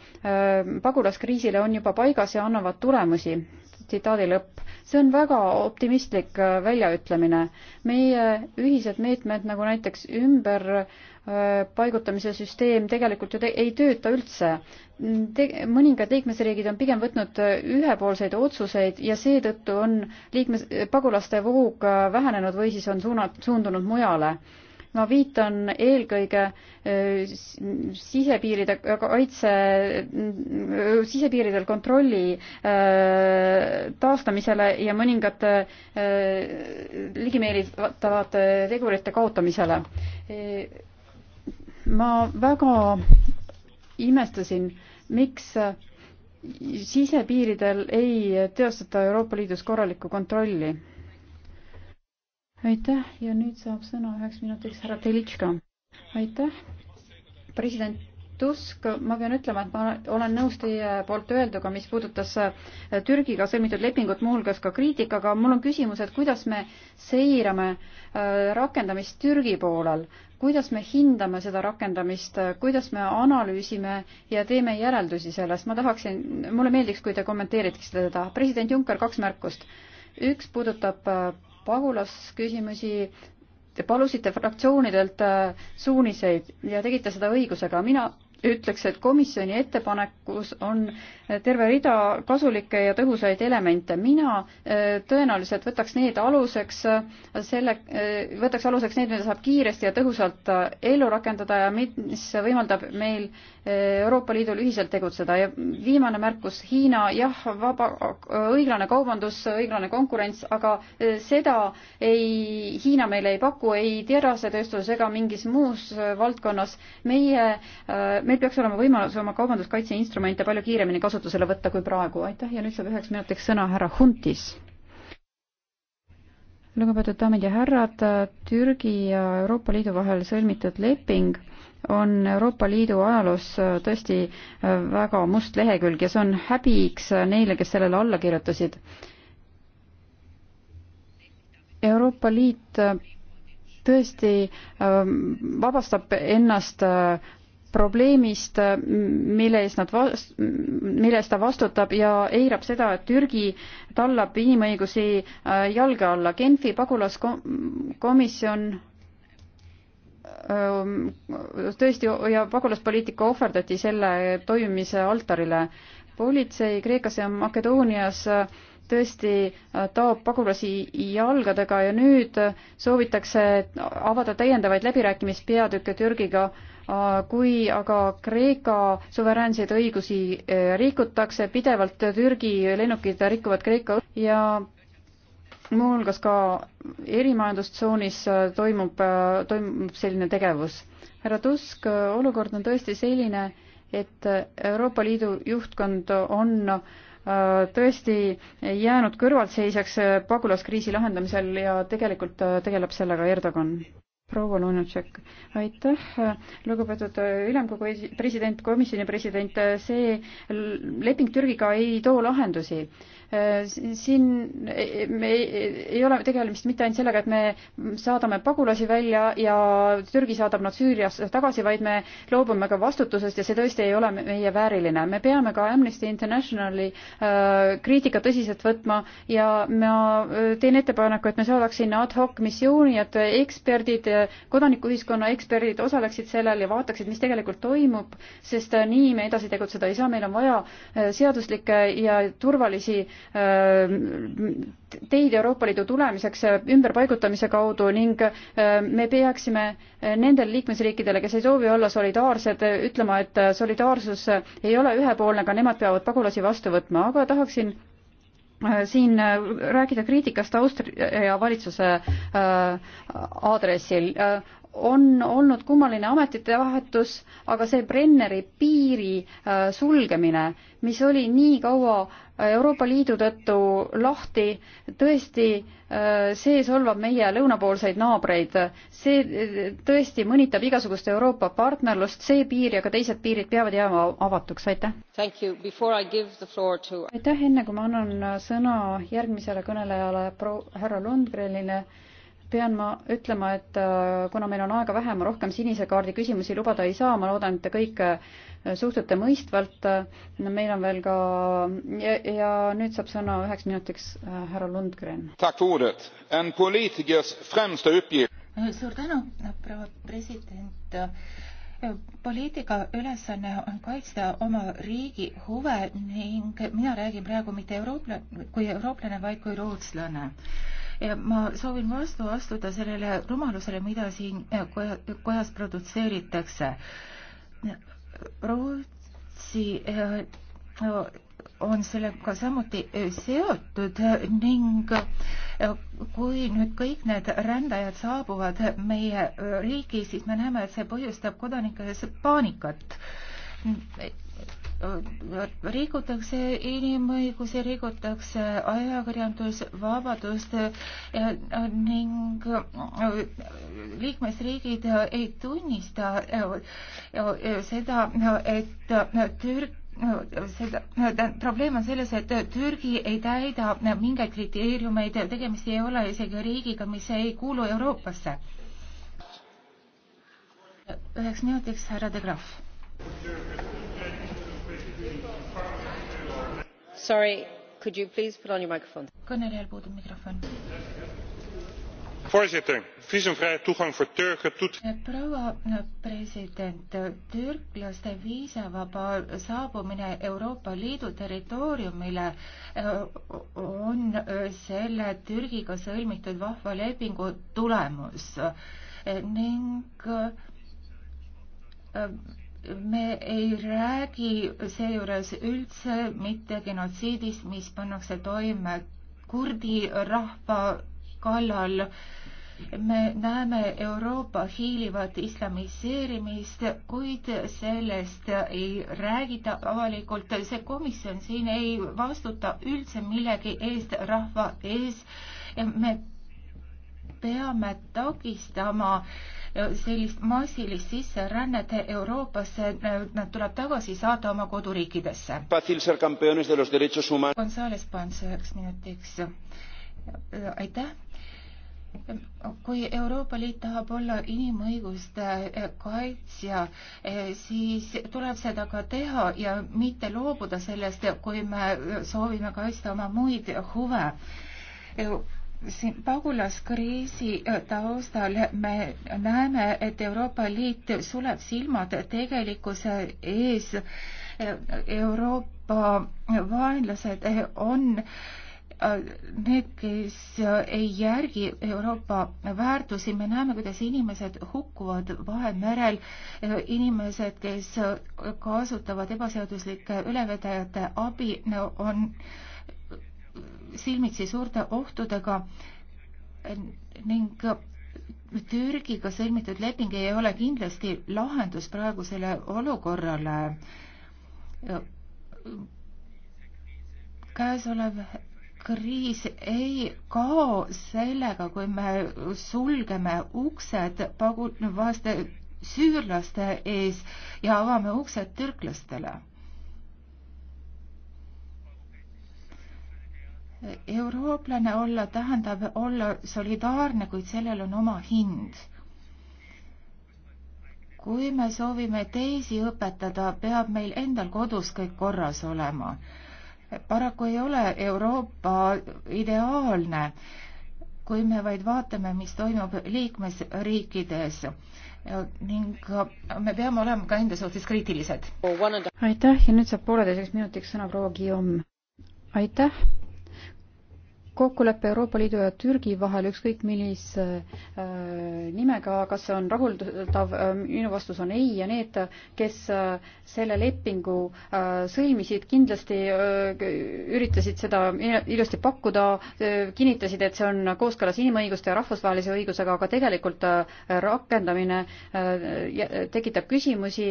C: pagulaskriisile on juba paigas ja annavad tulemusi. tsitaadi lõpp. see on väga optimistlik äh, väljaütlemine. meie ühised meetmed, nagu näiteks ümberpaigutamise äh, süsteem, tegelikult ju te ei tööta üldse. Te-, mõningad liikmesriigid on pigem võtnud ühepoolseid otsuseid ja seetõttu on liikmes-, pagulaste voog vähenenud või siis on suunat-, suundunud mujale ma viitan eelkõige äh, sisepiiride kaitse, äh, sisepiiridel kontrolli äh, taastamisele ja mõningate ligimeelitavate tegurite kaotamisele. ma väga imestasin, miks sisepiiridel ei teostata Euroopa Liidus korralikku kontrolli aitäh ja nüüd saab sõna üheks minutiks härra Telitška. aitäh, president Tusk, ma pean ütlema, et ma olen nõus teie poolt öelduga, mis puudutas äh, Türgiga sõlmitud lepingut, muuhulgas ka kriitikaga. mul on küsimus, et kuidas me seirame äh, rakendamist Türgi poolel, kuidas me hindame seda rakendamist, kuidas me analüüsime ja teeme järeldusi sellest. ma tahaksin, mulle meeldiks, kui te kommenteeriksite seda. president Juncker, kaks märkust. üks puudutab äh, pagulasküsimusi, te palusite fraktsioonidelt äh, suuniseid ja tegite seda õigusega. mina ütleks, et komisjoni ettepanekus on terve rida kasulikke ja tõhusaid elemente. mina äh, tõenäoliselt võtaks need aluseks, äh, selle, äh, võtaks aluseks need, mida saab kiiresti ja tõhusalt ellu rakendada ja mis võimaldab meil Euroopa Liidul ühiselt tegutseda ja viimane märkus, Hiina, jah, vaba, õiglane kaubandus, õiglane konkurents, aga seda ei, Hiina meile ei paku ei terasetööstuses ega mingis muus valdkonnas. meie meil peaks olema võimalus oma kaubanduskaitseinstrumente palju kiiremini kasutusele võtta kui praegu. aitäh ja nüüd saab üheks minutiks sõna härra Huntis. lugupeetud daamid ja härrad, Türgi ja Euroopa Liidu vahel sõlmitud leping on Euroopa Liidu ajaloos tõesti väga must lehekülg ja see on häbiks neile, kes sellele alla kirjutasid. Euroopa Liit tõesti ähm, vabastab ennast äh, probleemist, mille eest nad vast-, mille eest ta vastutab ja eirab seda, et Türgi tallab inimõigusi äh, jalge alla. Genfi pagulaskomisjon ähm, tõesti ja pagulaspoliitika ohverdati selle toimimise altarile. politsei Kreekas ja Makedoonias äh, tõesti äh, taob pagulasi jalgadega ja nüüd soovitakse avada täiendavaid läbirääkimispeatükke Türgiga äh, Äh, kui aga Kreeka suveräänseid õigusi äh, rikutakse, pidevalt Türgi lennukid rikuvad Kreeka ja muuhulgas ka erimajandustsoonis äh, toimub, toimub selline tegevus. härra Tusk, olukord on tõesti selline, et Euroopa Liidu juhtkond on tõesti jäänud kõrvaltseisjaks pagulaskriisi lahendamisel ja tegelikult tegeleb sellega Erdogan proua Lunatšek, aitäh, lugupeetud ülemkogu president, komisjoni president, see leping Türgiga ei too lahendusi Äh, siin me ei, ei ole tegelemist mitte ainult sellega, et me saadame pagulasi välja ja Türgi saadab nad Süüriasse tagasi, vaid me loobume ka vastutusest ja see tõesti ei ole meie vääriline. me peame ka Amnesty Internationali äh, kriitika tõsiselt võtma ja ma äh, teen ettepaneku, et me saadaks sinna ad hoc missiooni, et eksperdid, kodanikuühiskonna eksperdid osaleksid sellel ja vaataksid, mis tegelikult toimub, sest nii me edasi tegutseda ei saa, meil on vaja seaduslikke ja turvalisi Äh, teid Euroopa Liidu tulemiseks äh, ümberpaigutamise kaudu ning äh, me peaksime nendele liikmesriikidele, kes ei soovi olla solidaarsed, ütlema, et solidaarsus ei ole ühepoolne, ka nemad peavad pagulasi vastu võtma, aga tahaksin siin rääkida kriitikast Austria valitsuse aadressil on olnud kummaline ametite vahetus, aga see Brenneri piiri äh, sulgemine, mis oli nii kaua äh, Euroopa Liidu tõttu lahti, tõesti, äh, see solvab meie lõunapoolseid naabreid. see tõesti mõnitab igasugust Euroopa partnerlust, see piir ja ka teised piirid peavad jääma avatuks, aitäh! aitäh, enne kui ma annan sõna järgmisele kõnelejale, härra Lundgrenile, pean ma ütlema, et äh, kuna meil on aega vähe, ma rohkem sinise kaardi küsimusi lubada ei saa, ma loodan, et te kõik äh, suhtute mõistvalt. Äh, meil on veel ka ja, ja nüüd saab sõna üheks minutiks
A: härra Lundgren. suur tänu, proua president poliitika ülesanne on kaitsta oma riigi huve ning mina räägin praegu mitte eurooplane, kui eurooplane, vaid kui rootslane ma soovin vastu astuda sellele rumalusele, mida siin eh, koja, kojas produtseeritakse. Rootsi eh, on sellega samuti eh, seotud ning kui nüüd kõik need rändajad saabuvad meie riigi, siis me näeme, et see põhjustab kodanikes paanikat rikutakse inimõigusi, rikutakse ajakirjandusvabadust eh, ning eh, liikmesriigid ei tunnista eh, seda, et Türk seda, probleem on selles, et Türgi ei täida mingeid kriteeriumeid, tegemist ei ole isegi riigiga, mis ei kuulu Euroopasse. üheks minutiks härra De Graaf.
E: voorzitter visumvrije toegang voor turken eh,
A: proua eh, president eh, türklaste viisavaba saabumine euroopa liidu territooriumile on selle türgiga sõlmitud vahva lepingu tulemus ning me ei räägi seejuures üldse mitte genotsiidist, mis pannakse toime kurdi rahva kallal. me näeme Euroopa hiilivat islamiseerimist, kuid sellest ei räägita avalikult. see komisjon siin ei vastuta üldse millegi eest rahva ees. me peame takistama äh, sellist massilist sisserännet Euroopasse, äh, nad tuleb tagasi saada oma koduriikidesse. Gonzales Pons üheks minutiks. aitäh kui Euroopa Liit tahab olla inimõiguste äh, kaitsja, äh, siis tuleb seda ka teha ja mitte loobuda sellest, kui me soovime kaitsta oma muid huve siin pagulaskriisi äh, taustal me näeme, et Euroopa Liit suleb silmad tegelikkuse ees. Äh, Euroopa vaenlased äh, on need, kes ei järgi Euroopa väärtusi, me näeme, kuidas inimesed hukkuvad Vahemerel, inimesed, kes kasutavad ebaseaduslike ülevedajate abi, on äh, silmitsi suurte ohtudega ning Türgiga sõlmitud leping ei ole kindlasti lahendus praegusele olukorrale. Käesolev kriis ei kao sellega, kui me sulgeme uksed vaeste süürlaste ees ja avame uksed türklastele. eurooplane olla tähendab olla solidaarne, kuid sellel on oma hind. kui me soovime teisi õpetada, peab meil endal kodus kõik korras olema. paraku ei ole Euroopa ideaalne, kui me vaid vaatame, mis toimub liikmesriikides ning me peame olema ka enda suhtes kriitilised.
C: aitäh ja nüüd saab pooleteiseks minutiks sõna proua Guillaume. aitäh kokkulepe Euroopa Liidu ja Türgi vahel, ükskõik millise äh, nimega, kas see on rahuldav äh,, minu vastus on ei ja need, kes äh, selle lepingu äh, sõlmisid, kindlasti äh, üritasid seda ilusti pakkuda äh,, kinnitasid, et see on kooskõlas inimõiguste ja rahvusvahelise õigusega, aga tegelikult äh, rakendamine äh, tekitab küsimusi.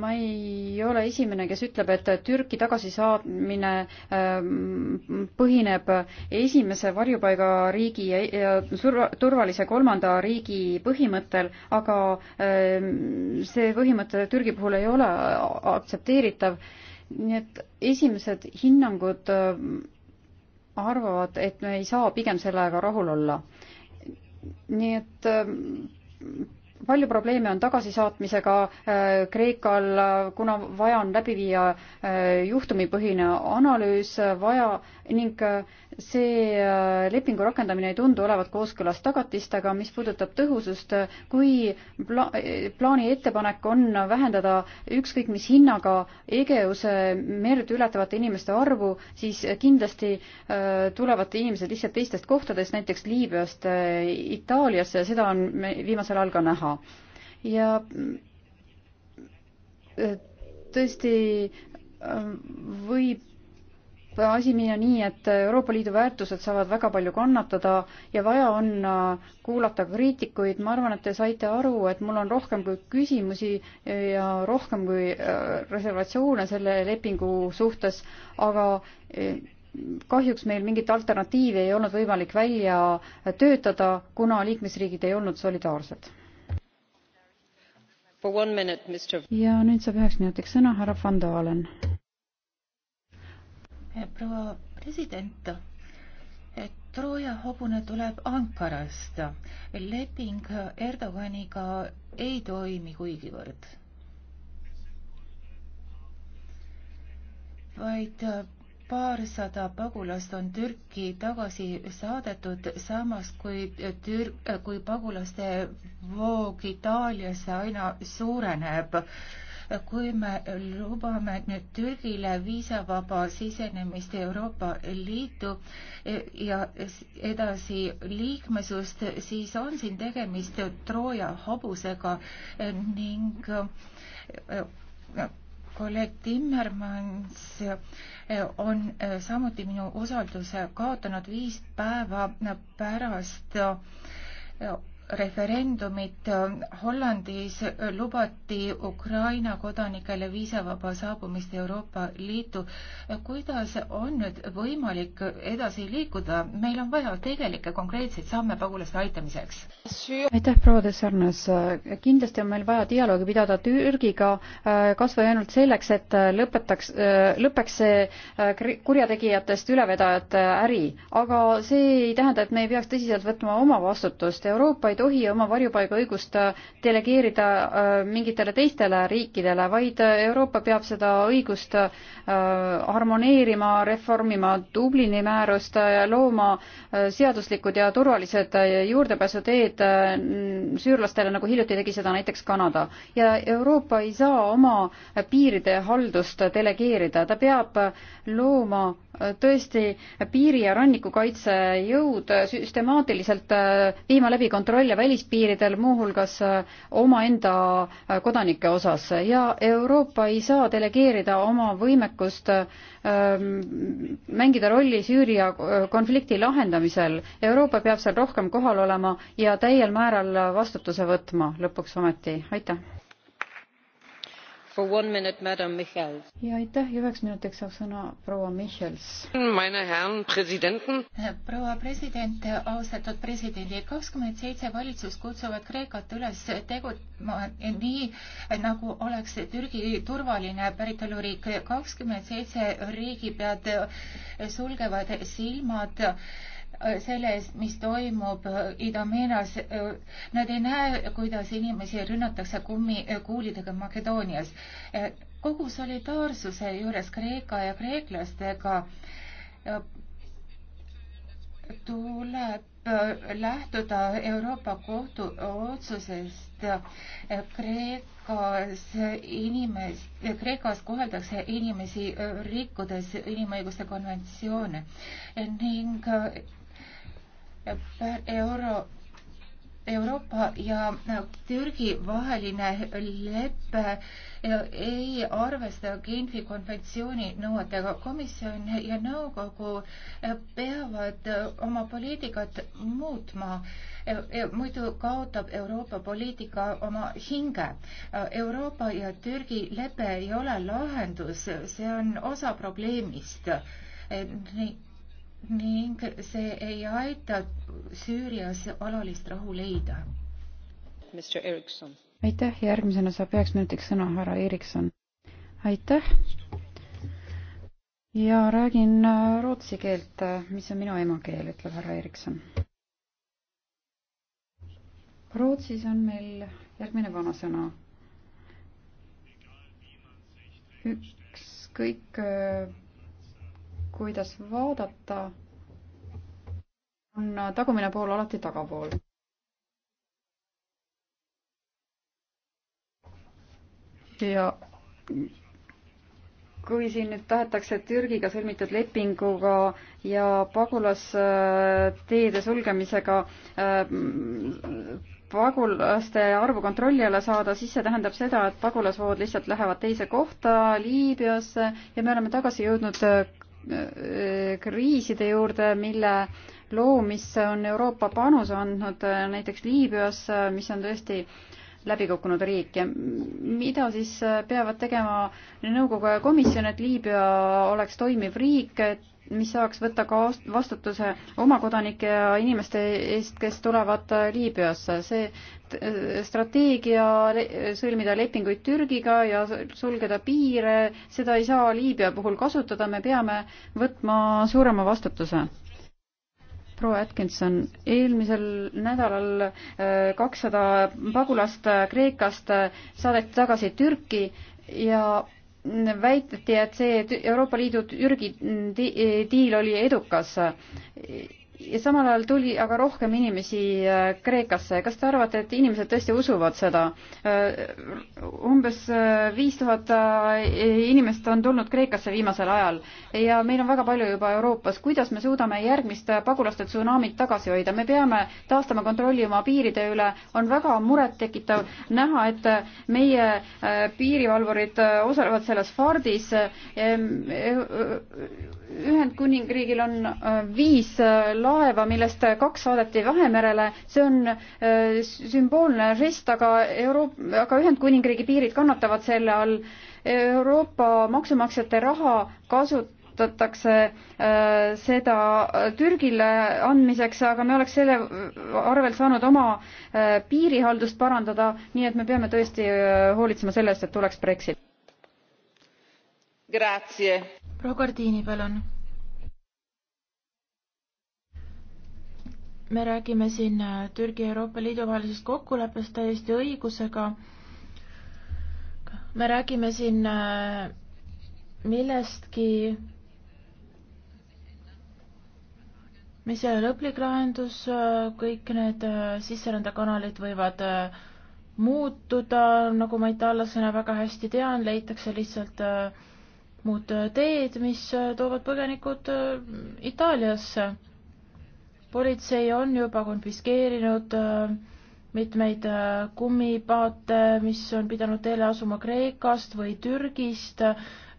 C: ma ei ole esimene, kes ütleb, et Türki tagasisaatmine äh, põhineb esimese varjupaigariigi ja turvalise kolmanda riigi põhimõttel, aga ähm, see põhimõte Türgi puhul ei ole aktsepteeritav. nii et esimesed hinnangud ähm, arvavad, et me ei saa pigem sellega rahul olla. nii et ähm, palju probleeme on tagasisaatmisega äh, Kreekal, kuna vaja on läbi viia äh, juhtumipõhine analüüs, vaja ning äh, see äh, lepingu rakendamine ei tundu olevat kooskõlas tagatistega, mis puudutab tõhusust, kui pla-, plaani ettepanek on vähendada ükskõik mis hinnaga Egeuse merd ületavate inimeste arvu, siis kindlasti äh, tulevad inimesed lihtsalt teistest kohtadest, näiteks Liibüast äh, Itaaliasse ja seda on viimasel ajal ka näha. ja tõesti võib asi minna nii, et Euroopa Liidu väärtused saavad väga palju kannatada ja vaja on äh, kuulata kriitikuid. ma arvan, et te saite aru, et mul on rohkem kui küsimusi ja rohkem kui äh, reservatsioone selle lepingu suhtes, aga äh, kahjuks meil mingit alternatiivi ei olnud võimalik välja töötada, kuna liikmesriigid ei olnud solidaarsed. ja nüüd saab üheks minutiks sõna härra Van Dalen.
A: Eh, proua president, eh, Trooja hobune tuleb Ankarast. leping Erdoganiga ei toimi kuigivõrd, vaid eh, paarsada pagulast on Türki tagasi saadetud, samas kui Tür-, kui pagulaste voog Itaaliasse aina suureneb kui me lubame nüüd Türgile viisavaba sisenemist Euroopa Liitu ja edasi liikmesust, siis on siin tegemist Trooja hobusega ning äh, kolleeg Timmermans on samuti minu usalduse kaotanud viis päeva pärast äh, referendumit Hollandis lubati Ukraina kodanikele viisavaba saabumist Euroopa Liitu. kuidas on nüüd võimalik edasi liikuda, meil on vaja tegelikke konkreetseid samme pagulaste aitamiseks.
C: aitäh, proua de Sarnas, kindlasti on meil vaja dialoogi pidada Türgiga, äh, kas või ainult selleks, et äh, lõpetaks, äh, lõpeks see kurjategijatest ülevedajate äri, aga see ei tähenda, et me ei peaks tõsiselt võtma oma vastutust, Euroopa ei tohi oma varjupaigaõigust äh, delegeerida äh, mingitele teistele riikidele, vaid äh, Euroopa peab seda õigust harmoneerima, reformima Dublini määrust ja looma seaduslikud ja turvalised juurdepääsuteed süürlastele, nagu hiljuti tegi seda näiteks Kanada. ja Euroopa ei saa oma piiride haldust delegeerida, ta peab looma tõesti piiri- ja rannikukaitsejõud süstemaatiliselt äh, viima läbi kontrolle välispiiridel, muuhulgas äh, omaenda äh, kodanike osas ja Euroopa ei saa delegeerida oma võimekust ähm, mängida rolli Süüria konflikti lahendamisel. Euroopa peab seal rohkem kohal olema ja täiel määral vastutuse võtma lõpuks ometi. aitäh! ja aitäh ja üheks minutiks saab sõna proua Michels.
A: proua president, austatud presidendid, kakskümmend seitse valitsust kutsuvad Kreekat üles tegutma nii, nagu oleks Türgi turvaline päritoluriik. kakskümmend seitse riigipead sulgevad silmad selle eest, mis toimub äh, Ida-Meenas. Äh, nad ei näe, kuidas inimesi rünnatakse kummikuulidega Makedoonias. Äh, kogu solidaarsuse juures Kreeka ja kreeklastega tuleb lähtuda Euroopa kohtu otsusest Kreekas inimes, Kreekas koheldakse inimesi rikkudes inimõiguste konventsioone ning euro Euroopa ja Türgi vaheline leppe ei arvesta Genfi konventsiooni nõuetega. komisjon ja nõukogu peavad oma poliitikat muutma, muidu kaotab Euroopa poliitika oma hinge. Euroopa ja Türgi lepe ei ole lahendus, see on osa probleemist ning see ei aita Süürias alalist rahu leida.
C: aitäh, järgmisena saab üheks minutiks sõna härra Erikson. aitäh ja räägin äh, rootsi keelt, äh, mis on minu emakeel, ütleb härra Erikson. Rootsis on meil järgmine vanasõna. ükskõik äh, kuidas vaadata, on tagumine pool alati tagapool. ja kui siin nüüd tahetakse Türgiga sõlmitud lepinguga ja pagulasteede sulgemisega äh, pagulaste arvu kontrolli alla saada, siis see tähendab seda, et pagulasvood lihtsalt lähevad teise kohta, Liibüasse ja me oleme tagasi jõudnud äh, kriiside juurde, mille loomisse on Euroopa panuse andnud, äh, näiteks Liibüas, äh, mis on tõesti läbi kukkunud riik ja mida siis äh, peavad tegema nõukogu ja komisjon, et Liibüa oleks toimiv riik, et mis saaks võtta ka vastutuse oma kodanike ja inimeste eest, kes tulevad äh, Liibüasse. see äh, strateegia sõlmida lepinguid Türgiga ja sulgeda piire, seda ei saa Liibüa puhul kasutada, me peame võtma suurema vastutuse proua Atkinson, eelmisel nädalal äh, kakssada pagulast Kreekast saadeti tagasi Türki ja väiteti, et see Euroopa Liidu Türgi diil oli edukas ja samal ajal tuli aga rohkem inimesi äh, Kreekasse. kas te arvate, et inimesed tõesti usuvad seda? Äh, umbes äh, viis tuhat inimest on tulnud Kreekasse viimasel ajal ja meil on väga palju juba Euroopas. kuidas me suudame järgmist pagulaste tsunamit tagasi hoida? me peame taastama kontrolli oma piiride üle. on väga murettekitav näha, et meie piirivalvurid osalevad selles fardis Ühendkuningriigil on äh, viis äh, laeva, millest äh, kaks saadeti Vahemerele, see on sümboolne žest, aga Euroop-, aga Ühendkuningriigi piirid kannatavad selle all. Euroopa maksumaksjate raha kasutatakse seda Türgile andmiseks, aga me oleks selle arvel saanud oma piirihaldust parandada, nii et me peame tõesti hoolitsema selle eest, et tuleks Brexit.
D: Grazie proua Kardiini, palun. me räägime siin äh, Türgi ja Euroopa Liidu vahelisest kokkuleppest täiesti õigusega. me räägime siin äh, millestki, mis ei ole lõplik lahendus, äh, kõik need sisserändekanalid võivad muutuda, nagu ma itaallasena väga hästi tean, leitakse lihtsalt äh, muud teed, mis äh, toovad põgenikud äh, Itaaliasse. politsei on juba konfiskeerinud äh, mitmeid kummipaate, mis on pidanud teele asuma Kreekast või Türgist.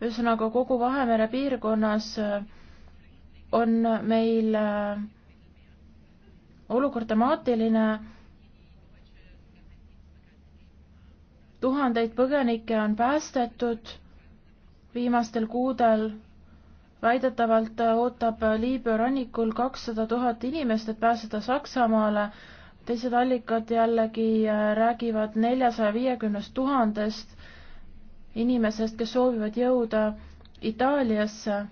D: ühesõnaga kogu Vahemere piirkonnas on meil olukord dramaatiline. tuhandeid põgenikke on päästetud viimastel kuudel väidetavalt ootab Liibüa rannikul kakssada tuhat inimest, et pääseda Saksamaale. teised allikad jällegi äh, räägivad neljasaja viiekümnest tuhandest inimesest, kes soovivad jõuda Itaaliasse.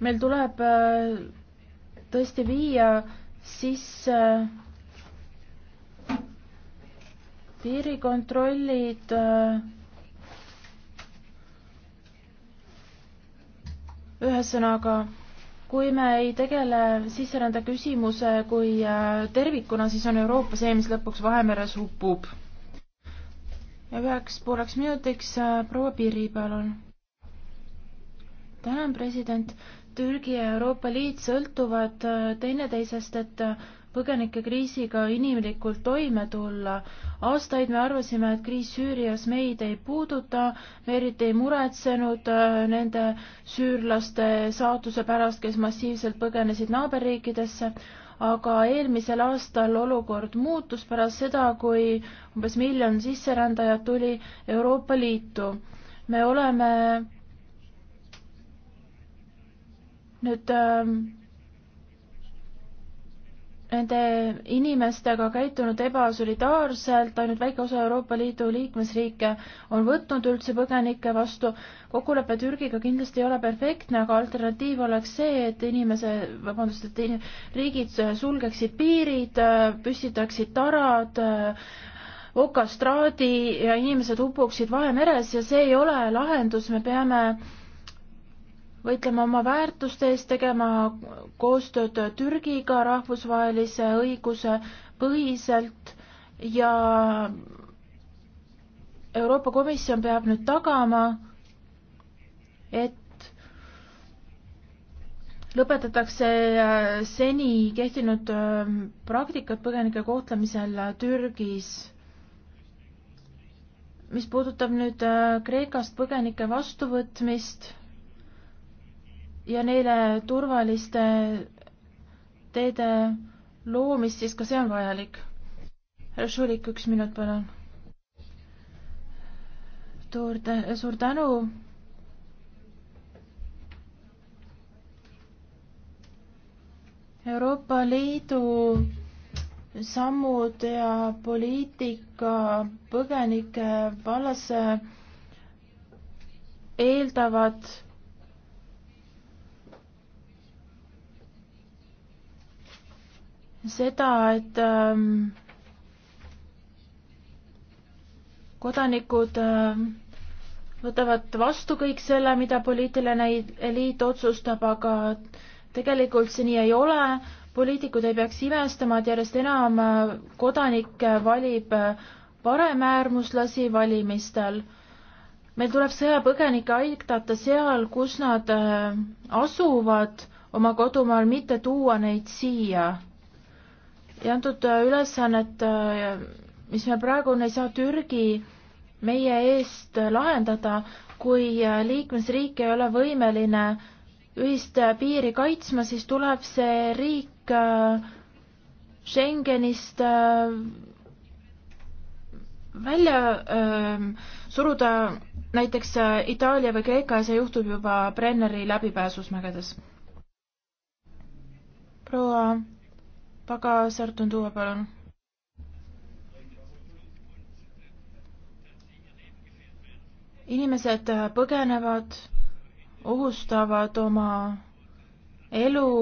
D: meil tuleb äh, tõesti viia sisse piirikontrollid äh, ühesõnaga, kui me ei tegele sisserände küsimuse kui äh, tervikuna, siis on Euroopa see, mis lõpuks Vahemeres upub. ja üheks pooleks minutiks äh, proua Piri, palun. tänan, president. Türgi ja Euroopa Liit sõltuvad teineteisest, et põgenikekriisiga inimlikult toime tulla. aastaid me arvasime, et kriis Süürias meid ei puuduta, me eriti ei muretsenud äh, nende süürlaste saatuse pärast, kes massiivselt põgenesid naaberriikidesse, aga eelmisel aastal olukord muutus pärast seda, kui umbes miljon sisserändajat tuli Euroopa Liitu. me oleme nüüd äh, nende inimestega käitunud ebasolidaarselt, ainult väike osa Euroopa Liidu liikmesriike on võtnud üldse põgenike vastu. kokkulepe Türgiga kindlasti ei ole perfektne, aga alternatiiv oleks see, et inimese, vabandust, et in, riigid sulgeksid piirid, püstitaksid tarad, okastraadi ja inimesed upuksid Vahemeres ja see ei ole lahendus, me peame võitlema oma väärtuste eest, tegema koostööd Türgiga rahvusvahelise õiguse põhiselt ja Euroopa Komisjon peab nüüd tagama, et lõpetatakse äh, seni kehtinud äh, praktikad põgenike kohtlemisel äh, Türgis. mis puudutab nüüd Kreekast põgenike vastuvõtmist ja neile turvaliste teede loomist, siis ka see on vajalik. härra Šulik, üks minut, palun. suur, suur tänu. Euroopa Liidu sammud ja poliitika põgenike vallas eeldavad seda, et ähm, kodanikud ähm, võtavad vastu kõik selle, mida poliitiline eliit otsustab, aga tegelikult see nii ei ole. poliitikud ei peaks imestama, et järjest enam äh, kodanikke valib äh, paremäärmuslasi valimistel. meil tuleb sõjapõgenikke aidata seal, kus nad äh, asuvad oma kodumaal, mitte tuua neid siia ja antud äh, ülesannet, äh, mis me praegu ei saa Türgi meie eest äh, lahendada, kui liikmesriik ei ole võimeline ühist piiri kaitsma, siis tuleb see riik Schengenist välja suruda näiteks Itaalia või Kreeka ja see juhtub juba Brenneri läbipääsusmägedes. proua Paga Sartundua, palun. inimesed põgenevad, ohustavad oma elu.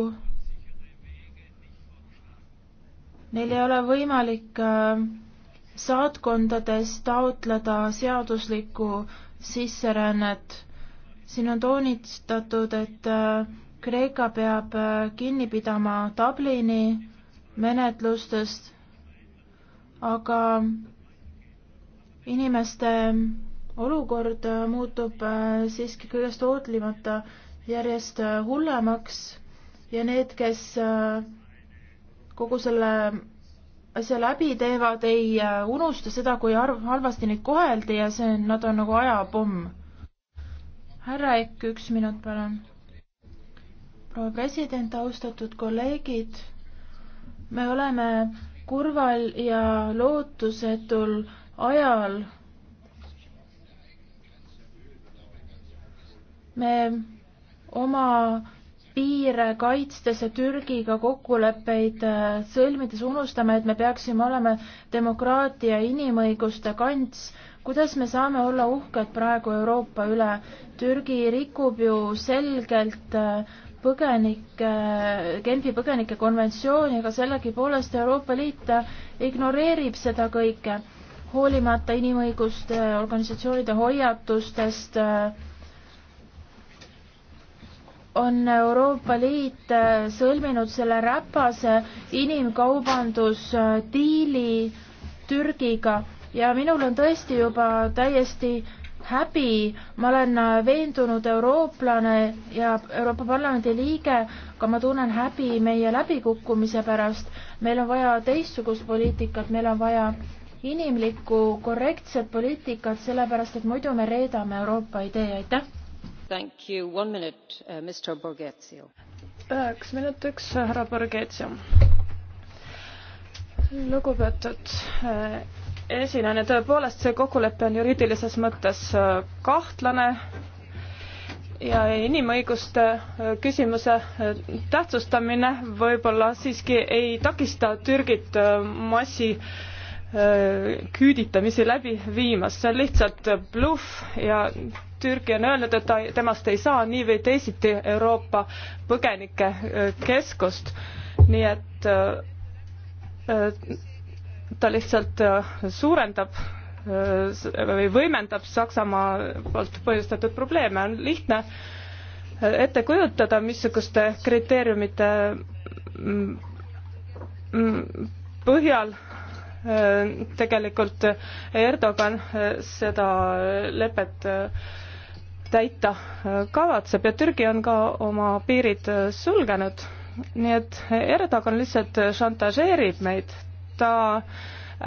D: Neil ei ole võimalik äh, saatkondades taotleda seaduslikku sisserännet. siin on toonitatud, et äh, Kreeka peab äh, kinni pidama Dublini menetlustest, aga inimeste olukord muutub äh, siiski kõigest ootlimata järjest äh, hullemaks ja need, kes äh, kogu selle asja läbi teevad, ei unusta seda, kui arv, halvasti neid koheldi ja see, nad on nagu ajapomm. härra Ekk, üks minut, palun. proua president, austatud kolleegid me oleme kurval ja lootusetul ajal. me oma piire kaitstes ja Türgiga kokkuleppeid äh, sõlmides unustame, et me peaksime olema demokraatia ja inimõiguste kants. kuidas me saame olla uhked praegu Euroopa üle? Türgi rikub ju selgelt äh, põgenike, Genfi põgenike konventsiooni, aga sellegipoolest Euroopa Liit ignoreerib seda kõike, hoolimata inimõiguste organisatsioonide hoiatustest on Euroopa Liit sõlminud selle räpase inimkaubandusdiili Türgiga ja minul on tõesti juba täiesti häbi, ma olen äh, veendunud eurooplane ja Euroopa Parlamendi liige, aga ma tunnen häbi meie läbikukkumise pärast. meil on vaja teistsugust poliitikat, meil on vaja inimlikku, korrektset poliitikat, sellepärast et muidu me reedame Euroopa idee, aitäh! Uh, üheks minutiks härra Borghezio.
F: lugupeetud uh, esinaine, tõepoolest see kokkulepe on juriidilises mõttes äh, kahtlane ja inimõiguste äh, küsimuse äh, tähtsustamine võib-olla siiski ei takista Türgit massi küüditamisi läbi viimas, see on lihtsalt bluff ja Türgi on öelnud, et ta, temast ei saa nii või teisiti Euroopa põgenikekeskust, nii et ta lihtsalt äh, suurendab äh, või võimendab Saksamaa poolt põhjustatud probleeme, on lihtne äh, ette kujutada, missuguste kriteeriumite mm, mm, põhjal tegelikult Erdogan seda lepet täita kavatseb ja Türgi on ka oma piirid sulgenud. nii et Erdogan lihtsalt šantažeerib meid ta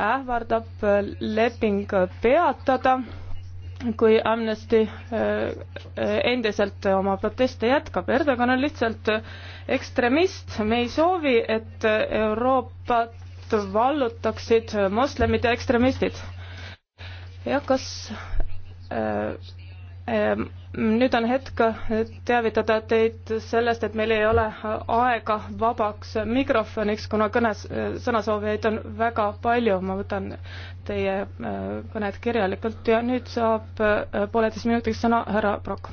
F: ähvardab leping peatada, kui Amnesty äh, endiselt oma proteste jätkab. Erdogan on lihtsalt ekstremist, me ei soovi, et Euroopat vallutaksid moslemid ja ekstremistid. jah, kas äh, Ehm, nüüd on hetk teavitada teid sellest, et meil ei ole aega vabaks mikrofoniks, kuna kõnes, eh, sõnasoovijaid on väga palju, ma võtan teie eh, kõned kirjalikult ja nüüd saab eh, pooleteist minutiks sõna härra Prokk.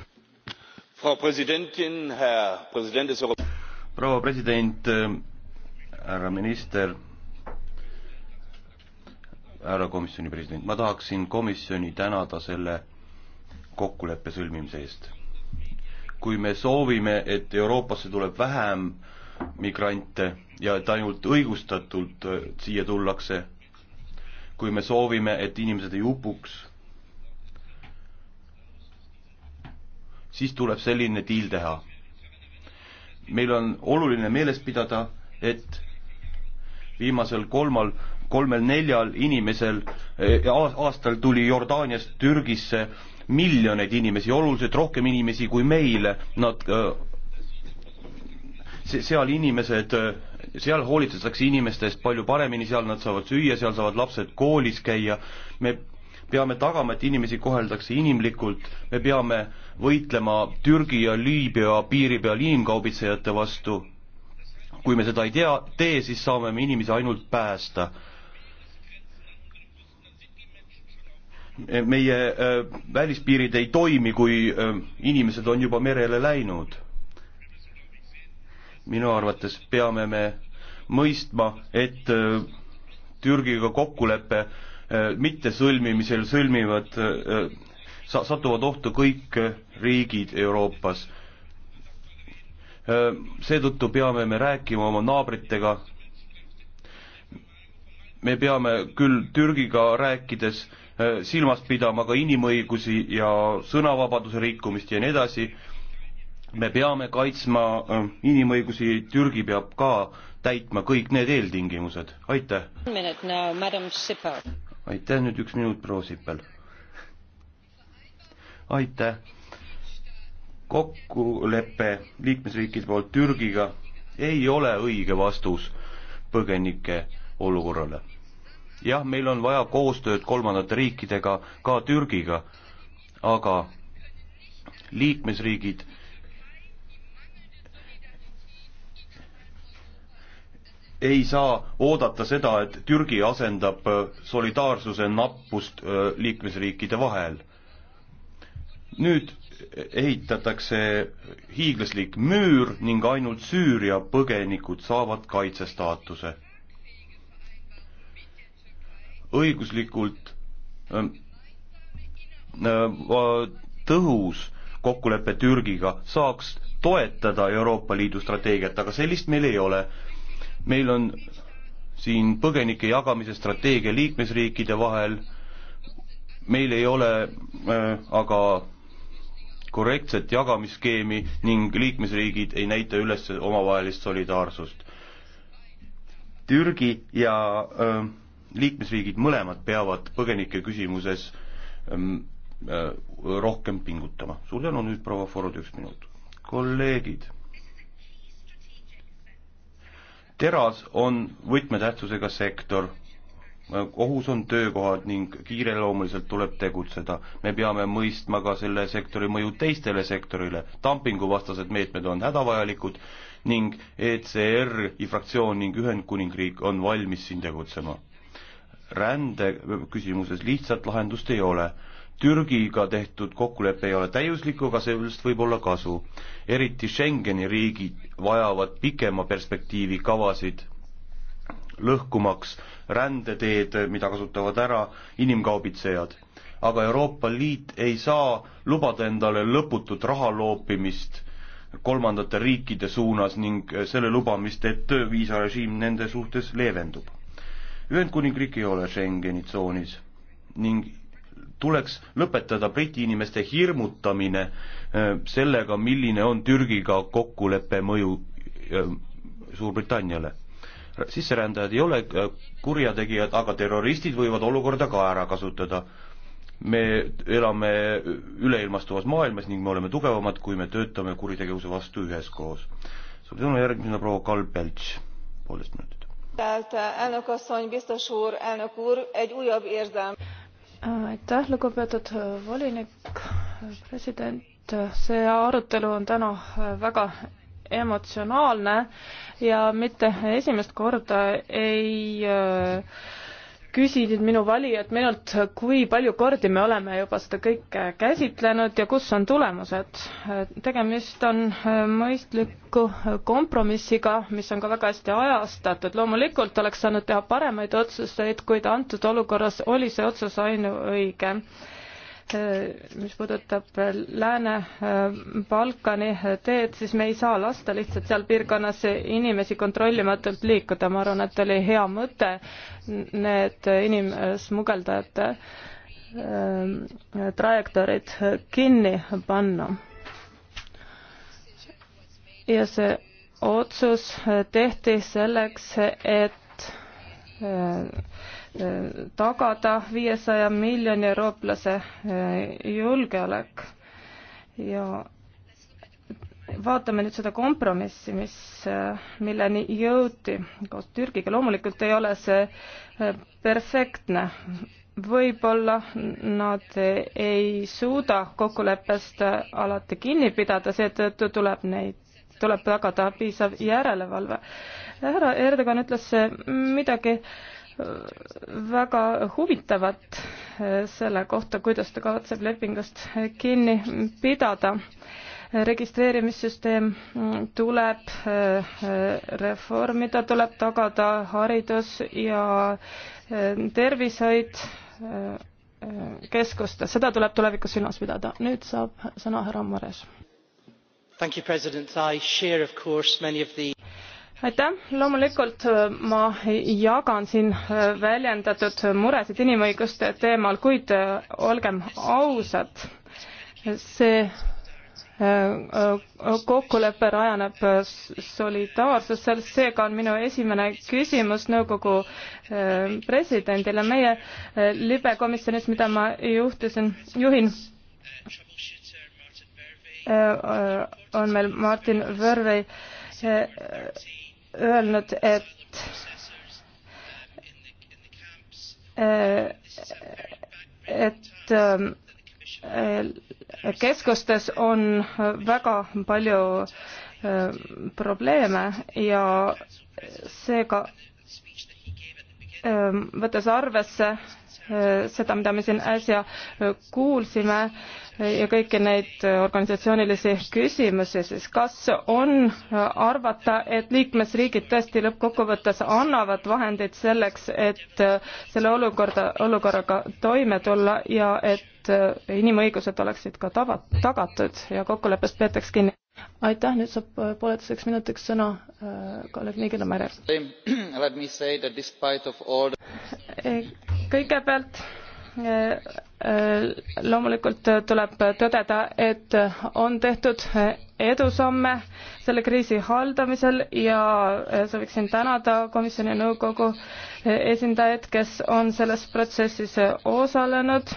E: proua president, härra minister, härra komisjoni president, ma tahaksin komisjoni tänada selle kokkuleppe sõlmimise eest. kui me soovime, et Euroopasse tuleb vähem migrante ja et ainult õigustatult äh, siia tullakse, kui me soovime, et inimesed ei upuks, siis tuleb selline diil teha. meil on oluline meeles pidada, et viimasel kolmal, kolmel-neljal inimesel äh, aastal tuli Jordaaniast Türgisse miljoneid inimesi, oluliselt rohkem inimesi kui meil, nad äh, seal inimesed, äh, seal hoolitsetakse inimeste eest palju paremini, seal nad saavad süüa, seal saavad lapsed koolis käia, me peame tagama, et inimesi koheldakse inimlikult, me peame võitlema Türgi ja Liibüa piiri peal inimkaubitsejate vastu. kui me seda ei tea, tee, siis saame me inimesi ainult päästa Eh, meie eh, välispiirid ei toimi, kui eh, inimesed on juba merele läinud. minu arvates peame me mõistma, et Türgiga kokkuleppe mittesõlmimisel sõlmivad, satuvad ohtu kõik riigid Euroopas. seetõttu peame me rääkima oma naabritega. me peame küll Türgiga rääkides Äh, silmas pidama ka inimõigusi ja sõnavabaduse rikkumist ja nii edasi. me peame kaitsma äh, inimõigusi, Türgi peab ka täitma kõik need eeltingimused, aitäh. aitäh, nüüd üks minut, proua Sipel. aitäh. kokkulepe liikmesriikide poolt Türgiga ei ole õige vastus põgenike olukorrale jah, meil on vaja koostööd kolmandate riikidega, ka Türgiga, aga liikmesriigid ei saa oodata seda, et Türgi asendab äh, solidaarsuse nappust äh, liikmesriikide vahel. nüüd ehitatakse hiiglaslik müür ning ainult Süüria põgenikud saavad kaitsestaatuse õiguslikult ähm, äh, tõhus kokkulepe Türgiga saaks toetada Euroopa Liidu strateegiat, aga sellist meil ei ole. meil on siin põgenike jagamise strateegia liikmesriikide vahel, meil ei ole äh, aga korrektset jagamisskeemi ning liikmesriigid ei näita üles omavahelist solidaarsust. Türgi ja äh, liikmesriigid mõlemad peavad põgenike küsimuses ähm, äh, rohkem pingutama. suur tänu, nüüd proua Forod, üks minut. kolleegid, teras on võtmetähtsusega sektor, ohus on töökohad ning kiireloomuliselt tuleb tegutseda. me peame mõistma ka selle sektori mõju teistele sektorile, dumpinguvastased meetmed on hädavajalikud ning ECR-i fraktsioon ning Ühendkuningriik on valmis siin tegutsema rände küsimuses lihtsat lahendust ei ole. Türgiga tehtud kokkulepe ei ole täiuslik, aga sellest võib olla kasu. eriti Schengeni riigid vajavad pikema perspektiivi kavasid, lõhkumaks rändeteed, mida kasutavad ära inimkaubitsejad. aga Euroopa Liit ei saa lubada endale lõputut raha loopimist kolmandate riikide suunas ning selle lubamist, et viisarežiim nende suhtes leevendub Ühendkuningriik ei ole Schengeni tsoonis ning tuleks lõpetada Briti inimeste hirmutamine äh, sellega, milline on Türgiga kokkuleppe mõju äh, Suurbritanniale. sisserändajad ei ole äh, kurjategijad, aga terroristid võivad olukorda ka ära kasutada. me elame üleilmastuvas maailmas ning me oleme tugevamad, kui me töötame kuritegevuse vastu üheskoos. suur tänu, järgmisena proua Kalb Pelts, poolteist minutit
F: tisztelt elnök asszony biztos úr elnök úr egy újabb érzelmi. aitäh lugupeetud volinik president see arutelu on täna väga emotsionaalne ja mitte esimest korda ei äh, küsisid minu valijad minult, kui palju kordi me oleme juba seda kõike käsitlenud ja kus on tulemused. tegemist on äh, mõistliku kompromissiga, mis on ka väga hästi ajastatud. loomulikult oleks saanud teha paremaid otsuseid, kuid antud olukorras oli see otsus ainuõige Äh, mis puudutab äh, Lääne-Balkani äh, teed, siis me ei saa lasta lihtsalt seal piirkonnas inimesi kontrollimatult liikuda, ma arvan, et oli hea mõte need inimsmugeldajate trajektoorid kinni panna. ja see otsus tehti selleks, et tagada viiesaja miljoni eurooplase eh, julgeolek. ja vaatame nüüd seda kompromissi, mis, eh, milleni jõuti koos Türgiga, loomulikult ei ole see eh, perfektne, võib-olla nad ei suuda kokkuleppest alati kinni pidada, seetõttu tuleb neid, tuleb tagada piisav järelevalve. härra Erdogan ütles midagi väga huvitavat äh, selle kohta, kuidas ta kavatseb lepingust äh, kinni pidada. registreerimissüsteem mm, tuleb äh, reformida, tuleb tagada haridus ja tervishoid keskustes, seda tuleb tulevikus silmas pidada. nüüd saab sõna härra Mares.
D: Thank you, president, I share of course many of the
F: aitäh, loomulikult äh, ma jagan siin äh, väljendatud muresid inimõiguste teemal, kuid äh, olgem ausad, see kokkulepe rajaneb solidaarsusel, seega on minu esimene küsimus nõukogu presidendile meie libe komisjonis, mida ma juhtisin, juhin. on meil Martin Vervey öelnud, et et äh, keskustes on väga palju äh, probleeme ja seega äh, võttes arvesse seda, mida me siin äsja kuulsime, ja kõiki neid organisatsioonilisi küsimusi, siis kas on arvata, et liikmesriigid tõesti lõppkokkuvõttes annavad vahendeid selleks, et selle olukorda, olukorraga toime tulla ja et inimõigused oleksid ka tava, tagatud ja kokkuleppest peetaks kinni? aitäh, nüüd saab pooleteiseks minutiks sõna äh, kolleeg Nigel Märer. kõigepealt äh, Äh, loomulikult tuleb tõdeda, et on tehtud edusamme selle kriisi haldamisel ja äh, sooviksin tänada komisjoni nõukogu äh, esindajaid, kes on selles protsessis osalenud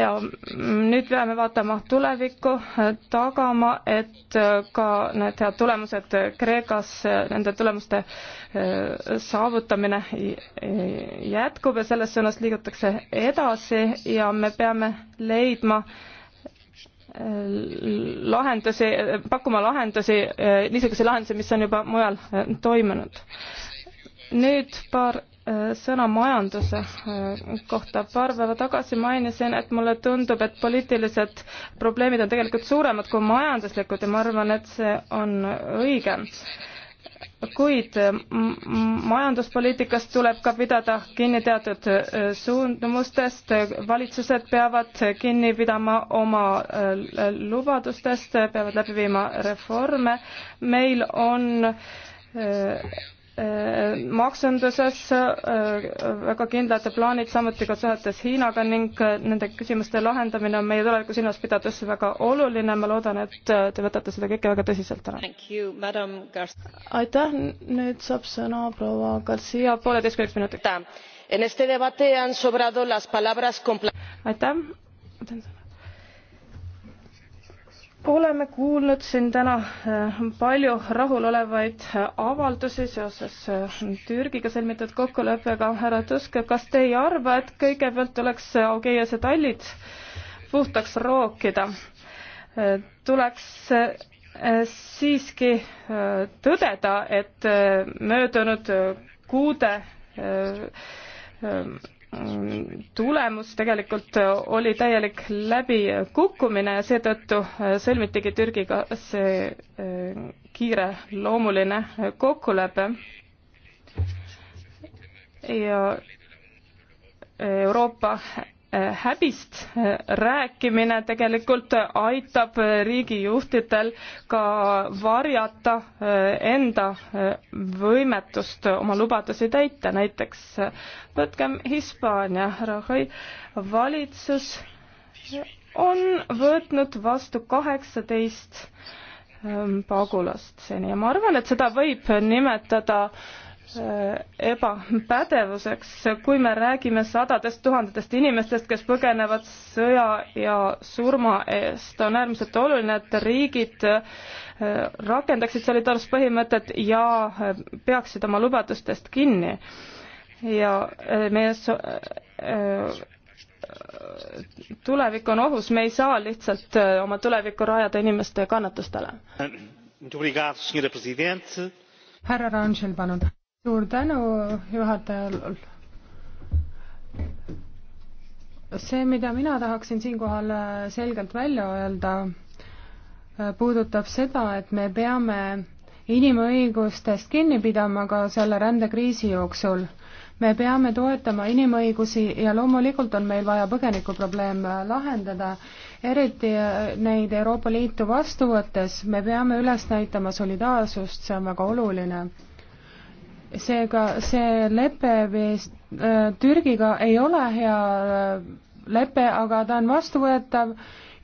F: ja nüüd peame vaatama tulevikku, tagama, et ka need head tulemused Kreekas, nende tulemuste eh, saavutamine jätkub ja selles suunas liigutakse edasi ja me peame leidma eh, lahendusi, pakkuma lahendusi, eh, niisuguseid lahendusi, mis on juba mujal toimunud. nüüd paar Äh, sõna majanduse äh, kohta. paar päeva tagasi mainisin, et mulle tundub, et poliitilised probleemid on tegelikult suuremad kui majanduslikud ja ma arvan, et see on õige. kuid äh, majanduspoliitikas tuleb ka pidada kinni teatud suundumustest, valitsused peavad kinni pidama oma lubadustest, peavad läbi viima reforme, meil on maksunduses äh, väga kindlad plaanid, samuti ka suhetes Hiinaga ning äh, nende küsimuste lahendamine on meie tulevikku silmas pidades väga oluline, ma loodan, et äh, te võtate seda kõike väga tõsiselt täna. aitäh, nüüd saab sõna proua Garcia pooleteistkümneks minutiks. aitäh oleme kuulnud siin täna äh, palju rahulolevaid äh, avaldusi seoses äh, Türgiga sõlmitud kokkuleppega. härra Tusk, kas te ei arva, et kõigepealt tuleks Augeiase tallid puhtaks rookida? tuleks siiski tõdeda, et möödunud kuude tulemus tegelikult oli täielik läbikukkumine ja seetõttu äh, sõlmitigi Türgiga see äh, kiireloomuline kokkulepe. ja Euroopa häbist rääkimine tegelikult aitab riigijuhtidel ka varjata enda võimetust oma lubadusi täita, näiteks võtkem Hispaania rahvai valitsus on võtnud vastu kaheksateist pagulast seni ja ma arvan, et seda võib nimetada äh, Äh, ebapädevuseks, kui me räägime sadadest tuhandetest inimestest, kes põgenevad sõja ja surma eest, on äärmiselt oluline, et riigid äh, rakendaksid solidaarsuspõhimõtet ja äh, peaksid oma lubadustest kinni. ja meie so tulevik on ohus, me ei saa lihtsalt oma tulevikku rajada inimeste kannatustele.
B: härra Randžel, palun suur tänu juhatajal. see, mida mina tahaksin siinkohal äh, selgelt välja öelda, äh, puudutab seda, et me peame inimõigustest kinni pidama ka selle rändekriisi jooksul. me peame toetama inimõigusi ja loomulikult on meil vaja põgenikuprobleem äh, lahendada, eriti neid Euroopa Liitu vastu võttes, me peame üles näitama solidaarsust, see on väga oluline seega see lepe vist äh, Türgiga ei ole hea äh, lepe, aga ta on vastuvõetav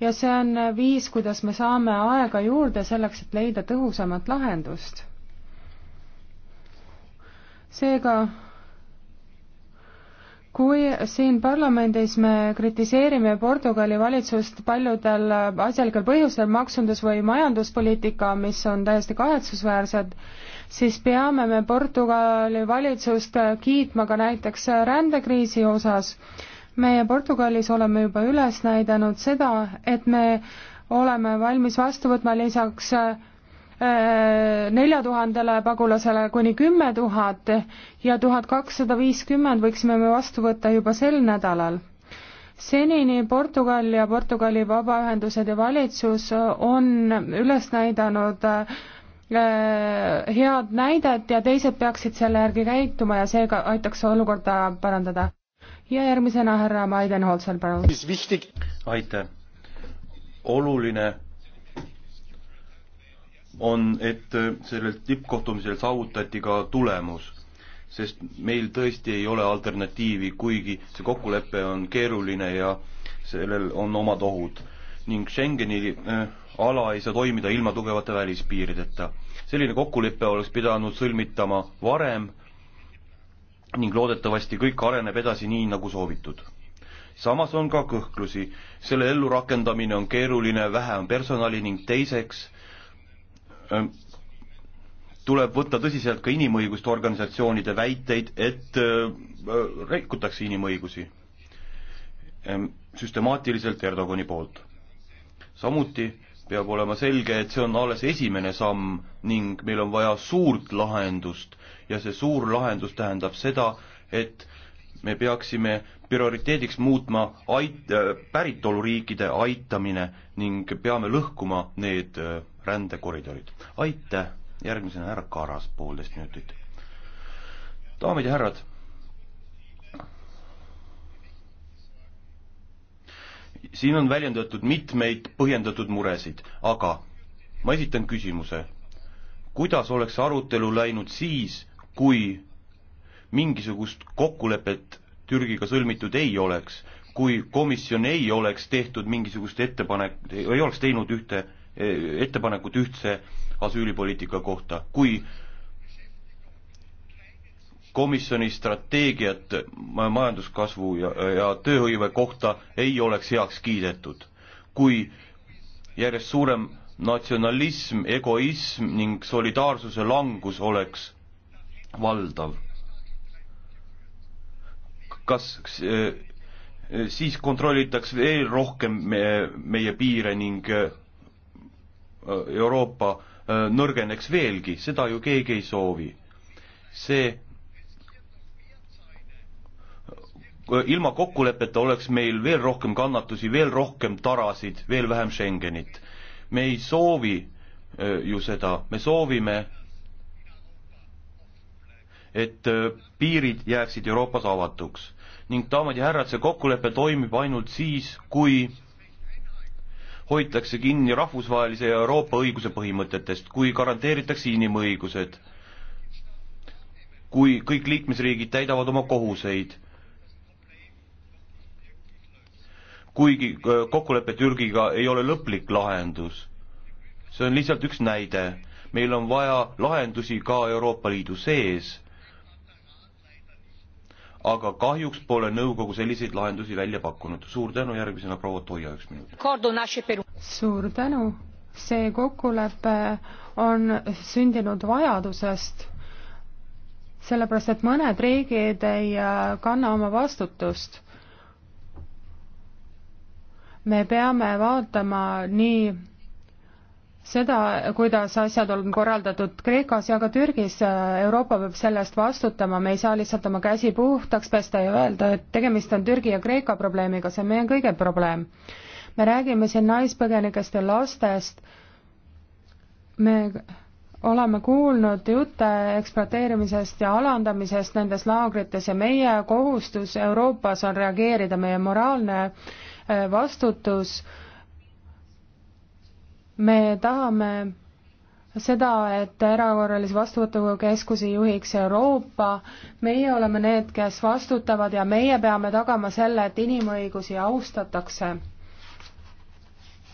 B: ja see on äh, viis, kuidas me saame aega juurde selleks, et leida tõhusamat lahendust. seega kui siin parlamendis me kritiseerime Portugali valitsust paljudel asjalikel põhjustel, maksundus- või majanduspoliitika, mis on täiesti kahetsusväärsed, siis peame me Portugali valitsust kiitma ka näiteks rändekriisi osas. meie Portugalis oleme juba üles näidanud seda, et me oleme valmis vastu võtma lisaks äh, nelja tuhandele pagulasele kuni kümme tuhat ja tuhat kakssada viiskümmend võiksime me vastu võtta juba sel nädalal. senini Portugal ja Portugali vabaühendused ja valitsus on üles näidanud äh, Äh, head näidet ja teised peaksid selle järgi käituma ja seega aitaks olukorda parandada. ja järgmisena härra Maiden Holzer,
E: palun. aitäh. oluline on, et sellel tippkohtumisel saavutati ka tulemus, sest meil tõesti ei ole alternatiivi, kuigi see kokkulepe on keeruline ja sellel on omad ohud ning Schengeni äh, ala ei saa toimida ilma tugevate välispiirideta. selline kokkulepe oleks pidanud sõlmitama varem ning loodetavasti kõik areneb edasi nii, nagu soovitud. samas on ka kõhklusi, selle ellurakendamine on keeruline, vähe on personali ning teiseks ähm, tuleb võtta tõsiselt ka inimõiguste organisatsioonide väiteid, et äh, rikutakse inimõigusi ähm, süstemaatiliselt Erdogani poolt. samuti peab olema selge, et see on alles esimene samm ning meil on vaja suurt lahendust ja see suur lahendus tähendab seda, et me peaksime prioriteediks muutma ait-, äh, päritoluriikide aitamine ning peame lõhkuma need äh, rändekoridorid. aitäh, järgmisena härra Karas, poolteist minutit. daamid ja härrad siin on väljendatud mitmeid põhjendatud muresid, aga ma esitan küsimuse. kuidas oleks arutelu läinud siis, kui mingisugust kokkulepet Türgiga sõlmitud ei oleks, kui komisjon ei oleks tehtud mingisugust ettepanek, ei oleks teinud ühte eh, ettepanekut ühtse asüülipoliitika kohta, kui komisjoni strateegiat majanduskasvu ja, ja tööhõive kohta ei oleks heaks kiidetud. kui järjest suurem natsionalism, egoism ning solidaarsuse langus oleks valdav, kas eh, siis kontrollitaks veel rohkem meie, meie piire ning eh, Euroopa eh, nõrgeneks veelgi, seda ju keegi ei soovi. see ilma kokkuleppeta oleks meil veel rohkem kannatusi, veel rohkem tarasid, veel vähem Schengenit. me ei soovi äh, ju seda, me soovime, et äh, piirid jääksid Euroopas avatuks ning daamad ja härrad, see kokkulepe toimib ainult siis, kui hoitakse kinni rahvusvahelise ja Euroopa õiguse põhimõtetest, kui garanteeritakse inimõigused, kui kõik liikmesriigid täidavad oma kohuseid kuigi äh, kokkulepe Türgiga ei ole lõplik lahendus. see on lihtsalt üks näide. meil on vaja lahendusi ka Euroopa Liidu sees. aga kahjuks pole nõukogu selliseid lahendusi välja pakkunud. suur tänu, järgmisena proua Toia, üks minut.
B: suur tänu. see kokkulepe on sündinud vajadusest sellepärast, et mõned riigid ei äh, kanna oma vastutust me peame vaatama nii seda, kuidas asjad on korraldatud Kreekas ja ka Türgis, Euroopa peab selle eest vastutama, me ei saa lihtsalt oma käsi puhtaks pesta ja öelda, et tegemist on Türgi ja Kreeka probleemiga, see on meie kõige probleem. me räägime siin naispõgenikest ja lastest, me oleme kuulnud jutte ekspluateerimisest ja alandamisest nendes laagrites ja meie kohustus Euroopas on reageerida, meie moraalne äh, Äh, vastutus. me tahame seda, et erakorralise vastuvõtukeskusi juhiks Euroopa, meie oleme need, kes vastutavad ja meie peame tagama selle, et inimõigusi austatakse.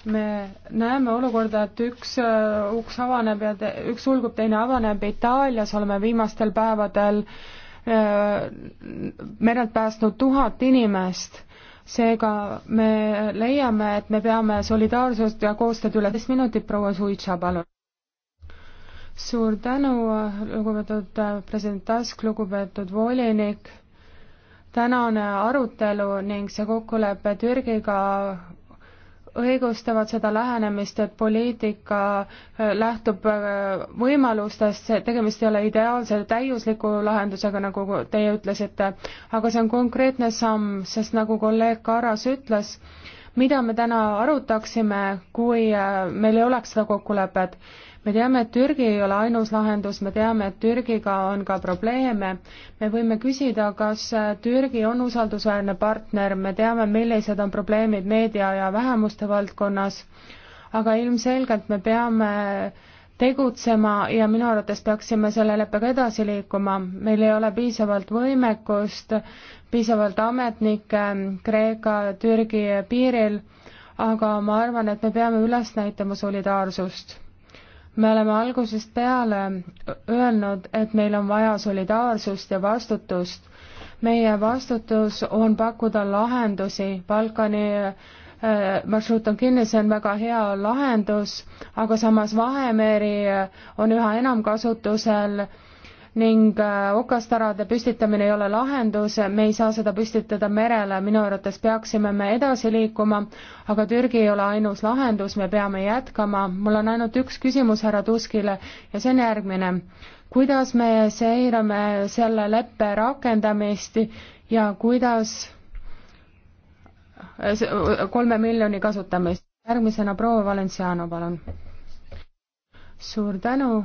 B: me näeme olukorda, et üks äh, uks avaneb ja te, üks sulgub, teine avaneb, Itaalias oleme viimastel päevadel äh, merelt päästnud tuhat inimest seega me leiame, et me peame solidaarsust ja koostööd üle, teist minutit, proua Suitsa, palun. suur tänu, lugupeetud äh, president Tusk, lugupeetud volinik, tänane arutelu ning see kokkulepe Türgiga õigustavad seda lähenemist, et poliitika äh, lähtub äh, võimalustest, tegemist ei ole ideaalse täiusliku lahendusega, nagu teie ütlesite, aga see on konkreetne samm, sest nagu kolleeg Karas ütles, mida me täna arutaksime, kui äh, meil ei oleks seda kokkulepet me teame, et Türgi ei ole ainus lahendus, me teame, et Türgiga on ka probleeme. me võime küsida, kas äh, Türgi on usaldusväärne partner, me teame, millised on probleemid meedia ja vähemuste valdkonnas, aga ilmselgelt me peame tegutsema ja minu arvates peaksime selle leppega edasi liikuma. meil ei ole piisavalt võimekust, piisavalt ametnikke Kreeka-Türgi piiril, aga ma arvan, et me peame üles näitama solidaarsust me oleme algusest peale öelnud, et meil on vaja solidaarsust ja vastutust. meie vastutus on pakkuda lahendusi, Balkani eh, marsruut on kinni, see on väga hea lahendus, aga samas Vahemeri on üha enam kasutusel ning äh, okastarade püstitamine ei ole lahendus, me ei saa seda püstitada merele, minu arvates peaksime me edasi liikuma, aga Türgi ei ole ainus lahendus, me peame jätkama, mul on ainult üks küsimus härra Tuskile ja see on järgmine. kuidas me seirame selle leppe rakendamist ja kuidas äh, äh, kolme miljoni kasutamist? järgmisena proua Valenciano, palun. suur tänu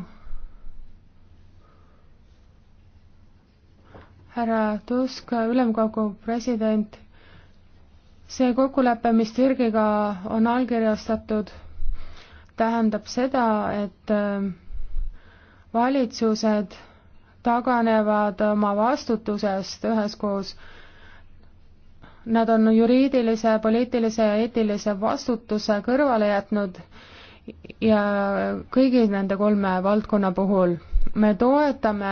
B: härra Tusk, ülemkogu president, see kokkulepe, mis Türgiga on allkirjastatud, tähendab seda, et äh, valitsused taganevad oma vastutusest üheskoos. Nad on juriidilise, poliitilise ja eetilise vastutuse kõrvale jätnud ja kõigi nende kolme valdkonna puhul me toetame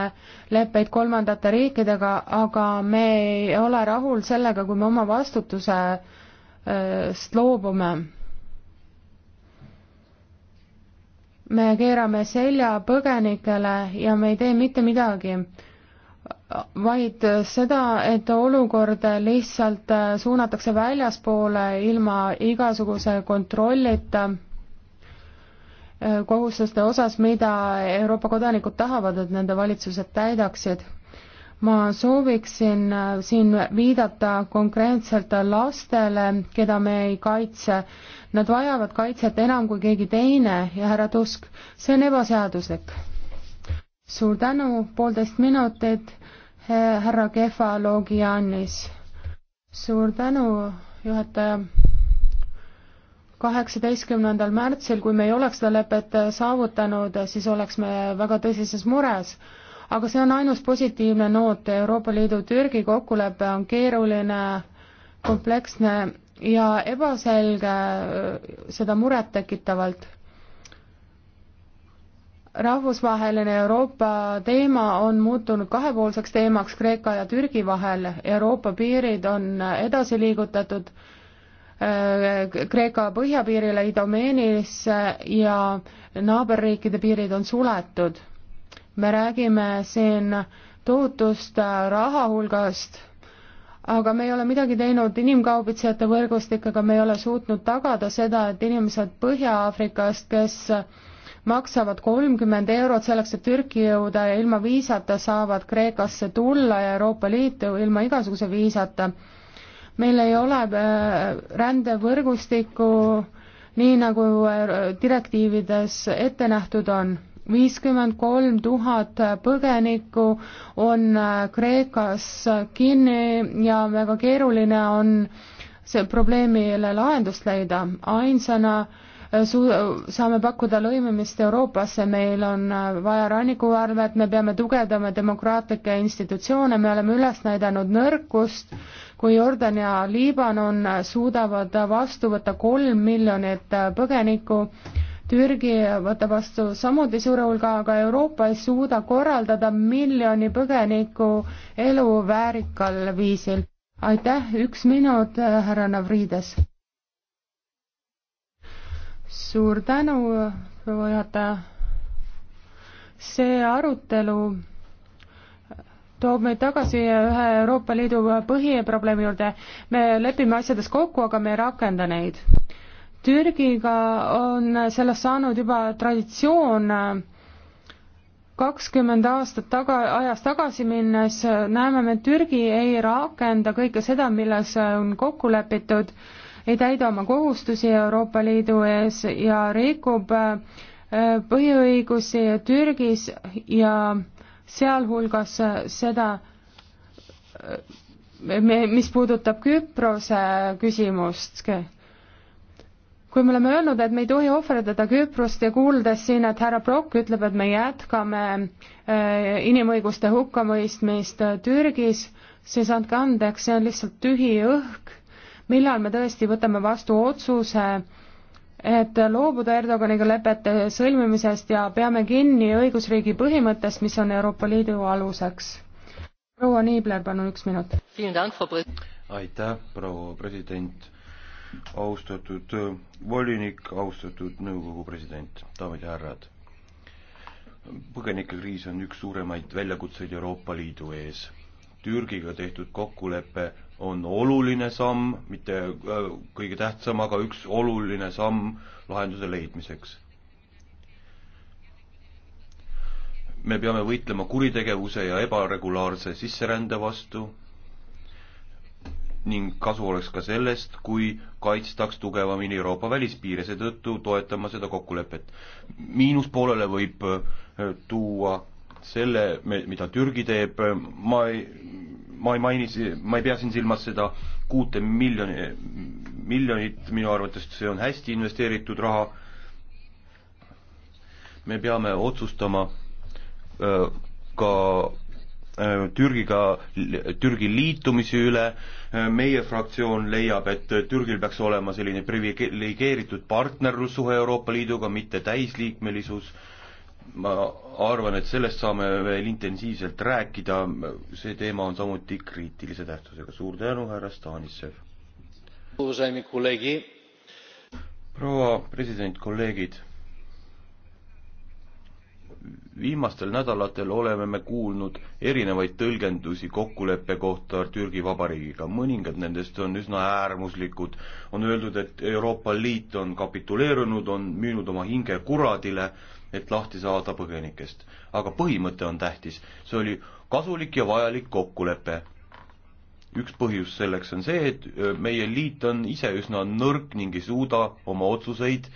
B: leppeid kolmandate riikidega, aga me ei ole rahul sellega, kui me oma vastutusest loobume. me keerame selja põgenikele ja me ei tee mitte midagi, vaid seda, et olukord lihtsalt suunatakse väljaspoole ilma igasuguse kontrollita kohustuste osas, mida Euroopa kodanikud tahavad, et nende valitsused täidaksid. ma sooviksin äh, siin viidata konkreetselt lastele, keda me ei kaitse. Nad vajavad kaitset enam kui keegi teine ja härra Tusk, see on ebaseaduslik. suur tänu, poolteist minutit, härra Kefaloogianis. suur tänu, juhataja kaheksateistkümnendal märtsil, kui me ei oleks seda lepet äh, saavutanud, äh, siis oleks me väga tõsises mures. aga see on ainus positiivne noot, Euroopa Liidu-Türgi kokkulepe on keeruline, kompleksne ja ebaselge, äh, seda murettekitavalt. rahvusvaheline Euroopa teema on muutunud kahepoolseks teemaks Kreeka ja Türgi vahel, Euroopa piirid on edasi liigutatud Äh, Kreeka põhjapiirile Idomeenisse ja naaberriikide piirid on suletud. me räägime siin tohutust äh, rahahulgast, aga me ei ole midagi teinud inimkaubitsejate võrgustikega, me ei ole suutnud tagada seda, et inimesed Põhja-Aafrikast, kes maksavad kolmkümmend eurot selleks, et Türki jõuda ja ilma viisata saavad Kreekasse tulla ja Euroopa Liitu ilma igasuguse viisata meil ei ole äh, rändevõrgustikku nii, nagu äh, direktiivides ette nähtud on. viiskümmend kolm tuhat põgenikku on äh, Kreekas kinni ja väga keeruline on see probleemile lahendust leida. ainsana äh, suu-, saame pakkuda lõimimist Euroopasse, meil on vaja rannikuvalvet, me peame tugevdama demokraatlikke institutsioone, me oleme üles näidanud nõrkust, kui Jordan ja Liibanon suudavad vastu võtta kolm miljonit põgenikku, Türgi võtab vastu samuti suure hulga, aga Euroopa ei suuda korraldada miljoni põgeniku elu väärikal viisil. aitäh, üks minut, härra Navrides suur tänu, proua juhataja. see arutelu toob meid tagasi ühe Euroopa Liidu põhiprobleemi juurde. me lepime asjades kokku, aga me ei rakenda neid. Türgiga on sellest saanud juba traditsioon kakskümmend aastat taga, ajas tagasi minnes näeme me, et Türgi ei rakenda kõike seda, milles on kokku lepitud ei täida oma kohustusi Euroopa Liidu ees ja rikub äh, põhiõigusi Türgis ja sealhulgas äh, seda, äh, mis puudutab Küprose küsimust kui me oleme öelnud, et me ei tohi ohverdada Küprost ja kuuldes siin, et härra Brock ütleb, et me jätkame inimõiguste hukkamõistmist Türgis, siis andke andeks, see on lihtsalt tühi õhk millal me tõesti võtame vastu otsuse, et loobuda Erdoganiga lepete sõlmimisest ja peame kinni õigusriigi põhimõttest, mis on Euroopa Liidu aluseks. proua Niibler, palun üks minut.
E: aitäh, proua president, austatud volinik, austatud nõukogu president, daamid ja härrad põgenikekriis on üks suuremaid väljakutseid Euroopa Liidu ees Türgiga tehtud kokkulepe on oluline samm, mitte äh, kõige tähtsam, aga üks oluline samm lahenduse leidmiseks. me peame võitlema kuritegevuse ja ebaregulaarse sisserände vastu ning kasu oleks ka sellest, kui kaitstaks tugevamini Euroopa välispiire, seetõttu toetama seda kokkulepet. miinuspoolele võib äh, tuua selle, mida Türgi teeb, ma ei, ma ei maini, ma ei pea siin silmas seda kuute miljoni, miljonit, minu arvates see on hästi investeeritud raha. me peame otsustama öö, ka öö, Türgiga, Türgi liitumise üle, meie fraktsioon leiab, et Türgil peaks olema selline priviligeeritud partnerlussuhe Euroopa Liiduga, mitte täisliikmelisus ma arvan, et sellest saame veel intensiivselt rääkida, see teema on samuti kriitilise tähtsusega. suur tänu, härra Stanisev. proua president, kolleegid. viimastel nädalatel oleme me kuulnud erinevaid tõlgendusi kokkuleppe kohta Türgi Vabariigiga, mõningad nendest on üsna äärmuslikud. on öeldud, et Euroopa Liit on kapituleerunud, on müünud oma hinge kuradile et lahti saada põgenikest. aga põhimõte on tähtis, see oli kasulik ja vajalik kokkulepe. üks põhjus selleks on see, et meie liit on ise üsna nõrk ning ei suuda oma otsuseid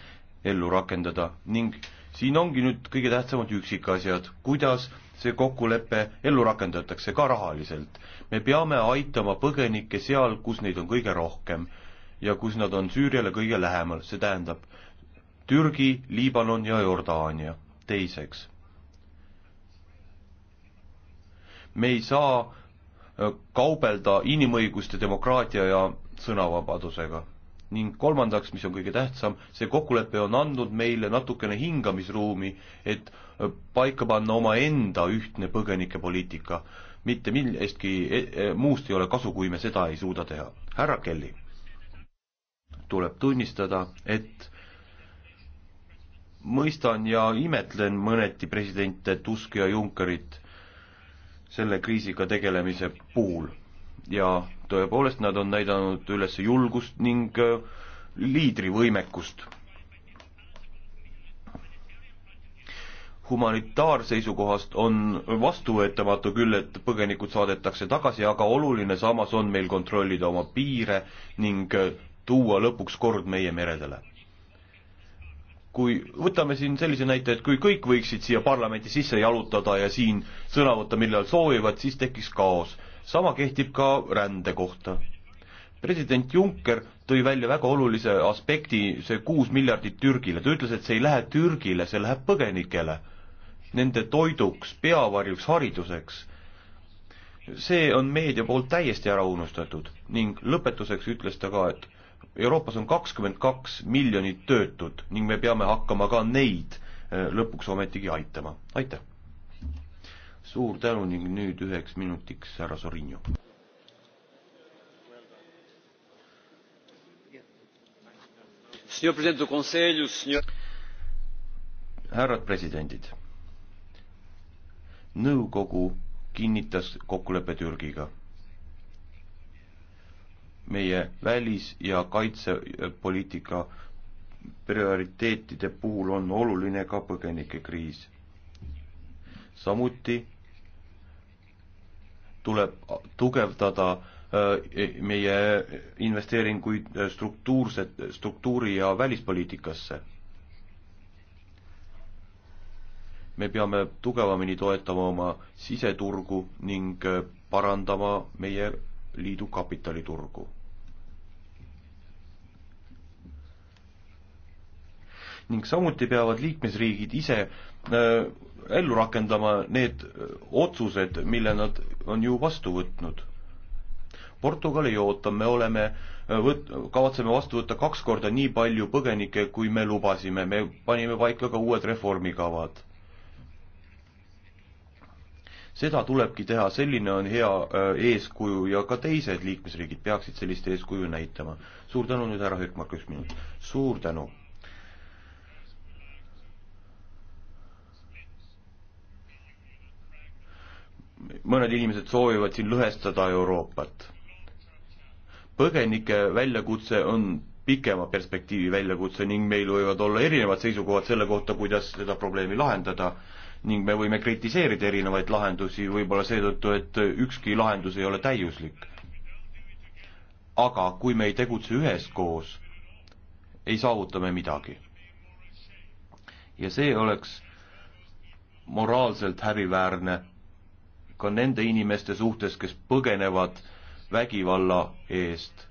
E: ellu rakendada ning siin ongi nüüd kõige tähtsamad üksikasjad, kuidas see kokkulepe ellu rakendatakse ka rahaliselt. me peame aitama põgenikke seal, kus neid on kõige rohkem ja kus nad on Süüriale kõige lähemal, see tähendab Türgi, Liibanon ja Jordaania. teiseks, me ei saa äh, kaubelda inimõiguste, demokraatia ja sõnavabadusega. ning kolmandaks, mis on kõige tähtsam, see kokkulepe on andnud meile natukene hingamisruumi, et äh, paika panna omaenda ühtne põgenikepoliitika. mitte millestki e e muust ei ole kasu, kui me seda ei suuda teha. härra Kelly, tuleb tunnistada, et mõistan ja imetlen mõneti presidente Tusk ja Junckerit selle kriisiga tegelemise puhul. ja tõepoolest, nad on näidanud üles julgust ning äh, liidrivõimekust. humanitaarseisukohast on vastuvõetamatu küll, et põgenikud saadetakse tagasi, aga oluline samas on meil kontrollida oma piire ning äh, tuua lõpuks kord meie meredele kui, võtame siin sellise näite, et kui kõik võiksid siia parlamenti sisse jalutada ja siin sõna võtta, millal soovivad, siis tekiks kaos. sama kehtib ka rände kohta. president Juncker tõi välja väga olulise aspekti, see kuus miljardit Türgile, ta ütles, et see ei lähe Türgile, see läheb põgenikele. Nende toiduks, peavarjuks, hariduseks. see on meedia poolt täiesti ära unustatud ning lõpetuseks ütles ta ka, et Euroopas on kakskümmend kaks miljonit töötut ning me peame hakkama ka neid eh, lõpuks ometigi aitama, aitäh! suur tänu ning nüüd üheks minutiks härra Sorinio. härrad presidendid, nõukogu kinnitas kokkuleppe Türgiga meie välis- ja kaitsepoliitika prioriteetide puhul on oluline ka põgenikekriis. samuti tuleb tugevdada äh, meie investeeringuid struktuurset, struktuuri ja välispoliitikasse. me peame tugevamini toetama oma siseturgu ning äh, parandama meie liidu kapitaliturgu ning samuti peavad liikmesriigid ise äh, ellu rakendama need äh, otsused, mille nad on ju vastu võtnud. Portugal ei oota, me oleme äh, võt-, kavatseme vastu võtta kaks korda nii palju põgenikke, kui me lubasime, me panime paika ka uued reformikavad. seda tulebki teha, selline on hea eeskuju ja ka teised liikmesriigid peaksid sellist eeskuju näitama. suur tänu nüüd, härra Hökmark, üks minut. suur tänu mõned inimesed soovivad siin lõhestada Euroopat. põgenike väljakutse on pikema perspektiivi väljakutse ning meil võivad olla erinevad seisukohad selle kohta, kuidas seda probleemi lahendada ning me võime kritiseerida erinevaid lahendusi võib-olla seetõttu, et ükski lahendus ei ole täiuslik. aga kui me ei tegutse üheskoos, ei saavuta me midagi. ja see oleks moraalselt häbiväärne ka nende inimeste suhtes, kes põgenevad vägivalla eest.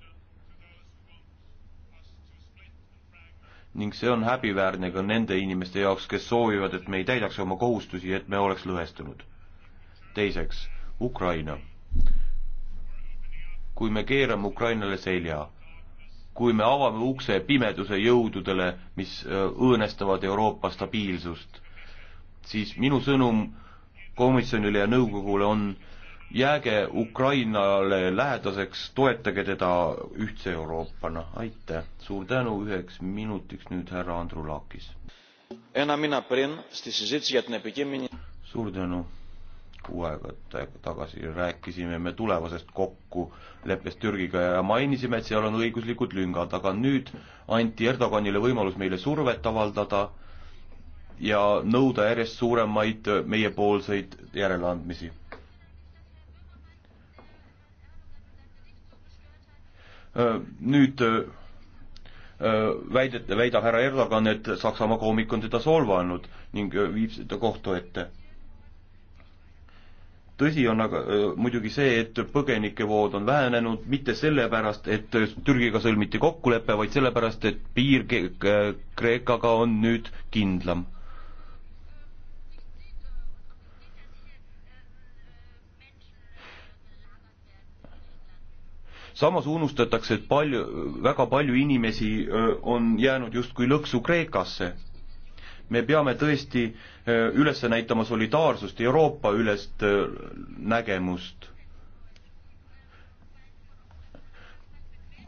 E: ning see on häbiväärne ka nende inimeste jaoks, kes soovivad, et me ei täidaks oma kohustusi, et me oleks lõhestunud. teiseks, Ukraina. kui me keerame Ukrainale selja, kui me avame ukse pimeduse jõududele, mis äh, õõnestavad Euroopa stabiilsust, siis minu sõnum komisjonile ja nõukogule on jääge Ukrainale lähedaseks, toetage teda ühtse Euroopana, aitäh. suur tänu, üheks minutiks nüüd härra Andrulakis. suur tänu. kuu aega tagasi rääkisime me tulevasest kokkuleppest Türgiga ja mainisime, et seal on õiguslikud lüngad, aga nüüd anti Erdoganile võimalus meile survet avaldada ja nõuda järjest suuremaid meiepoolseid järeleandmisi. nüüd väidet-, väidab härra Erdogan, et Saksamaa koomik on teda solvanud ning viib seda kohtu ette. tõsi on aga muidugi see, et põgenikevood on vähenenud mitte sellepärast, et Türgiga sõlmiti kokkulepe, vaid sellepärast, et piir Kreekaga on nüüd kindlam. samas unustatakse, et palju, väga palju inimesi on jäänud justkui lõksu Kreekasse. me peame tõesti üles näitama solidaarsust, Euroopa ülest nägemust.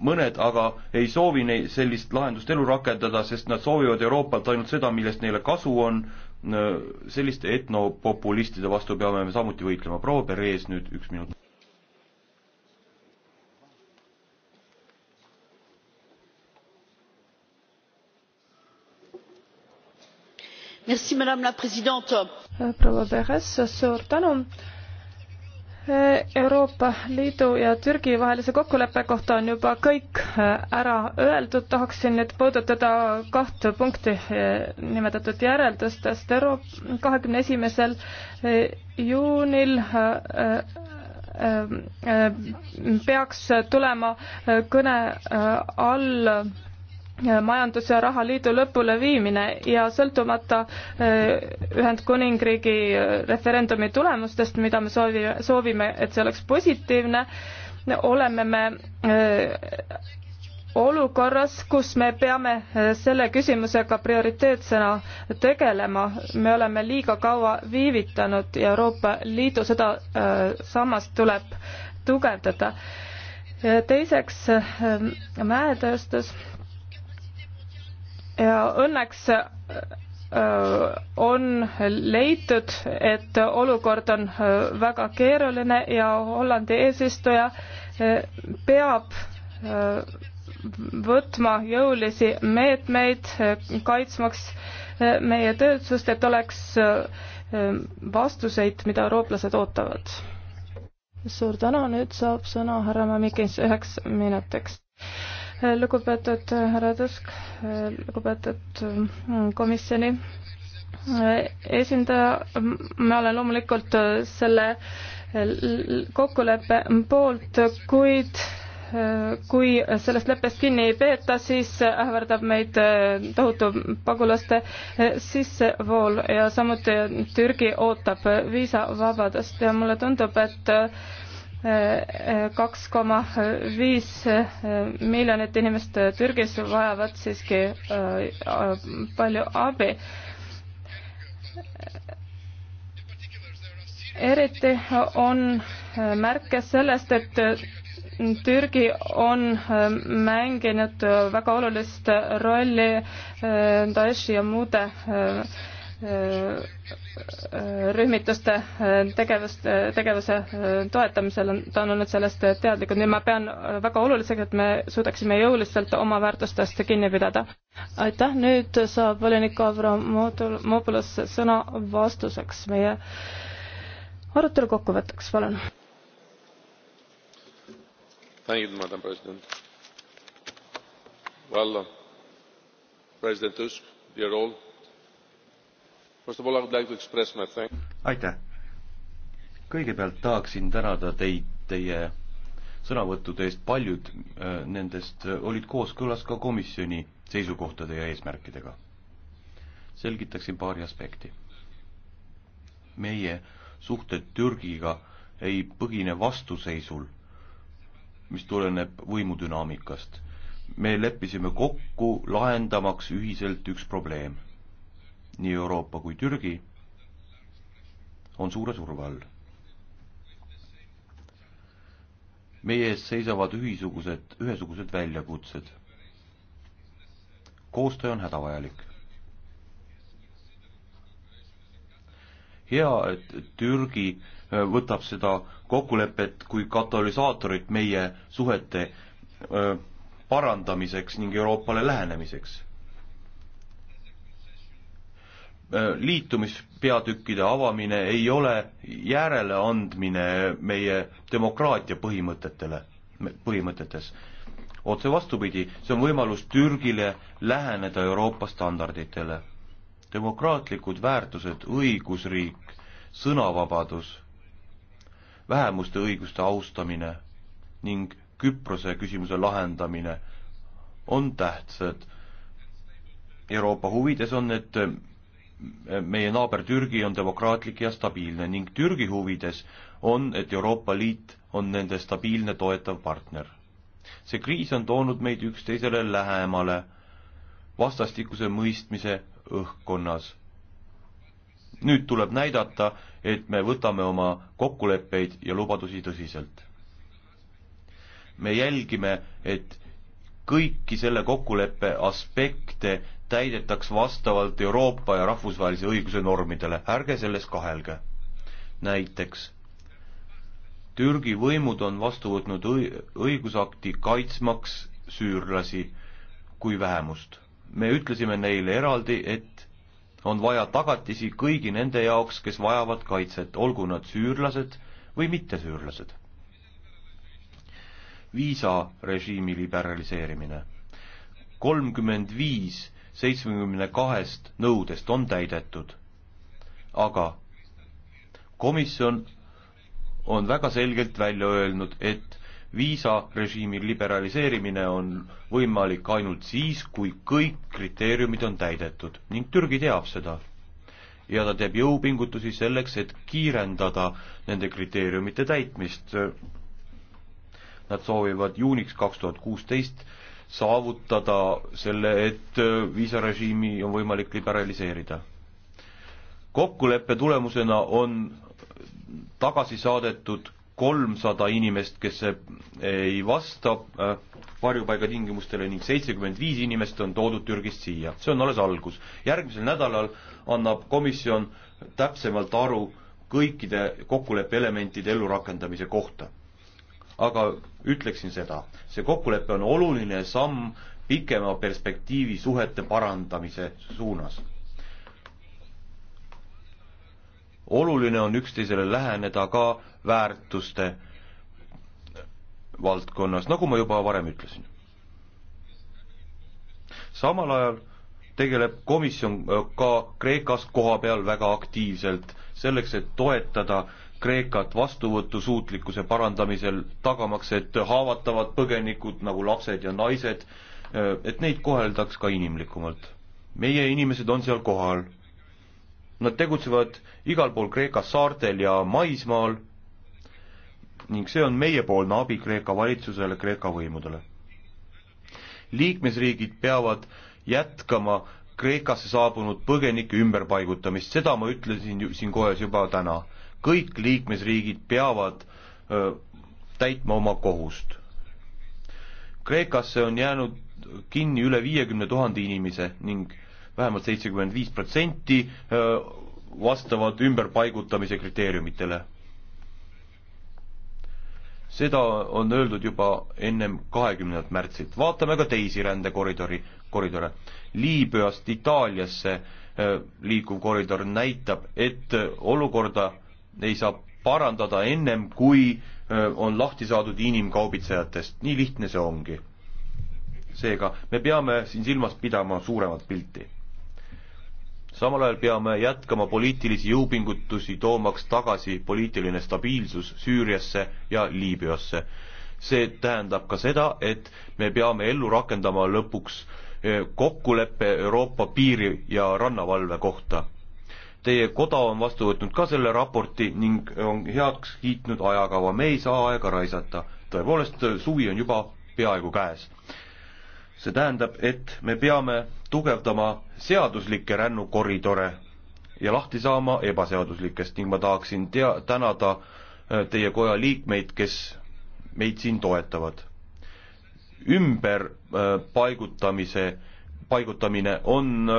E: mõned aga ei soovi neid, sellist lahendust elu rakendada, sest nad soovivad Euroopalt ainult seda, millest neile kasu on, selliste etnopopulistide vastu peame me samuti võitlema. proua Perez nüüd üks minut
F: proua Perez, suur tänu. Euroopa Liidu ja Türgi vahelise kokkuleppe kohta on juba kõik äh, ära öeldud, tahaksin nüüd puudutada kahte punkti äh, nimetatud järeldustest. Euro-, kahekümne esimesel äh, juunil peaks tulema kõne all majandus- ja rahaliidu lõpuleviimine ja sõltumata äh, Ühendkuningriigi äh, referendumi tulemustest, mida me soovi, soovime, et see oleks positiivne, oleme me äh, olukorras, kus me peame selle küsimusega prioriteetsena tegelema. me oleme liiga kaua viivitanud ja Euroopa Liidu seda sammast tuleb tugevdada. teiseks mäetööstus ja õnneks äh, äh, on leitud, et olukord on äh, väga keeruline ja Hollandi eesistuja peab võtma jõulisi meetmeid, kaitsmaks meie tööstust, et oleks vastuseid, mida eurooplased ootavad. suur tänu, nüüd saab sõna härra Mamikins üheks minutiks lugupeetud härra Tusk, lugupeetud mm, komisjoni eh, esindaja, ma olen loomulikult eh, selle eh, kokkuleppe poolt, kuid kui sellest leppest kinni ei peeta, siis ähvardab meid tohutu pagulaste sissevool ja samuti Türgi ootab viisavabadust ja mulle tundub, et kaks koma viis eh, miljonit inimest Türgis vajavad siiski eh, palju abi. eriti on eh, märke sellest, et Türgi on mänginud väga olulist rolli Daeshi ja muude äh, rühmituste tegevust, tegevuse toetamisel on, ta on olnud sellest teadlikud, nii et ma pean väga oluliseks, et me suudaksime jõuliselt oma väärtustest kinni pidada. aitäh, nüüd saab volinik Avramopoulos sõna vastuseks meie arutelu kokkuvõtteks, palun.
B: tänan, madam president. Valdo, uh, president Tusk, dear all
E: aitäh! kõigepealt tahaksin tänada teid teie sõnavõttude eest, paljud äh, nendest äh, olid kooskõlas ka komisjoni seisukohtade ja eesmärkidega. selgitaksin paari aspekti. meie suhted Türgiga ei põhine vastuseisul, mis tuleneb võimudünaamikast. me leppisime kokku lahendamaks ühiselt üks probleem nii Euroopa kui Türgi on suure surve all. meie ees seisavad ühisugused, ühesugused väljakutsed. koostöö on hädavajalik. hea, et Türgi äh, võtab seda kokkulepet kui katalüsaatorit meie suhete äh, parandamiseks ning Euroopale lähenemiseks Äh, liitumispeatükkide avamine ei ole järeleandmine meie demokraatia põhimõtetele, põhimõtetes. otse vastupidi, see on võimalus Türgile läheneda Euroopa standarditele. demokraatlikud väärtused, õigusriik, sõnavabadus, vähemuste õiguste austamine ning Küprose küsimuse lahendamine on tähtsad Euroopa huvides on, et meie naaber Türgi on demokraatlik ja stabiilne ning Türgi huvides on, et Euroopa Liit on nende stabiilne toetav partner. see kriis on toonud meid üksteisele lähemale vastastikuse mõistmise õhkkonnas. nüüd tuleb näidata, et me võtame oma kokkuleppeid ja lubadusi tõsiselt. me jälgime, et kõiki selle kokkuleppe aspekte täidetaks vastavalt Euroopa ja rahvusvahelise õiguse normidele, ärge selles kahelge. näiteks Türgi võimud on vastu võtnud õigusakti kaitsmaks süürlasi kui vähemust. me ütlesime neile eraldi, et on vaja tagatisi kõigi nende jaoks, kes vajavad kaitset, olgu nad süürlased või mittesüürlased. viisarežiimi liberaliseerimine. kolmkümmend viis seitsmekümne kahest nõudest on täidetud. aga komisjon on väga selgelt välja öelnud, et viisarežiimi liberaliseerimine on võimalik ainult siis, kui kõik kriteeriumid on täidetud ning Türgi teab seda. ja ta teeb jõupingutusi selleks, et kiirendada nende kriteeriumite täitmist. Nad soovivad juuniks kaks tuhat kuusteist saavutada selle, et äh, viisarežiimi on võimalik liberaliseerida. kokkuleppe tulemusena on tagasi saadetud kolmsada inimest, kes ei vasta äh, varjupaigatingimustele ning seitsekümmend viis inimest on toodud Türgist siia. see on alles algus. järgmisel nädalal annab komisjon täpsemalt aru kõikide kokkuleppe elementide ellurakendamise kohta aga ütleksin seda, see kokkulepe on oluline samm pikema perspektiivi suhete parandamise suunas. oluline on üksteisele läheneda ka väärtuste valdkonnas, nagu ma juba varem ütlesin. samal ajal tegeleb komisjon äh, ka Kreekas kohapeal väga aktiivselt selleks, et toetada äh, Kreekat vastuvõtusuutlikkuse parandamisel, tagamaks, et haavatavad põgenikud nagu lapsed ja naised, äh, et neid koheldaks ka inimlikumalt. meie inimesed on seal kohal. Nad tegutsevad igal pool Kreekas saartel ja maismaal ning see on meiepoolne abi Kreeka valitsusele, Kreeka võimudele. liikmesriigid peavad jätkama Kreekasse saabunud põgenike ümberpaigutamist, seda ma ütlesin siin kohes juba täna kõik liikmesriigid peavad öö, täitma oma kohust. Kreekasse on jäänud kinni üle viiekümne tuhande inimese ning vähemalt seitsekümmend viis protsenti vastavad ümberpaigutamise kriteeriumitele. seda on öeldud juba ennem kahekümnendat märtsit. vaatame ka teisi rändekoridori, koridore. Liibüast Itaaliasse liikuv koridor näitab, et olukorda ei saa parandada ennem, kui on lahti saadud inimkaubitsejatest, nii lihtne see ongi. seega me peame siin silmas pidama suuremat pilti. samal ajal peame jätkama poliitilisi jõupingutusi, toomaks tagasi poliitiline stabiilsus Süüriasse ja Liibüasse. see tähendab ka seda, et me peame ellu rakendama lõpuks kokkuleppe Euroopa piiri ja rannavalve kohta Teie koda on vastu võtnud ka selle raporti ning on heaks kiitnud ajakava, me ei saa aega raisata. tõepoolest, suvi on juba peaaegu käes. see tähendab, et me peame tugevdama seaduslikke rännukoridore ja lahti saama ebaseaduslikest ning ma tahaksin tea-, tänada äh, teie koja liikmeid, kes meid siin toetavad. ümberpaigutamise, äh, paigutamine on äh,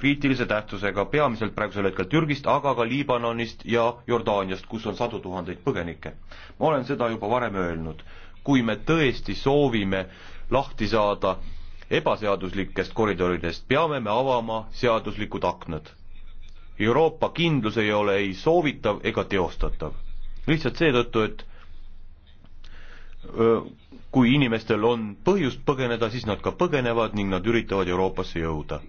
E: kriitilise tähtsusega, peamiselt praegusel hetkel Türgist, aga ka Liibanonist ja Jordaaniast, kus on sadu tuhandeid põgenikke. ma olen seda juba varem öelnud, kui me tõesti soovime lahti saada ebaseaduslikest koridoridest, peame me avama seaduslikud aknad. Euroopa kindlus ei ole ei soovitav ega teostatav. lihtsalt seetõttu, et öö, kui inimestel on põhjust põgeneda, siis nad ka põgenevad ning nad üritavad Euroopasse jõuda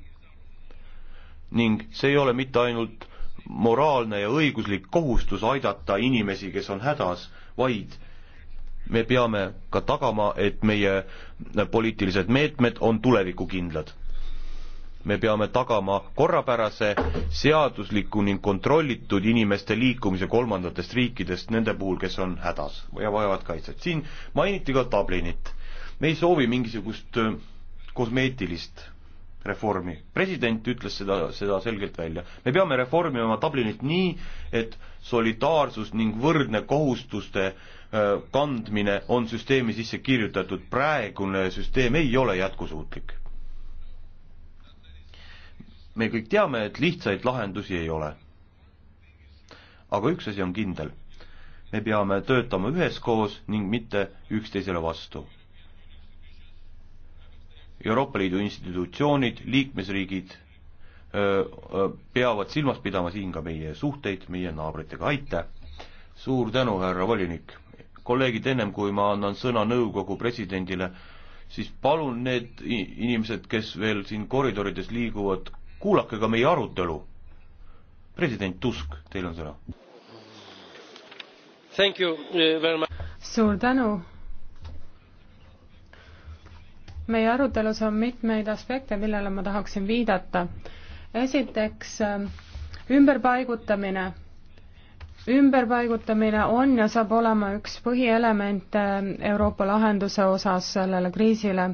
E: ning see ei ole mitte ainult moraalne ja õiguslik kohustus aidata inimesi, kes on hädas, vaid me peame ka tagama, et meie poliitilised meetmed on tulevikukindlad. me peame tagama korrapärase, seadusliku ning kontrollitud inimeste liikumise kolmandatest riikidest nende puhul, kes on hädas ja vajavad kaitset. siin mainiti ka Dublinit. me ei soovi mingisugust kosmeetilist reformi. president ütles seda, seda selgelt välja. me peame reformima Dublinit nii, et solidaarsus ning võrdne kohustuste äh, kandmine on süsteemi sisse kirjutatud, praegune süsteem ei ole jätkusuutlik. me kõik teame, et lihtsaid lahendusi ei ole. aga üks asi on kindel, me peame töötama üheskoos ning mitte üksteisele vastu Euroopa Liidu institutsioonid, liikmesriigid peavad silmas pidama siin ka meie suhteid meie naabritega, aitäh! suur tänu, härra volinik! kolleegid, ennem kui ma annan sõna nõukogu presidendile, siis palun need inimesed, kes veel siin koridorides liiguvad, kuulake ka meie arutelu. president Tusk, teil on sõna. Eh, suur
B: tänu meie arutelus on mitmeid aspekte, millele ma tahaksin viidata. esiteks äh, ümberpaigutamine. ümberpaigutamine on ja saab olema üks põhielemente äh, Euroopa lahenduse osas sellele kriisile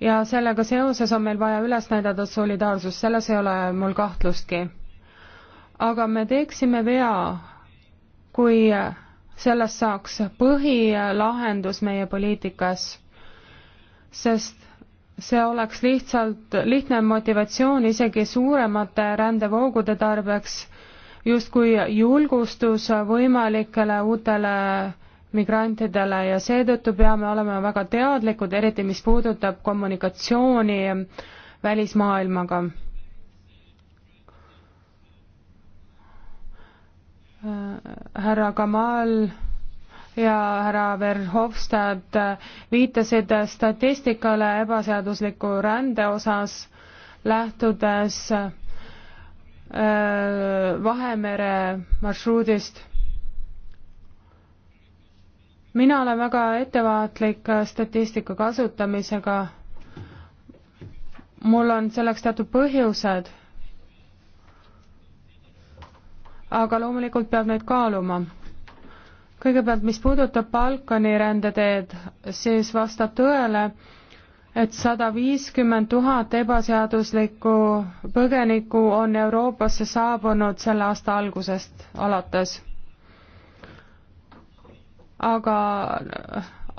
B: ja sellega seoses on meil vaja üles näidata solidaarsust, selles ei ole mul kahtlustki. aga me teeksime vea, kui äh, sellest saaks põhilahendus meie poliitikas sest see oleks lihtsalt lihtne motivatsioon isegi suuremate rändevoogude tarbeks, justkui julgustus võimalikele uutele migrantidele ja seetõttu peame olema väga teadlikud, eriti mis puudutab kommunikatsiooni välismaailmaga. härra Kamal ja härra Verhofstadt viitasid statistikale ebaseadusliku rände osas, lähtudes äh, Vahemere marsruudist. mina olen väga ettevaatlik statistika kasutamisega. mul on selleks teatud põhjused. aga loomulikult peab neid kaaluma kõigepealt, mis puudutab Balkani rändeteed, siis vastab tõele, et sada viiskümmend tuhat ebaseaduslikku põgenikku on Euroopasse saabunud selle aasta algusest alates. aga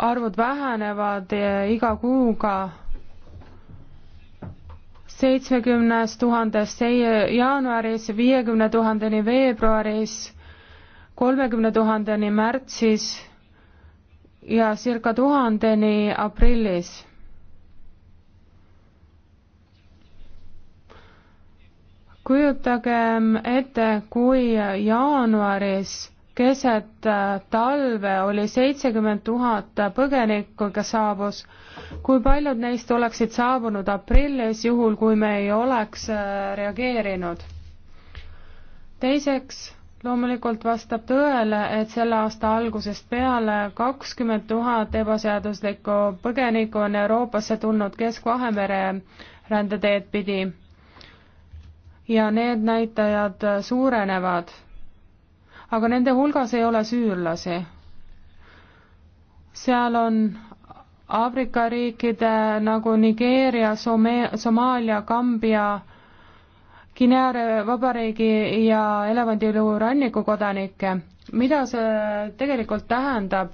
B: arvud vähenevad iga kuuga seitsmekümnest tuhandest jaanuaris viiekümne tuhandeni veebruaris kolmekümne tuhandeni märtsis ja circa tuhandeni aprillis. kujutagem ette, kui jaanuaris keset äh, talve oli seitsekümmend tuhat põgenikku, kes saabus, kui paljud neist oleksid saabunud aprillis, juhul kui me ei oleks äh, reageerinud? teiseks loomulikult vastab tõele, et selle aasta algusest peale kakskümmend tuhat ebaseaduslikku põgenikku on Euroopasse tulnud Kesk-Vahemere rändeteed pidi. ja need näitajad suurenevad. aga nende hulgas ei ole süürlasi. seal on Aafrika riikide nagu Nigeeria, Somaalia, Kambja Guinea Vabariigi ja Elevandiluu ranniku kodanikke. mida see tegelikult tähendab,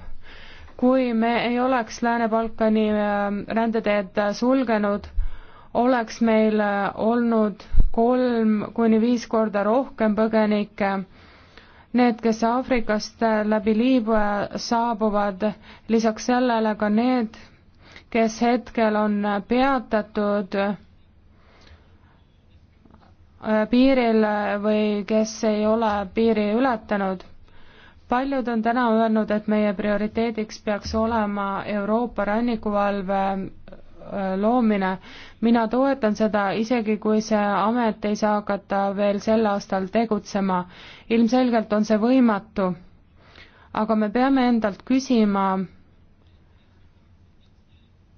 B: kui me ei oleks Lääne-Balkani äh, rändeteed sulgenud, oleks meil äh, olnud kolm kuni viis korda rohkem põgenikke. Need, kes Aafrikast äh, läbi Liibüa saabuvad, lisaks sellele ka need, kes hetkel on peatatud Äh, piiril või kes ei ole piiri ületanud. paljud on täna öelnud, et meie prioriteediks peaks olema Euroopa rannikuvalve äh, loomine. mina toetan seda, isegi kui see amet ei saa hakata veel sel aastal tegutsema. ilmselgelt on see võimatu. aga me peame endalt küsima,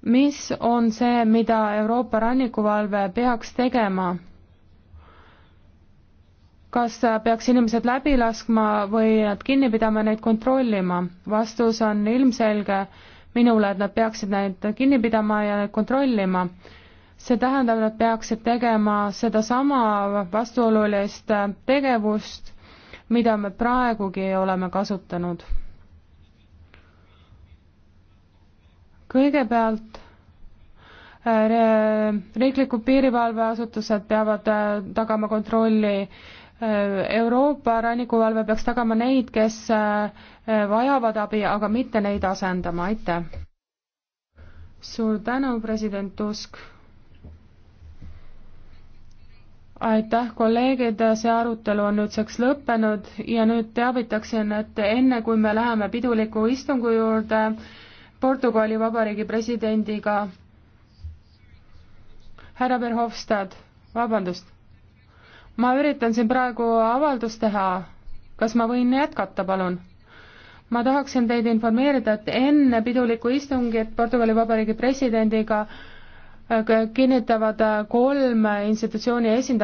B: mis on see, mida Euroopa rannikuvalve peaks tegema kas peaks inimesed läbi laskma või nad kinni pidama, neid kontrollima? vastus on ilmselge minule, et nad peaksid neid kinni pidama ja neid kontrollima. see tähendab, nad peaksid tegema sedasama vastuolulist tegevust, mida me praegugi oleme kasutanud. kõigepealt riiklikud piirivalveasutused peavad tagama kontrolli Euroopa rannikuvalve peaks tagama neid, kes äh, vajavad abi, aga mitte neid asendama, aitäh. suur tänu, president Tusk. aitäh, kolleegid, see arutelu on nüüdseks lõppenud ja nüüd teavitaksin, et enne kui me läheme piduliku istungu juurde Portugali Vabariigi presidendiga, härra Verhofstadt, vabandust ma üritan siin praegu avaldust teha. kas ma võin jätkata, palun? ma tahaksin teid informeerida, et enne pidulikku istungit Portugali Vabariigi presidendiga äh, kinnitavad äh, kolm institutsiooni esindajat